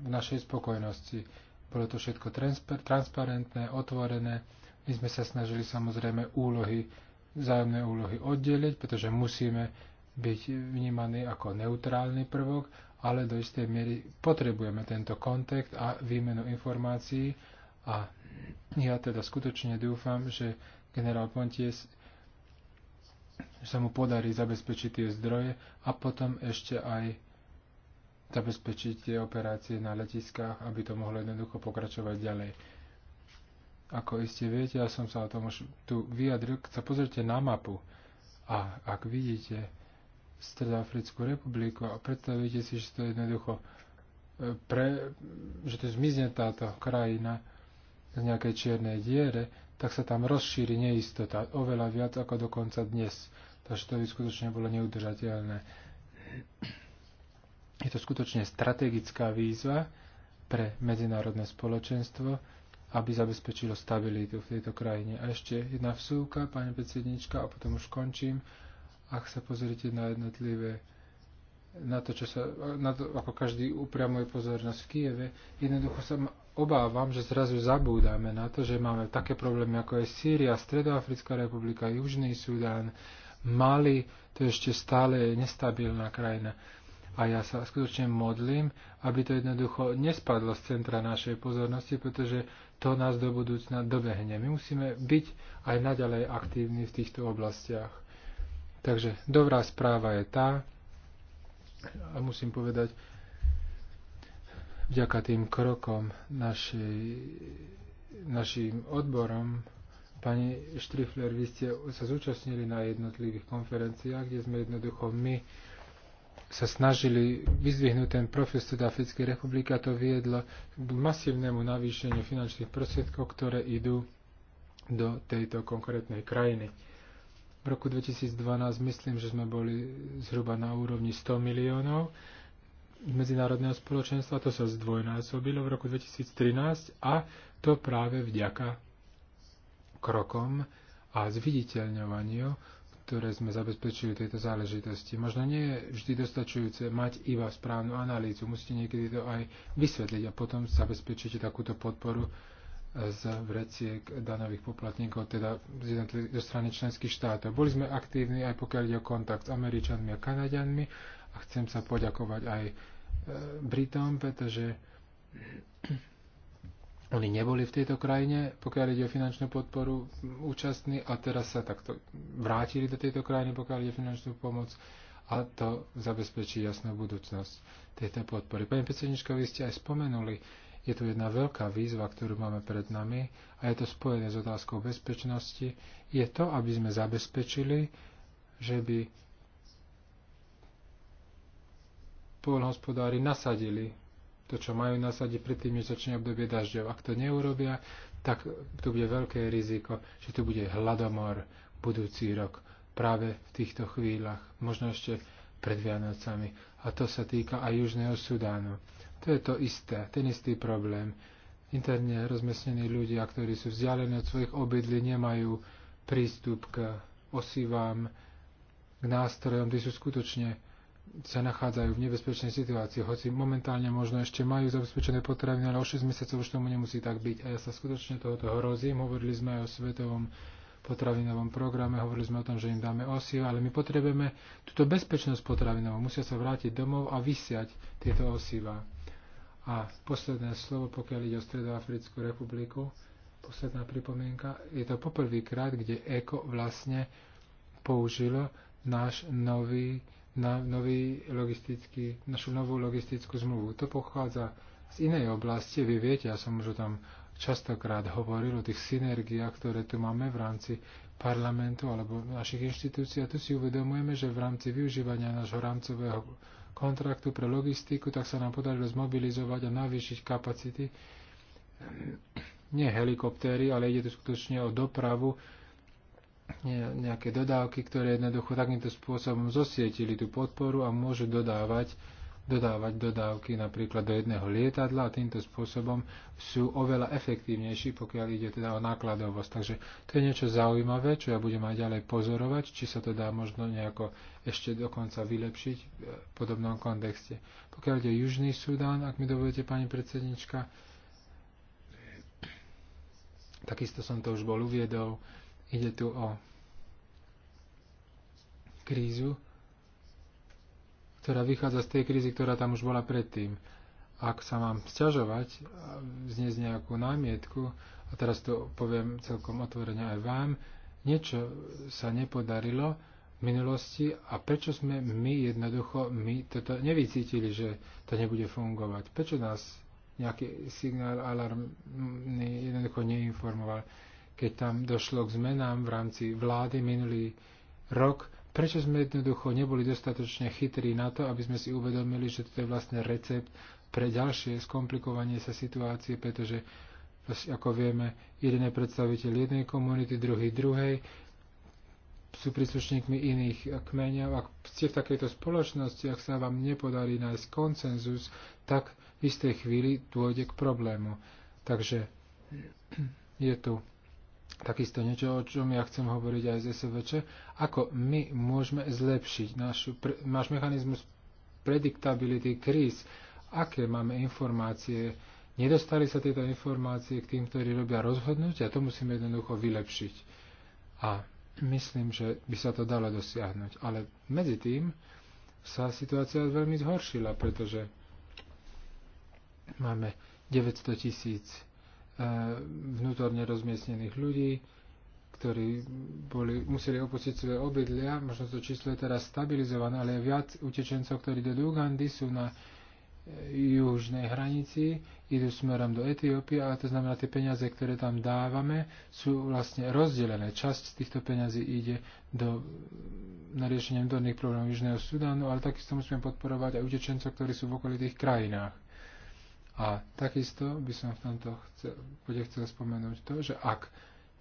v našej spokojnosti. Bolo to všetko transparentné, otvorené. My sme sa snažili samozrejme úlohy, vzájomné úlohy oddeliť, pretože musíme byť vnímaní ako neutrálny prvok, ale do istej miery potrebujeme tento kontakt a výmenu informácií a ja teda skutočne dúfam, že generál Pontius že sa mu podarí zabezpečiť tie zdroje a potom ešte aj zabezpečiť tie operácie na letiskách, aby to mohlo jednoducho pokračovať ďalej. Ako iste viete, ja som sa o tom už tu vyjadril, sa pozrite na mapu a ak vidíte Stredoafrickú republiku a predstavíte si, že to jednoducho e, pre, že to zmizne táto krajina z nejakej čiernej diere, tak sa tam rozšíri neistota oveľa viac ako dokonca dnes. Takže to by skutočne bolo neudržateľné. Je to skutočne strategická výzva pre medzinárodné spoločenstvo, aby zabezpečilo stabilitu v tejto krajine. A ešte jedna vsúka, pani predsednička, a potom už končím. Ak sa pozrite na jednotlivé na to, čo sa, na to, ako každý upriamuje pozornosť v Kieve, jednoducho sa obávam, že zrazu zabúdame na to, že máme také problémy ako je Sýria, Stredoafrická republika, Južný Sudán, Mali, to ešte stále je nestabilná krajina. A ja sa skutočne modlím, aby to jednoducho nespadlo z centra našej pozornosti, pretože to nás do budúcna dobehne. My musíme byť aj naďalej aktívni v týchto oblastiach. Takže dobrá správa je tá, a musím povedať, vďaka tým krokom našej, našim odborom, pani Štrifler, vy ste sa zúčastnili na jednotlivých konferenciách, kde sme jednoducho my sa snažili vyzvihnúť ten profil Sudafrickej republiky a to viedlo k masívnemu navýšeniu finančných prostriedkov, ktoré idú do tejto konkrétnej krajiny. V roku 2012 myslím, že sme boli zhruba na úrovni 100 miliónov medzinárodného spoločenstva, to sa zdvojnásobilo v roku 2013 a to práve vďaka krokom a zviditeľňovaniu, ktoré sme zabezpečili tejto záležitosti. Možno nie je vždy dostačujúce mať iba správnu analýzu, musíte niekedy to aj vysvetliť a potom zabezpečiť takúto podporu e, z vreciek danových poplatníkov, teda z jednotlivých zo strany členských štátov. Boli sme aktívni aj pokiaľ ide o kontakt s Američanmi a Kanaďanmi a chcem sa poďakovať aj Britom, pretože oni neboli v tejto krajine, pokiaľ ide o finančnú podporu účastní a teraz sa takto vrátili do tejto krajiny, pokiaľ ide o finančnú pomoc a to zabezpečí jasnú budúcnosť tejto podpory. Pani predsednička, vy ste aj spomenuli, je tu jedna veľká výzva, ktorú máme pred nami a je to spojené s otázkou bezpečnosti, je to, aby sme zabezpečili, že by polnohospodári nasadili to, čo majú nasadiť predtým, než začne obdobie dažďov. Ak to neurobia, tak tu bude veľké riziko, že tu bude hladomor budúci rok práve v týchto chvíľach, možno ešte pred Vianocami. A to sa týka aj Južného Sudánu. To je to isté, ten istý problém. Interne rozmesnení ľudia, ktorí sú vzdialení od svojich obydlí, nemajú prístup k osivám, k nástrojom, kde sú skutočne sa nachádzajú v nebezpečnej situácii, hoci momentálne možno ešte majú zabezpečené potraviny, ale o 6 mesiacov už tomu nemusí tak byť. A ja sa skutočne tohoto hrozím. Hovorili sme aj o svetovom potravinovom programe, hovorili sme o tom, že im dáme osy, ale my potrebujeme túto bezpečnosť potravinovú. Musia sa vrátiť domov a vysiať tieto osiva. A posledné slovo, pokiaľ ide o Stredoafrickú republiku, posledná pripomienka, je to poprvýkrát, kde ECO vlastne použilo náš nový na nový logistický, našu novú logistickú zmluvu. To pochádza z inej oblasti, vy viete, ja som už o tom častokrát hovoril, o tých synergiách, ktoré tu máme v rámci parlamentu alebo našich inštitúcií. A tu si uvedomujeme, že v rámci využívania nášho rámcového kontraktu pre logistiku, tak sa nám podarilo zmobilizovať a navýšiť kapacity. Nie helikoptéry, ale ide tu skutočne o dopravu nejaké dodávky, ktoré jednoducho takýmto spôsobom zosietili tú podporu a môžu dodávať, dodávať dodávky napríklad do jedného lietadla a týmto spôsobom sú oveľa efektívnejší, pokiaľ ide teda o nákladovosť. Takže to je niečo zaujímavé, čo ja budem aj ďalej pozorovať, či sa to dá možno nejako ešte dokonca vylepšiť e, v podobnom kontexte. Pokiaľ ide Južný Sudán, ak mi dovolíte, pani predsednička, takisto som to už bol uviedol, Ide tu o krízu, ktorá vychádza z tej krízy, ktorá tam už bola predtým. Ak sa mám sťažovať, vzniesť nejakú námietku, a teraz to poviem celkom otvorene aj vám, niečo sa nepodarilo v minulosti a prečo sme my jednoducho my toto nevycítili, že to nebude fungovať? Prečo nás nejaký signál, alarm jednoducho neinformoval? keď tam došlo k zmenám v rámci vlády minulý rok, prečo sme jednoducho neboli dostatočne chytrí na to, aby sme si uvedomili, že to je vlastne recept pre ďalšie skomplikovanie sa situácie, pretože vlastne, ako vieme, jeden je predstaviteľ jednej komunity, druhý druhej, sú príslušníkmi iných kmeňov. Ak ste v takejto spoločnosti, ak sa vám nepodarí nájsť konsenzus, tak v istej chvíli dôjde k problému. Takže je tu takisto niečo, o čom ja chcem hovoriť aj z SVČ, ako my môžeme zlepšiť našu, pre, náš mechanizmus prediktability kríz, aké máme informácie, nedostali sa tieto informácie k tým, ktorí robia rozhodnutia, to musíme jednoducho vylepšiť. A myslím, že by sa to dalo dosiahnuť. Ale medzi tým sa situácia veľmi zhoršila, pretože máme 900 tisíc E, vnútorne rozmiestnených ľudí, ktorí boli, museli opustiť svoje obydlia. Možno to číslo je teraz stabilizované, ale viac utečencov, ktorí do Ugandy sú na e, južnej hranici, idú smerom do Etiópie, ale to znamená, tie peniaze, ktoré tam dávame, sú vlastne rozdelené. Časť týchto peňazí ide do, na riešenie vnútorných problémov Južného Sudánu, ale takisto musíme podporovať aj utečencov, ktorí sú v okolitých krajinách. A takisto by som v tomto chcel, bude chcel spomenúť to, že ak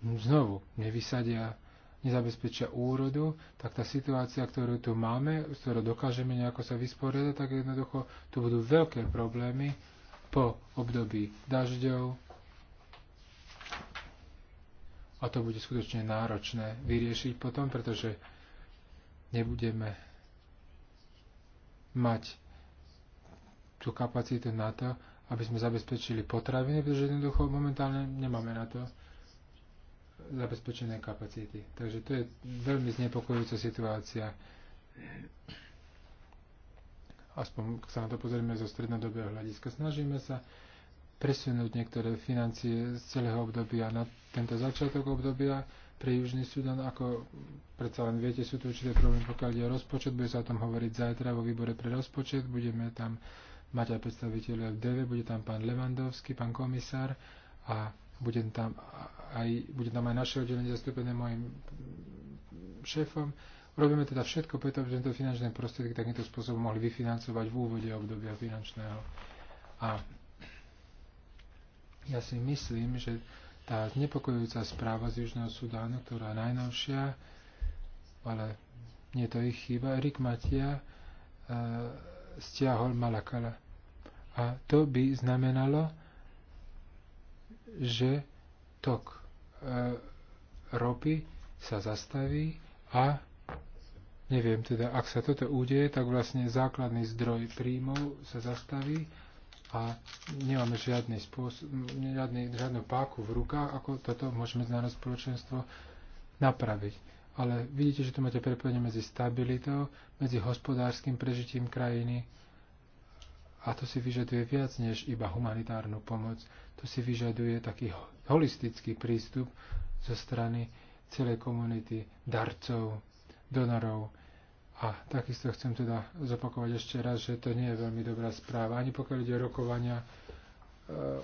znovu nevysadia, nezabezpečia úrodu, tak tá situácia, ktorú tu máme, s ktorou dokážeme nejako sa vysporiadať, tak jednoducho tu budú veľké problémy po období dažďov a to bude skutočne náročné vyriešiť potom, pretože nebudeme mať tú kapacitu na to, aby sme zabezpečili potraviny, pretože jednoducho momentálne nemáme na to zabezpečené kapacity. Takže to je veľmi znepokojujúca situácia. Aspoň sa na to pozrieme zo strednodobého hľadiska. Snažíme sa presunúť niektoré financie z celého obdobia na tento začiatok obdobia pre Južný Sudan, ako predsa len viete, sú tu určité problémy, pokiaľ ide o rozpočet, bude sa o tom hovoriť zajtra vo výbore pre rozpočet, budeme tam mať aj predstaviteľov v DV, bude tam pán Levandovský, pán komisár a bude tam aj, bude tam aj naše oddelenie zastúpené mojim šéfom. Robíme teda všetko preto, aby sme to finančné prostriedky takýmto spôsobom mohli vyfinancovať v úvode obdobia finančného. A ja si myslím, že tá znepokojujúca správa z Južného Sudánu, ktorá je najnovšia, ale nie to ich chyba, Erik Matia eh, stiahol Malakala. A to by znamenalo, že tok e, ropy sa zastaví a neviem teda, ak sa toto udeje, tak vlastne základný zdroj príjmov sa zastaví a nemáme žiadny spôsob, žiadny, žiadnu páku v rukách, ako toto môžeme medzinárodné spoločenstvo napraviť ale vidíte, že tu máte prepojenie medzi stabilitou, medzi hospodárskym prežitím krajiny a to si vyžaduje viac než iba humanitárnu pomoc. To si vyžaduje taký holistický prístup zo strany celej komunity darcov, donorov. A takisto chcem teda zopakovať ešte raz, že to nie je veľmi dobrá správa, ani pokiaľ ide rokovania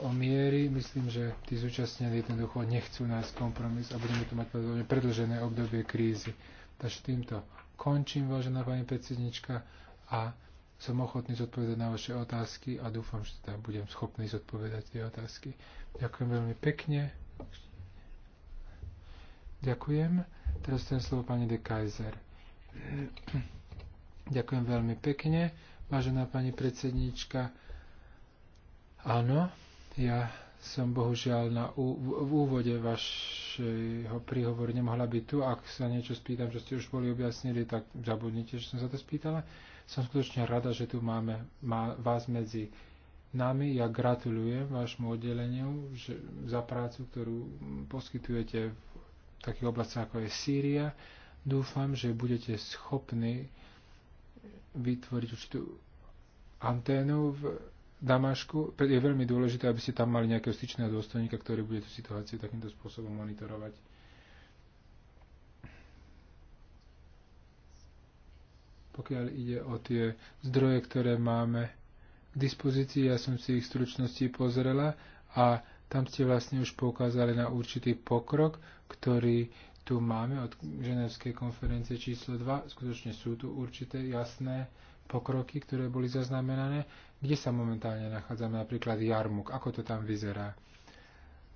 o miery. Myslím, že tí zúčastnení jednoducho nechcú nájsť kompromis a budeme tu mať predlžené obdobie krízy. Takže týmto končím, vážená pani predsednička, a som ochotný zodpovedať na vaše otázky a dúfam, že teda budem schopný zodpovedať tie otázky. Ďakujem veľmi pekne. Ďakujem. Teraz ten slovo pani de Kaiser. Ďakujem veľmi pekne, vážená pani predsednička. Áno, ja som bohužiaľ na, v úvode vašeho príhovoru nemohla byť tu. Ak sa niečo spýtam, čo ste už boli objasnili, tak zabudnite, že som sa to spýtala. Som skutočne rada, že tu máme má vás medzi nami. Ja gratulujem vášmu oddeleniu že, za prácu, ktorú poskytujete v takých oblastiach ako je Sýria. Dúfam, že budete schopní vytvoriť určitú anténu v Damašku, je veľmi dôležité, aby ste tam mali nejakého styčného dôstojníka, ktorý bude tú situáciu takýmto spôsobom monitorovať. Pokiaľ ide o tie zdroje, ktoré máme k dispozícii, ja som si ich stručnosti pozrela a tam ste vlastne už poukázali na určitý pokrok, ktorý tu máme od Ženevskej konferencie číslo 2. Skutočne sú tu určité jasné pokroky, ktoré boli zaznamenané, kde sa momentálne nachádzame, napríklad Jarmuk, ako to tam vyzerá.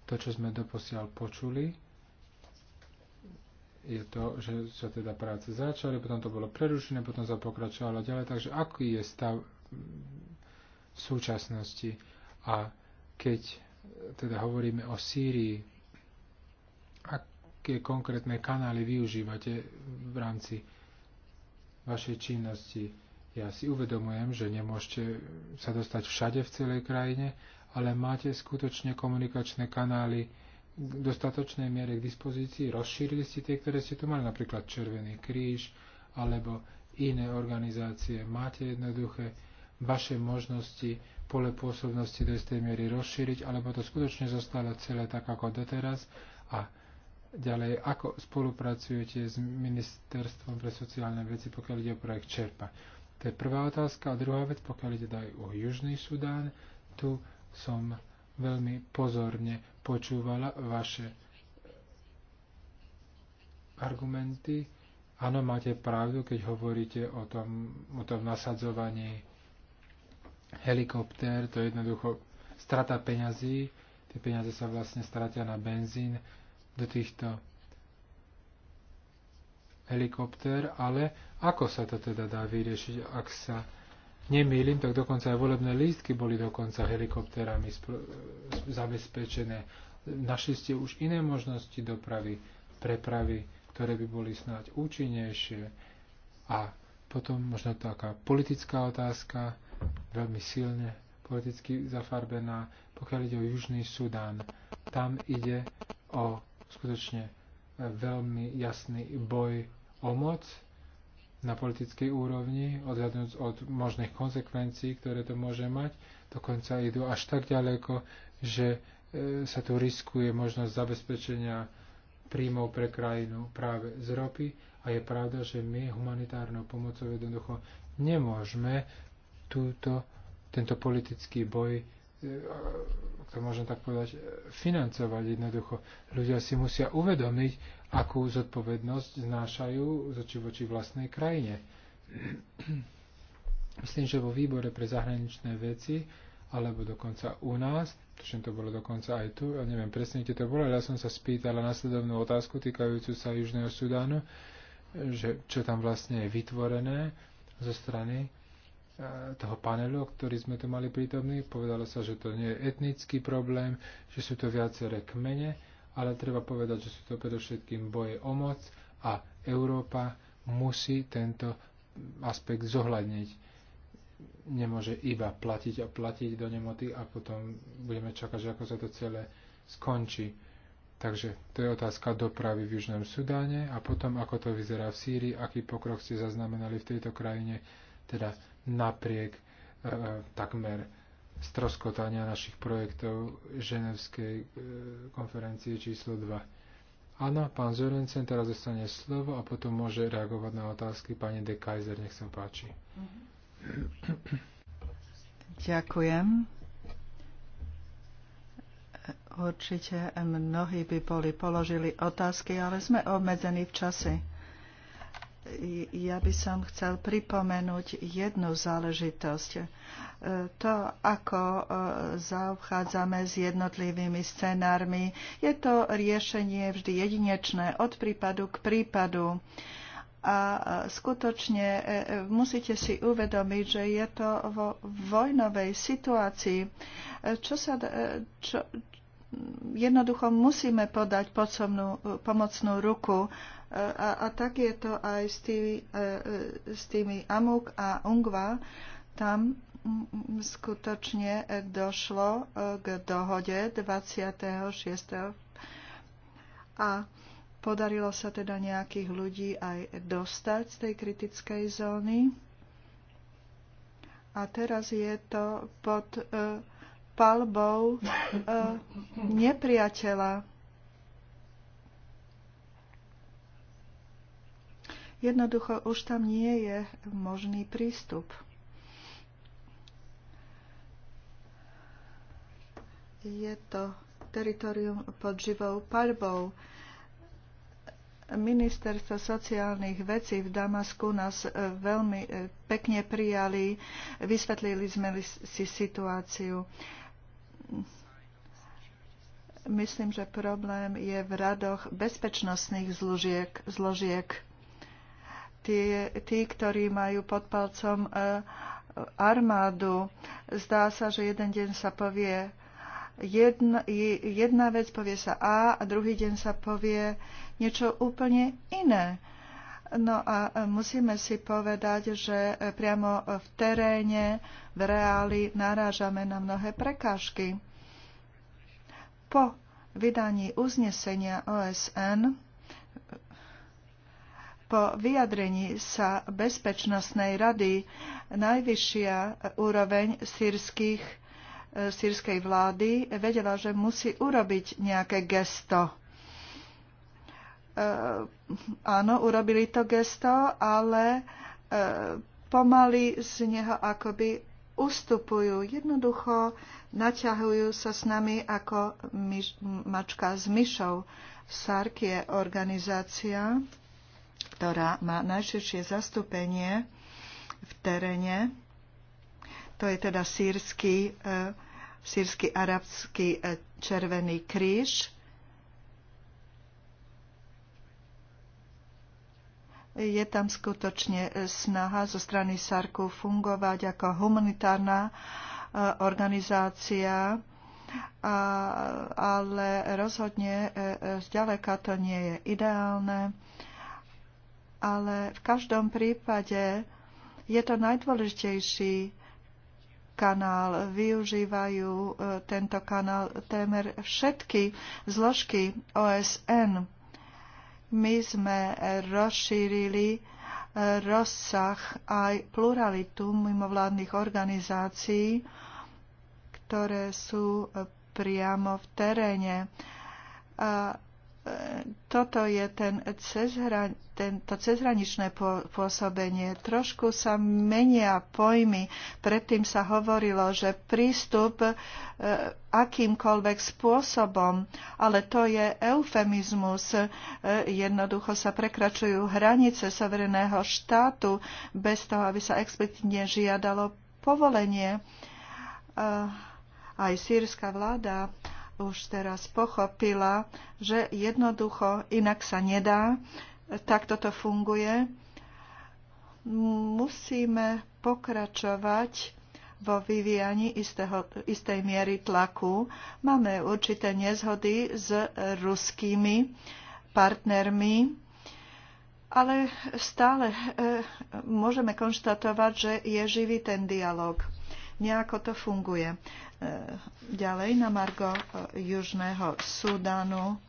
To, čo sme doposiaľ počuli, je to, že sa teda práce začali, potom to bolo prerušené, potom sa pokračovalo ďalej, takže aký je stav v mm, súčasnosti. A keď e, teda hovoríme o Sýrii, aké konkrétne kanály využívate v rámci vašej činnosti? Ja si uvedomujem, že nemôžete sa dostať všade v celej krajine, ale máte skutočne komunikačné kanály k dostatočnej miere k dispozícii. Rozšírili ste tie, ktoré ste tu mali, napríklad Červený kríž alebo iné organizácie. Máte jednoduché vaše možnosti pole pôsobnosti do istej miery rozšíriť, alebo to skutočne zostalo celé tak ako doteraz a ďalej, ako spolupracujete s Ministerstvom pre sociálne veci, pokiaľ ide o projekt Čerpa. To je prvá otázka. A druhá vec, pokiaľ ide aj o Južný Sudán, tu som veľmi pozorne počúvala vaše eh, argumenty. Áno, máte pravdu, keď hovoríte o tom, o tom nasadzovaní helikoptér, to je jednoducho strata peňazí, tie peniaze sa vlastne stratia na benzín do týchto helikoptér, ale ako sa to teda dá vyriešiť, ak sa nemýlim, tak dokonca aj volebné lístky boli dokonca helikopterami e, zabezpečené. Našli ste už iné možnosti dopravy, prepravy, ktoré by boli snáď účinnejšie. A potom možno taká politická otázka, veľmi silne politicky zafarbená, pokiaľ ide o Južný Sudán. Tam ide o skutočne e, veľmi jasný boj o moc, na politickej úrovni, odhľadnúť od možných konsekvencií, ktoré to môže mať. Dokonca idú až tak ďaleko, že e, sa tu riskuje možnosť zabezpečenia príjmov pre krajinu práve z ropy a je pravda, že my humanitárnou pomocou jednoducho nemôžeme túto, tento politický boj ak e, e, to môžem tak povedať, e, financovať jednoducho. Ľudia si musia uvedomiť, akú zodpovednosť znášajú zoči voči vlastnej krajine. Myslím, že vo výbore pre zahraničné veci, alebo dokonca u nás, tuším to bolo dokonca aj tu, ja neviem presne, kde to bolo, ale ja som sa spýtala nasledovnú otázku týkajúcu sa Južného Sudánu, že čo tam vlastne je vytvorené zo strany Eh, toho panelu, ktorý sme tu mali prítomný. Povedalo sa, že to nie je etnický problém, že sú to viaceré kmene, ale treba povedať, že sú to predovšetkým boje o moc a Európa musí tento aspekt zohľadniť. Nemôže iba platiť a platiť do nemoty a potom budeme čakať, že ako sa to celé skončí. Takže to je otázka dopravy v Južnom Sudáne a potom ako to vyzerá v Sýrii, aký pokrok ste zaznamenali v tejto krajine, teda napriek e, takmer stroskotania našich projektov Ženevskej e, konferencie číslo 2. Áno, pán Zorencen teraz dostane slovo a potom môže reagovať na otázky pani de Kaiser, nech sa páči. Ďakujem. Určite mnohí by boli položili otázky, ale sme obmedzení v čase ja by som chcel pripomenúť jednu záležitosť. E, to, ako e, zaobchádzame s jednotlivými scenármi, je to riešenie vždy jedinečné od prípadu k prípadu. A e, skutočne musíte si uvedomiť, že je to vo vojnovej situácii. Čo sa, čo, jednoducho musíme podať podsobnú, pomocnú ruku. E, a, a tak je to aj s tý, e, e, s tými Amuk a Ungva. Tam mm, mm, skutočne došlo k dohode 26. A podarilo sa teda nejakých ľudí aj dostať z tej kritickej zóny. A teraz je to pod palbou e, nepriateľa. Jednoducho už tam nie je možný prístup. Je to teritorium pod živou palbou. Ministerstvo sociálnych vecí v Damasku nás e, veľmi e, pekne prijali, vysvetlili sme si situáciu myslím, že problém je v radoch bezpečnostných zložiek. zložiek. Tí, tí, ktorí majú pod palcom e, armádu, zdá sa, že jeden deň sa povie jedna, jedna vec, povie sa A a druhý deň sa povie niečo úplne iné. No a e, musíme si povedať, že e, priamo e, v teréne, v reáli narážame na mnohé prekážky. Po vydaní uznesenia OSN, po vyjadrení sa Bezpečnostnej rady najvyššia úroveň sírskej vlády vedela, že musí urobiť nejaké gesto Eh, áno, urobili to gesto, ale eh, pomaly z neho akoby ustupujú. Jednoducho naťahujú sa s nami ako myš, mačka s myšou. SARK je organizácia, ktorá má najširšie zastúpenie v teréne. To je teda sírsky, eh, sírsky arabský červený kríž je tam skutočne e, snaha zo strany SARKu fungovať ako humanitárna e, organizácia, a, ale rozhodne e, zďaleka to nie je ideálne. Ale v každom prípade je to najdôležitejší kanál. Využívajú tento kanál témer všetky zložky OSN my sme rozšírili eh, rozsah aj pluralitu mimovládnych organizácií, ktoré sú eh, priamo v teréne. Eh, toto je ten cezhra, to cezhraničné pôsobenie. Trošku sa menia pojmy. Predtým sa hovorilo, že prístup e, akýmkoľvek spôsobom, ale to je eufemizmus. E, jednoducho sa prekračujú hranice severného štátu bez toho, aby sa explicitne žiadalo povolenie. E, aj sírska vláda už teraz pochopila, že jednoducho inak sa nedá, tak toto funguje. Musíme pokračovať vo vyvíjaní istého, istej miery tlaku. Máme určité nezhody s ruskými partnermi, ale stále eh, môžeme konštatovať, že je živý ten dialog. Nejako to funguje. E, ďalej na Margo e, Južného Súdanu.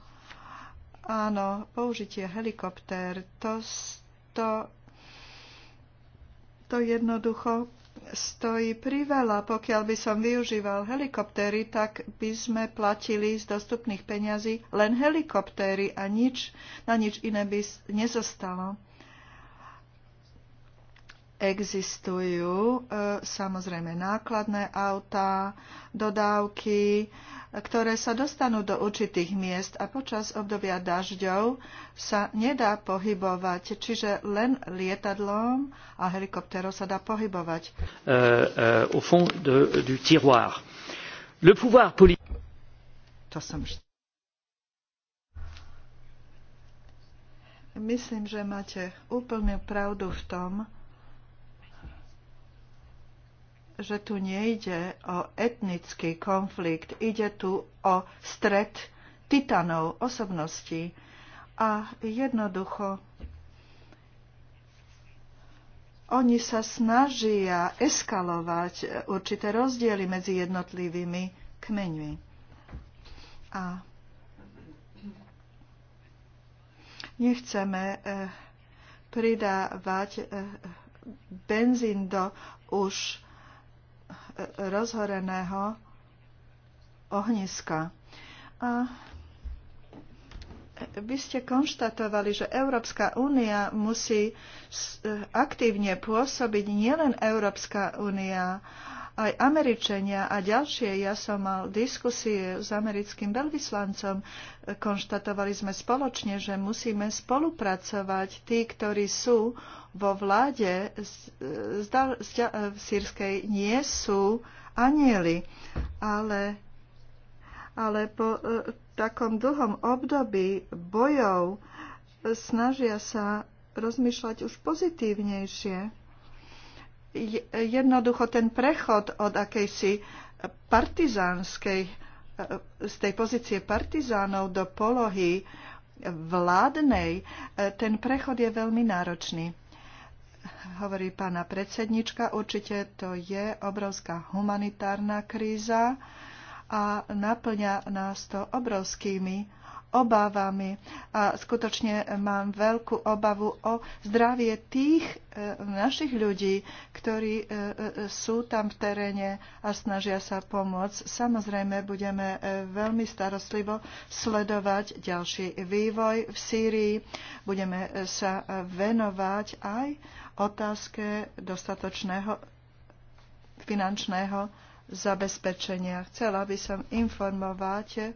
Áno, použitie helikoptér, to, to, to jednoducho stojí priveľa. Pokiaľ by som využíval helikoptéry, tak by sme platili z dostupných peňazí len helikoptéry a nič, na nič iné by nezostalo existujú e, samozrejme nákladné autá, dodávky, ktoré sa dostanú do určitých miest a počas obdobia dažďov sa nedá pohybovať, čiže len lietadlom a helikopterom sa dá pohybovať. Uh, uh, au fond de, du tiroir. Le pouvoir To som Myslím, že máte úplnú pravdu v tom, že tu nejde o etnický konflikt, ide tu o stred titanov, osobností. A jednoducho oni sa snažia eskalovať určité rozdiely medzi jednotlivými kmeňmi. A nechceme eh, pridávať eh, benzín do už rozhoreného ohniska. A by ste konštatovali, že Európska únia musí e, aktívne pôsobiť nielen Európska únia, aj Američania a ďalšie. Ja som mal diskusie s americkým veľvyslancom. Konštatovali sme spoločne, že musíme spolupracovať. Tí, ktorí sú vo vláde e, v Sýrskej, nie sú anieli. Ale, ale po e, takom dlhom období bojov e, snažia sa rozmýšľať už pozitívnejšie jednoducho ten prechod od akejsi partizánskej, z tej pozície partizánov do polohy vládnej, ten prechod je veľmi náročný. Hovorí pána predsednička, určite to je obrovská humanitárna kríza a naplňa nás to obrovskými obávami. A skutočne mám veľkú obavu o zdravie tých e, našich ľudí, ktorí e, e, sú tam v teréne a snažia sa pomôcť. Samozrejme, budeme veľmi starostlivo sledovať ďalší vývoj v Sýrii. Budeme sa venovať aj otázke dostatočného finančného zabezpečenia. Chcela by som informovať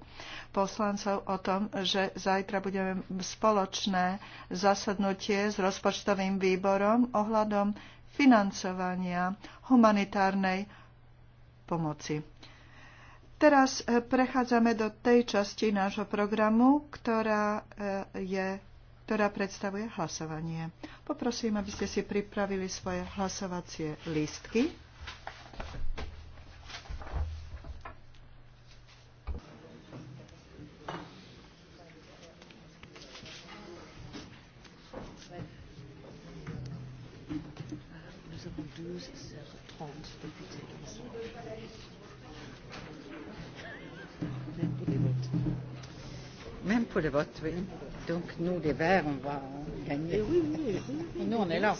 poslancov o tom, že zajtra budeme spoločné zasadnutie s rozpočtovým výborom ohľadom financovania humanitárnej pomoci. Teraz eh, prechádzame do tej časti nášho programu, ktorá, eh, je, ktorá predstavuje hlasovanie. Poprosím, aby ste si pripravili svoje hlasovacie lístky. Même pour les vote, oui. Donc nous, les Verts, on va gagner. Et oui, oui, oui, oui. Nous, on est là.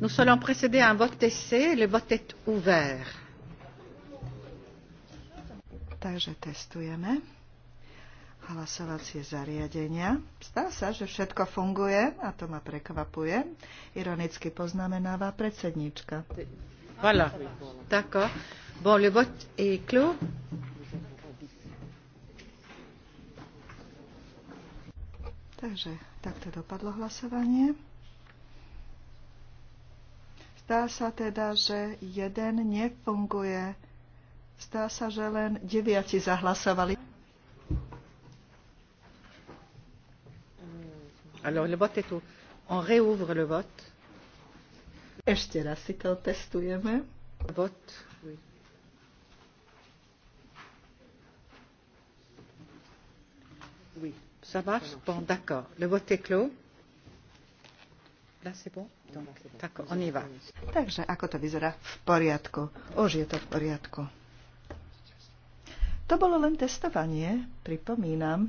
Nous allons précéder à un vote essai. Le vote est ouvert. Takže testujeme hlasovacie zariadenia. Zdá sa, že všetko funguje a to ma prekvapuje. Ironicky poznamenáva predsedníčka. Voilà. D'accord. Bon, le vote est clos. Takže takto dopadlo hlasovanie. Zdá sa teda, že jeden nefunguje. Zdá sa, že len deviaci zahlasovali. Alors, le vote est où On réouvre le vote. Ešte raz si to testujeme. Vote, oui. Oui, ça marche? Bon, d'accord. Le vote est clos. Tak, Takže ako to vyzerá? V poriadku. Už je to v poriadku. To bolo len testovanie, pripomínam.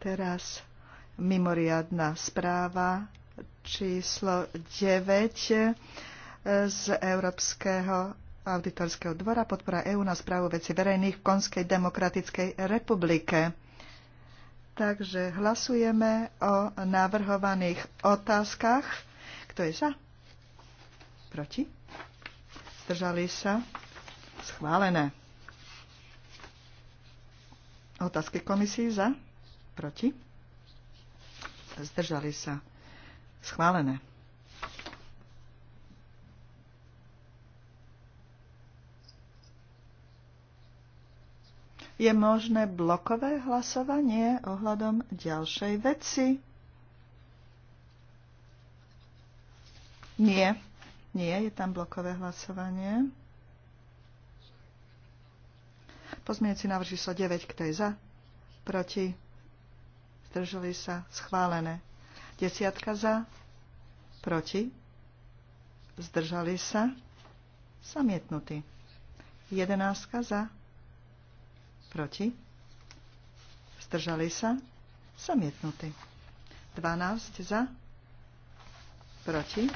Teraz mimoriadná správa číslo 9 eh, z Európskeho auditorského dvora podpora EÚ na správu veci verejných v Konskej demokratickej republike. Takže hlasujeme o navrhovaných otázkach. Kto je za? Proti? Zdržali sa? Schválené. Otázky komisii za? Proti? Zdržali sa? Schválené. Je možné blokové hlasovanie ohľadom ďalšej veci? Nie. Nie, je tam blokové hlasovanie. Pozmienci návrh číslo 9, kto je za? Proti? Zdržali sa? Schválené. Desiatka za? Proti? Zdržali sa? Zamietnutý. Jedenáctka za? Proti? Zdržali sa? Zamietnutý. 12 za? Proti?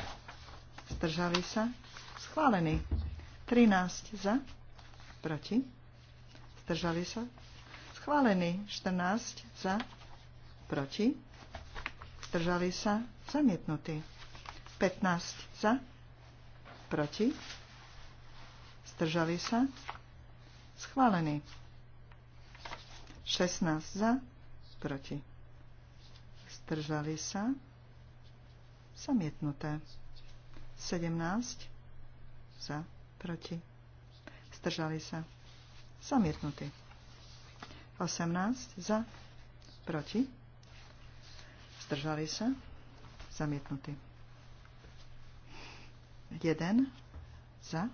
Zdržali sa? Schválený. 13 za? Proti? Zdržali sa? Schválený. 14 za? Proti? Zdržali sa? Zamietnutý. 15 za? Proti? Zdržali sa? Schválený. 16 za, proti. Zdržali sa. Zamietnuté. 17 za, proti. Zdržali sa. Zamietnutý. 18 za, proti. Zdržali sa. Zamietnutý. 1 za,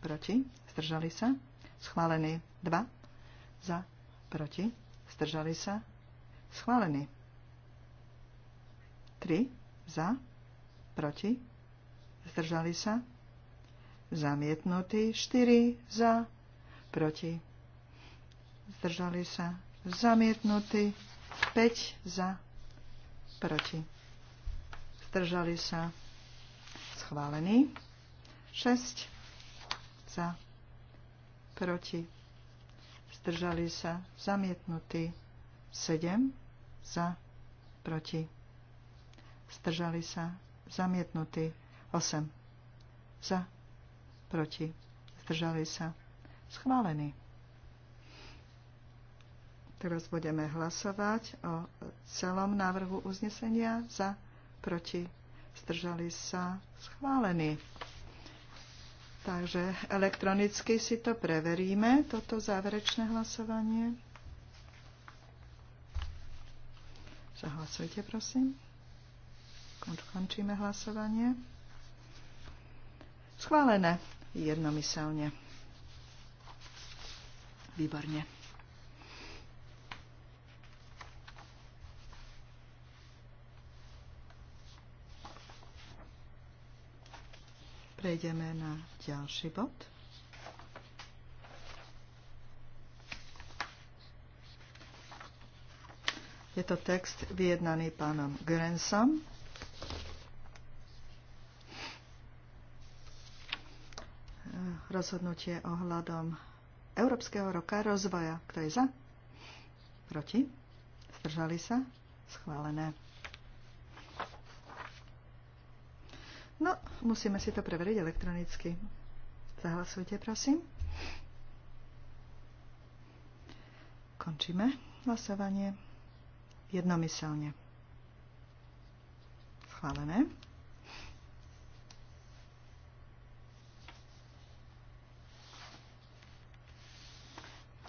proti. Zdržali sa. Schválený 2 za, Proti? Zdržali sa? Schválený. 3. Za? Proti? Zdržali sa? Zamietnutý. 4. Za? Proti? Zdržali sa? Zamietnutý. 5. Za? Proti? Zdržali sa? Schválený. 6. Za? Proti? zdržali sa, zamietnutí, 7 za, proti, zdržali sa, zamietnutí, 8 za, proti, zdržali sa, schválení. Teraz budeme hlasovať o celom návrhu uznesenia za, proti, zdržali sa, schválení. Takže elektronicky si to preveríme, toto záverečné hlasovanie. Zahlasujte, prosím. Končíme hlasovanie. Schválené jednomyselne. Výborne. Prejdeme na ďalší bod. Je to text vyjednaný pánom Grensom. Rozhodnutie ohľadom Európskeho roka rozvoja. Kto je za? Proti? Zdržali sa? Schválené. No, musíme si to preveriť elektronicky. Zahlasujte, prosím. Končíme hlasovanie jednomyselne. Schválené.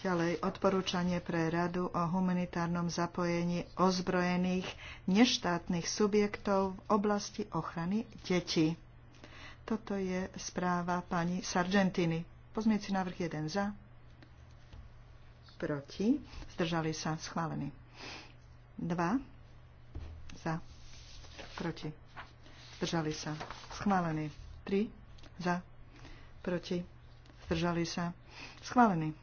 Ďalej odporúčanie pre Radu o humanitárnom zapojení ozbrojených neštátnych subjektov v oblasti ochrany detí. Toto je správa pani Sargentiny. Pozmieť si návrh 1 za. Proti. Zdržali sa. Schválený. 2. Za. Proti. Zdržali sa. Schválený. 3. Za. Proti. Zdržali sa. Schválený.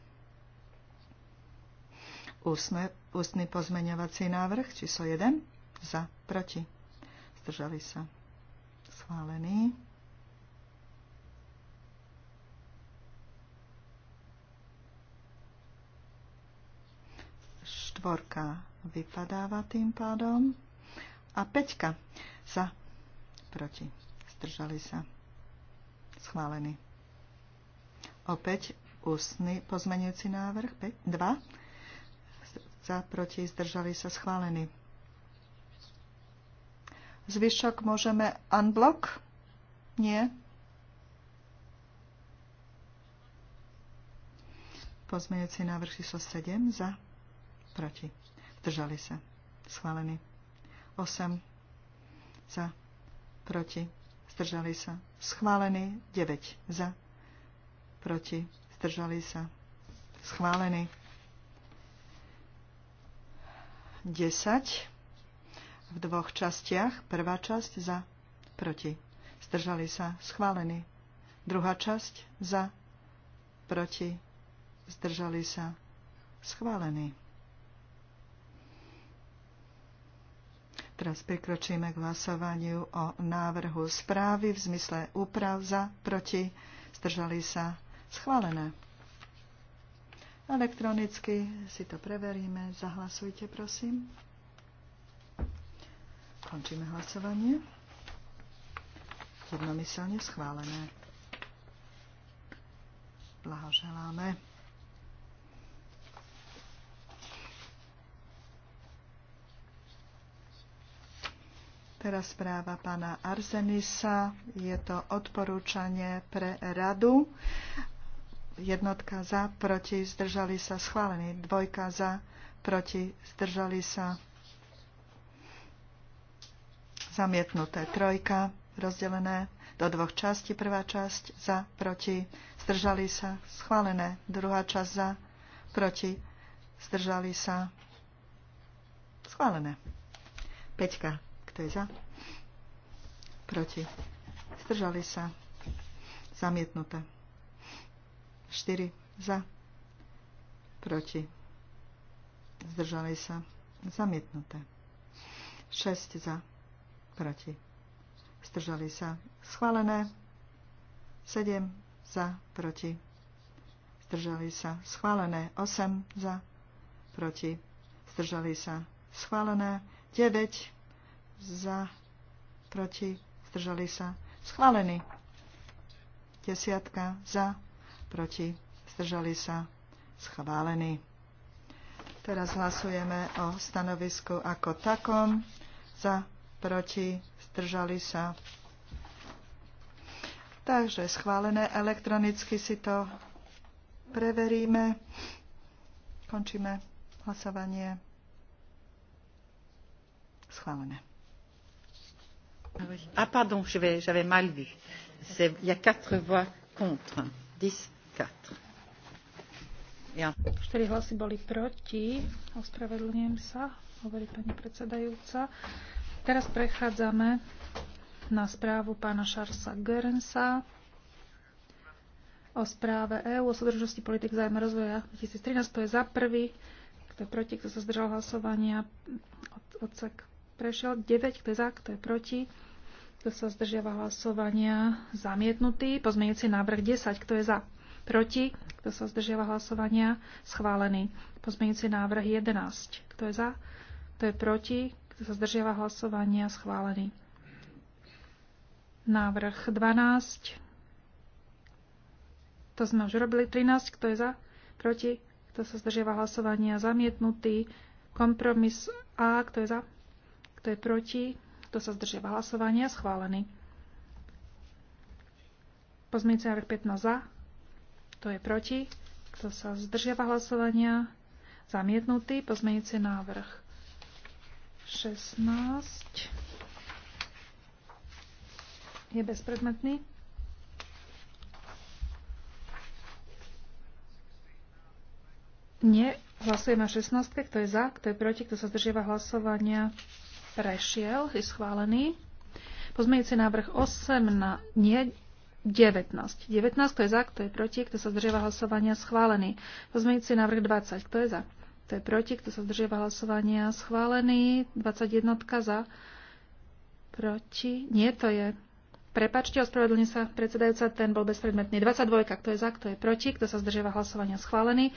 Ústne, ústny pozmeňovací návrh číslo 1. Za. Proti. Zdržali sa. Schválený. Štvorka vypadáva tým pádom. A peťka. Za. Proti. Zdržali sa. Schválený. Opäť ústny pozmenujúci návrh. 2 za, proti, zdržali sa schválení. Zvyšok môžeme unblock? Nie. Pozmeňujúci návrh číslo 7 za, proti, zdržali sa schválení. 8 za, proti, zdržali sa. Schválený 9 za, proti, zdržali sa. Schválený 10 v dvoch častiach. Prvá časť za, proti. Zdržali sa, schválení, Druhá časť za, proti. Zdržali sa, schválení. Teraz prikročíme k hlasovaniu o návrhu správy v zmysle úprav za, proti, zdržali sa, schválené. Elektronicky si to preveríme. Zahlasujte, prosím. Končíme hlasovanie. Jednomyselne schválené. Blahoželáme. Teraz správa pána Arzenisa. Je to odporúčanie pre radu jednotka za, proti, zdržali sa, schválený. Dvojka za, proti, zdržali sa, zamietnuté. Trojka, rozdelené do dvoch častí. Prvá časť za, proti, zdržali sa, schválené. Druhá časť za, proti, zdržali sa, schválené. Peťka, kto je za? Proti, zdržali sa, zamietnuté. 4 za, proti, zdržali sa, zamietnuté. 6 za, proti, zdržali sa, schválené. 7 za, proti, zdržali sa, schválené. 8 za, proti, zdržali sa, schválené. 9 za, proti, zdržali sa, schválený. Desiatka za, proti, zdržali sa, schválený. Teraz hlasujeme o stanovisku ako takom, za, proti, zdržali sa. Takže schválené elektronicky si to preveríme. Končíme hlasovanie. Schválené. Ah pardon, j'avais mal vu. Il y a quatre voix contre, 10. 4 Štyri hlasy boli proti. Ospravedlňujem sa, hovorí pani predsedajúca. Teraz prechádzame na správu pána Šarsa Görensa o správe EÚ o súdržnosti politik zájma rozvoja 2013. To je za prvý, kto je proti, kto sa zdržal hlasovania. Odsek prešiel 9, kto je za, kto je proti. Kto sa zdržiava hlasovania? Zamietnutý. Pozmeňujúci návrh 10. Kto je za? Proti? Kto sa zdržiava hlasovania? Schválený. Pozmeňujúci návrh 11. Kto je za? Kto je proti? Kto sa zdržiava hlasovania? Schválený. Návrh 12. To sme už robili. 13. Kto je za? Proti? Kto sa zdržiava hlasovania? Zamietnutý. Kompromis A. Kto je za? Kto je proti? Kto sa zdržiava hlasovania? Schválený. Pozmeňujúci návrh 15 za kto je proti? Kto sa zdržiava hlasovania? Zamietnutý pozmeňujúci návrh 16 je bezpredmetný. Nie, hlasujeme o 16. Kto je za, kto je proti, kto sa zdržiava hlasovania, prešiel, je schválený. Pozmeňujúci návrh 8 na nie, 19. 19, kto je za, kto je proti, kto sa zdržiava hlasovania, schválený. Pozmeňujúci návrh 20, kto je za, kto je proti, kto sa zdržiava hlasovania, schválený. 21 za, proti, nie, to je Prepačte, ospravedlňujem sa, predsedajúca, ten bol bezpredmetný. 22, kto je za, kto je proti, kto sa zdržiava hlasovania schválený.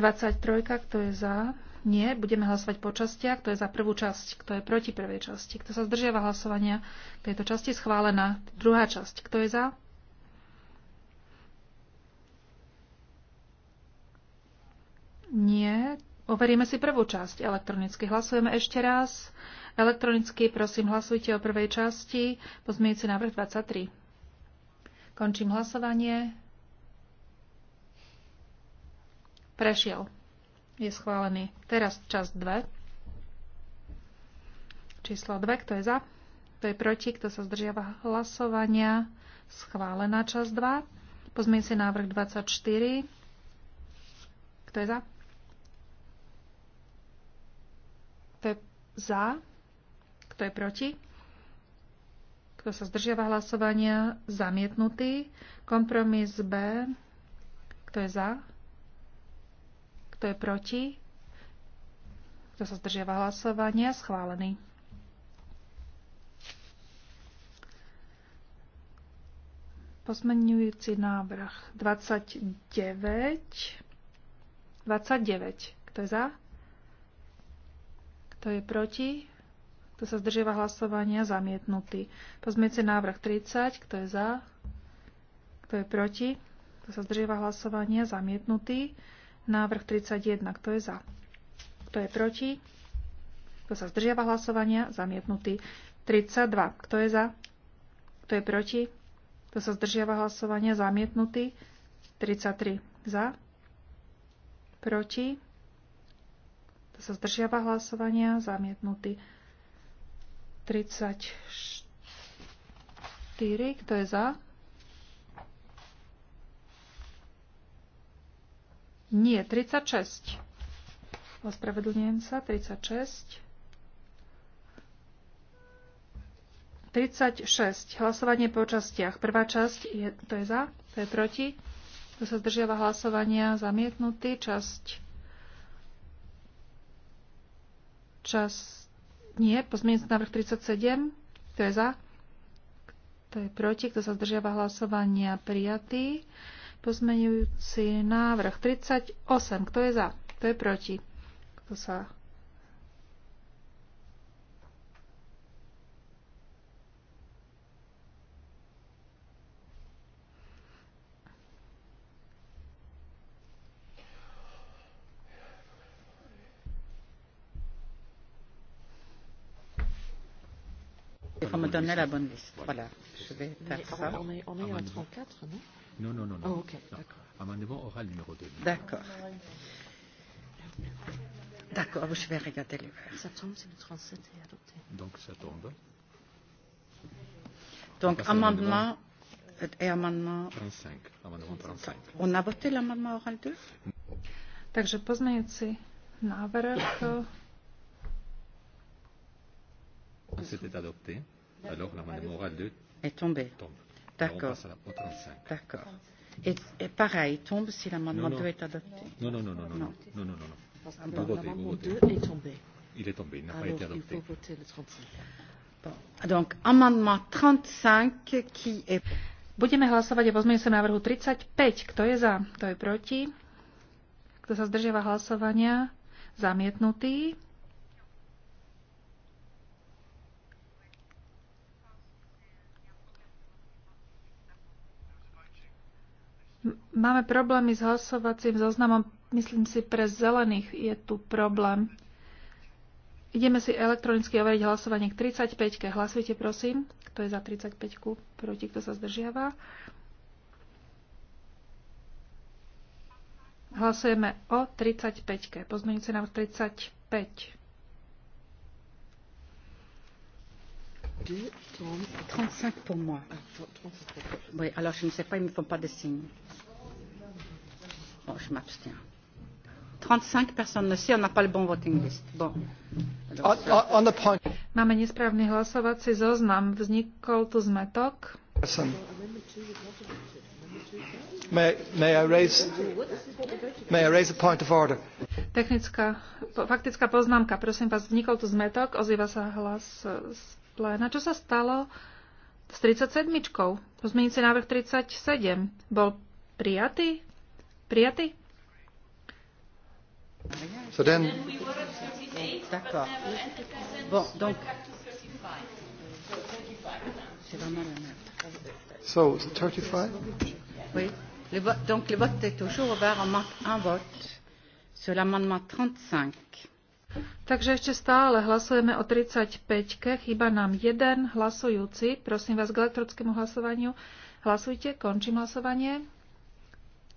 23, kto je za, nie, budeme hlasovať po častiach, kto je za prvú časť, kto je proti prvej časti, kto sa zdržiava hlasovania tejto časti schválená. Druhá časť, kto je za, Nie. Overíme si prvú časť. Elektronicky hlasujeme ešte raz. Elektronicky prosím hlasujte o prvej časti. Pozmiejúci návrh 23. Končím hlasovanie. Prešiel. Je schválený. Teraz časť 2. Číslo 2. Kto je za? Kto je proti? Kto sa zdržiava hlasovania? Schválená časť 2. Pozmiejúci návrh 24. Kto je za? za, kto je proti, kto sa zdržiava hlasovania, zamietnutý. Kompromis B, kto je za, kto je proti, kto sa zdržiava hlasovania, schválený. Pozmenujúci návrh 29. 29. Kto je za? Kto je proti. Kto sa zdržiava hlasovania? Zamietnutý. Pozmiete návrh 30. Kto je za? Kto je proti? Kto sa zdržiava hlasovania? Zamietnutý. Návrh 31. Kto je za? Kto je proti? Kto sa zdržiava hlasovania? Zamietnutý. 32. Kto je za? Kto je proti? Kto sa zdržiava hlasovania? Zamietnutý. 33. Za? Proti? sa zdržiava hlasovania? Zamietnutý. 34. Kto je za? Nie, 36. Ospravedlňujem sa, 36. 36. Hlasovanie po častiach. Prvá časť, je, to je za, to je proti. To sa zdržiava hlasovania zamietnutý. Časť čas... Nie, pozmienujúci návrh 37. Kto je za? Kto je proti? Kto sa zdržiava hlasovania? Prijatý. Pozmenujúci návrh 38. Kto je za? Kto je proti? Kto sa la bonne liste. Voilà. Je vais faire ça. On est, on est à 34, non Non, non, non. non. Oh, ok, d'accord. Amendement oral numéro 2. D'accord. D'accord, je vais regarder les verre. Ça tombe si le 37 est adopté. Donc ça tombe. Donc amendement euh, et amendement... 35. Amendement 35. On a voté l'amendement oral 2 Takže pozmeňujúci návrh... C'était adopté. Ah, Alors l'amendement oral 2 est tombé. Tombe. D'accord. D'accord. Et, et pareil, tombe si l'amendement 2 est adopté. Non, non, non, non, non, non, non, non, non. non. L'amendement 2 est tombé. Il est tombé, il n'a pas été adopté. Il faut voter le 35. Bon. Donc, amendement 35 qui est... Budeme hlasovať o pozmeňujúcom návrhu 35. Kto je za? Kto je proti? Kto sa zdržiava hlasovania? Zamietnutý. Máme problémy s hlasovacím zoznamom. Myslím si, pre zelených je tu problém. Ideme si elektronicky overiť hlasovanie k 35. -ke. Hlasujte, prosím. Kto je za 35? -ku? Proti, kto sa zdržiava? Hlasujeme o 35. -ke. Pozmeňujúci návrh 35. 2, 35 pour moi. Oui, alors je ne sais pas, ils ne me font pas de signes. Bon, je m'abstiens. 35 personnes ne sait, on n'a pas le bon voting list. Bon. Alors, on, on, on point. Máme nesprávny hlasovací zoznam. Vznikol tu zmetok. May, may I raise, may I raise a point of order? Technická, faktická poznámka. Prosím vás, vznikol tu zmetok, ozýva sa hlas e, z pléna. Čo sa stalo s 37? Pozmeníci návrh 37 bol prijatý? Prijatý? So then... donc... le So, 35 Oui. vote, donc le vote est toujours ouvert. On marque un vote sur l'amendement 35. Takže ešte stále hlasujeme o 35-ke. Chýba nám jeden hlasujúci. Prosím vás k elektrickému hlasovaniu. Hlasujte. Končím hlasovanie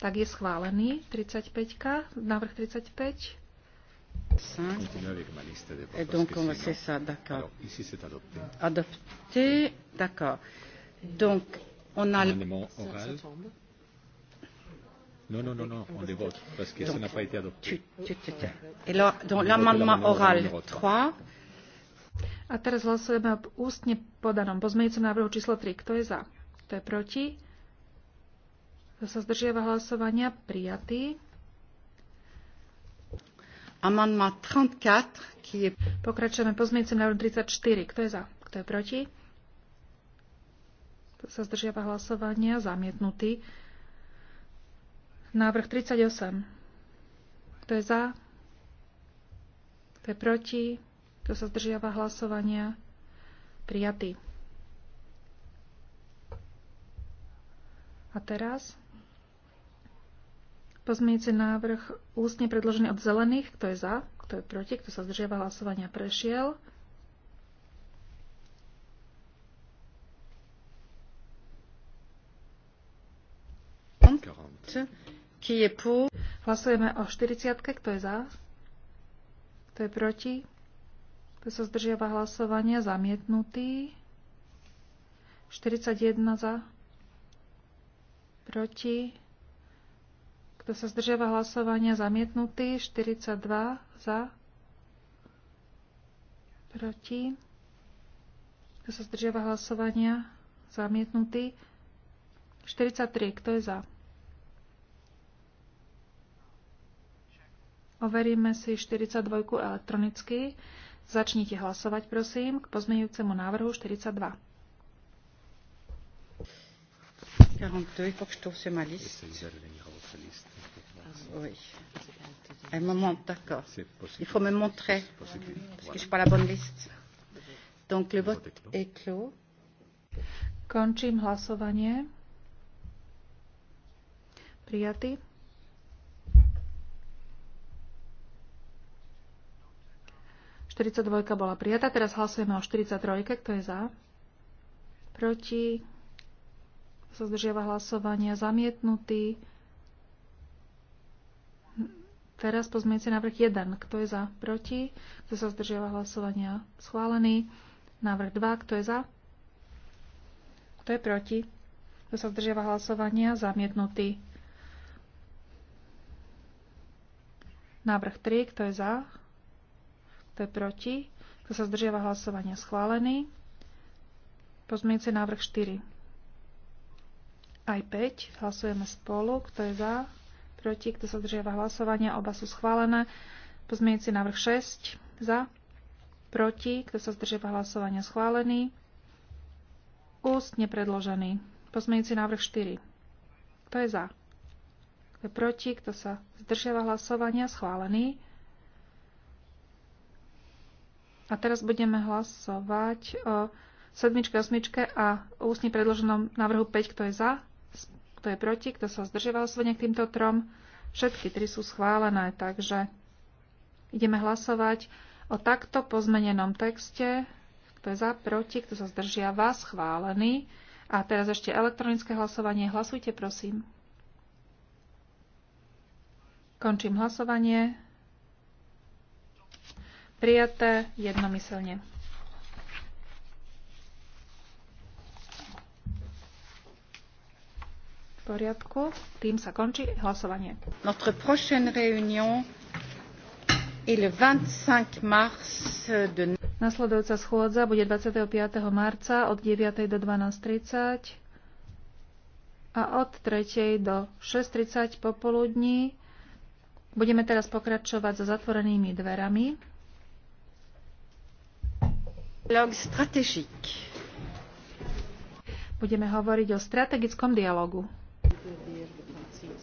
tak je schválený 35, návrh 35. Et donc on va c'est ça, d'accord. Ici c'est adopté. Adopté, d'accord. Donc on a amendement oral. Non, non, non, non, on les vote parce que donc, ça n'a pas été adopté. Tu, tu, tu, Et là, donc l'amendement oral 3. A teraz hlasujeme o ústne podanom pozmeňujúcom návrhu číslo 3. Kto je za? Kto je proti? Kto sa zdržiava hlasovania? Prijatý. Amendment 34, qui je... Pokračujeme pozmiecem návrhu 34. Kto je za? Kto je proti? Kto sa zdržiava hlasovania? Zamietnutý. Návrh 38. Kto je za? Kto je proti? Kto sa zdržiava hlasovania? Prijatý. A teraz Pozmienujúci návrh ústne predložený od zelených. Kto je za? Kto je proti? Kto sa zdržiava hlasovania? Prešiel. Hlasujeme o 40. Kto je za? Kto je proti? Kto sa zdržiava hlasovania? Zamietnutý. 41 za. Proti. Kto sa zdržiava hlasovania? Zamietnutý. 42 za. Proti. Kto sa zdržiava hlasovania? Zamietnutý. 43. Kto je za? Overíme si 42 elektronicky. Začnite hlasovať, prosím, k pozmeňujúcemu návrhu 42. 42, il ma Oui. Un moment, d'accord. Il faut me montrer, parce que je n'ai pas la bonne liste. Donc le vote est clos. Končím hlasovanie. Prijatý. Štyridsaťdvojka bola prijatá. Teraz hlasujeme o 43. Kto je za? Proti? Zazdržiava zdržiava hlasovania. Zamietnutý. Teraz pozmiete návrh 1. Kto je za? Proti. Kto sa zdržiava hlasovania? Schválený. Návrh 2. Kto je za? Kto je proti? Kto sa zdržiava hlasovania? Zamietnutý. Návrh 3. Kto je za? Kto je proti? Kto sa zdržiava hlasovania? Schválený. Pozmienujúci návrh 4. Aj 5. Hlasujeme spolu. Kto je za? proti, kto sa zdržiava hlasovania, oba sú schválené. Pozmienujúci návrh 6 za, proti, kto sa zdržiava hlasovania, schválený. Ústne predložený. Pozmienujúci návrh 4. Kto je za? Kto je proti, kto sa zdržiava hlasovania, schválený. A teraz budeme hlasovať o sedmičke, osmičke a ústne predloženom návrhu 5, kto je za, kto je proti? Kto sa zdržoval hlasovania k týmto trom? Všetky tri sú schválené, takže ideme hlasovať o takto pozmenenom texte. Kto je za, proti, kto sa zdržiava, schválený. A teraz ešte elektronické hlasovanie. Hlasujte, prosím. Končím hlasovanie. Prijaté jednomyselne. poriadku. Tým sa končí hlasovanie. Notre prochaine réunion est le 25 mars de... Nasledujúca schôdza bude 25. marca od 9. do 12.30 a od 3. do 6.30 popoludní. Budeme teraz pokračovať so zatvorenými dverami. budeme hovoriť o strategickom dialogu. Ďakujem.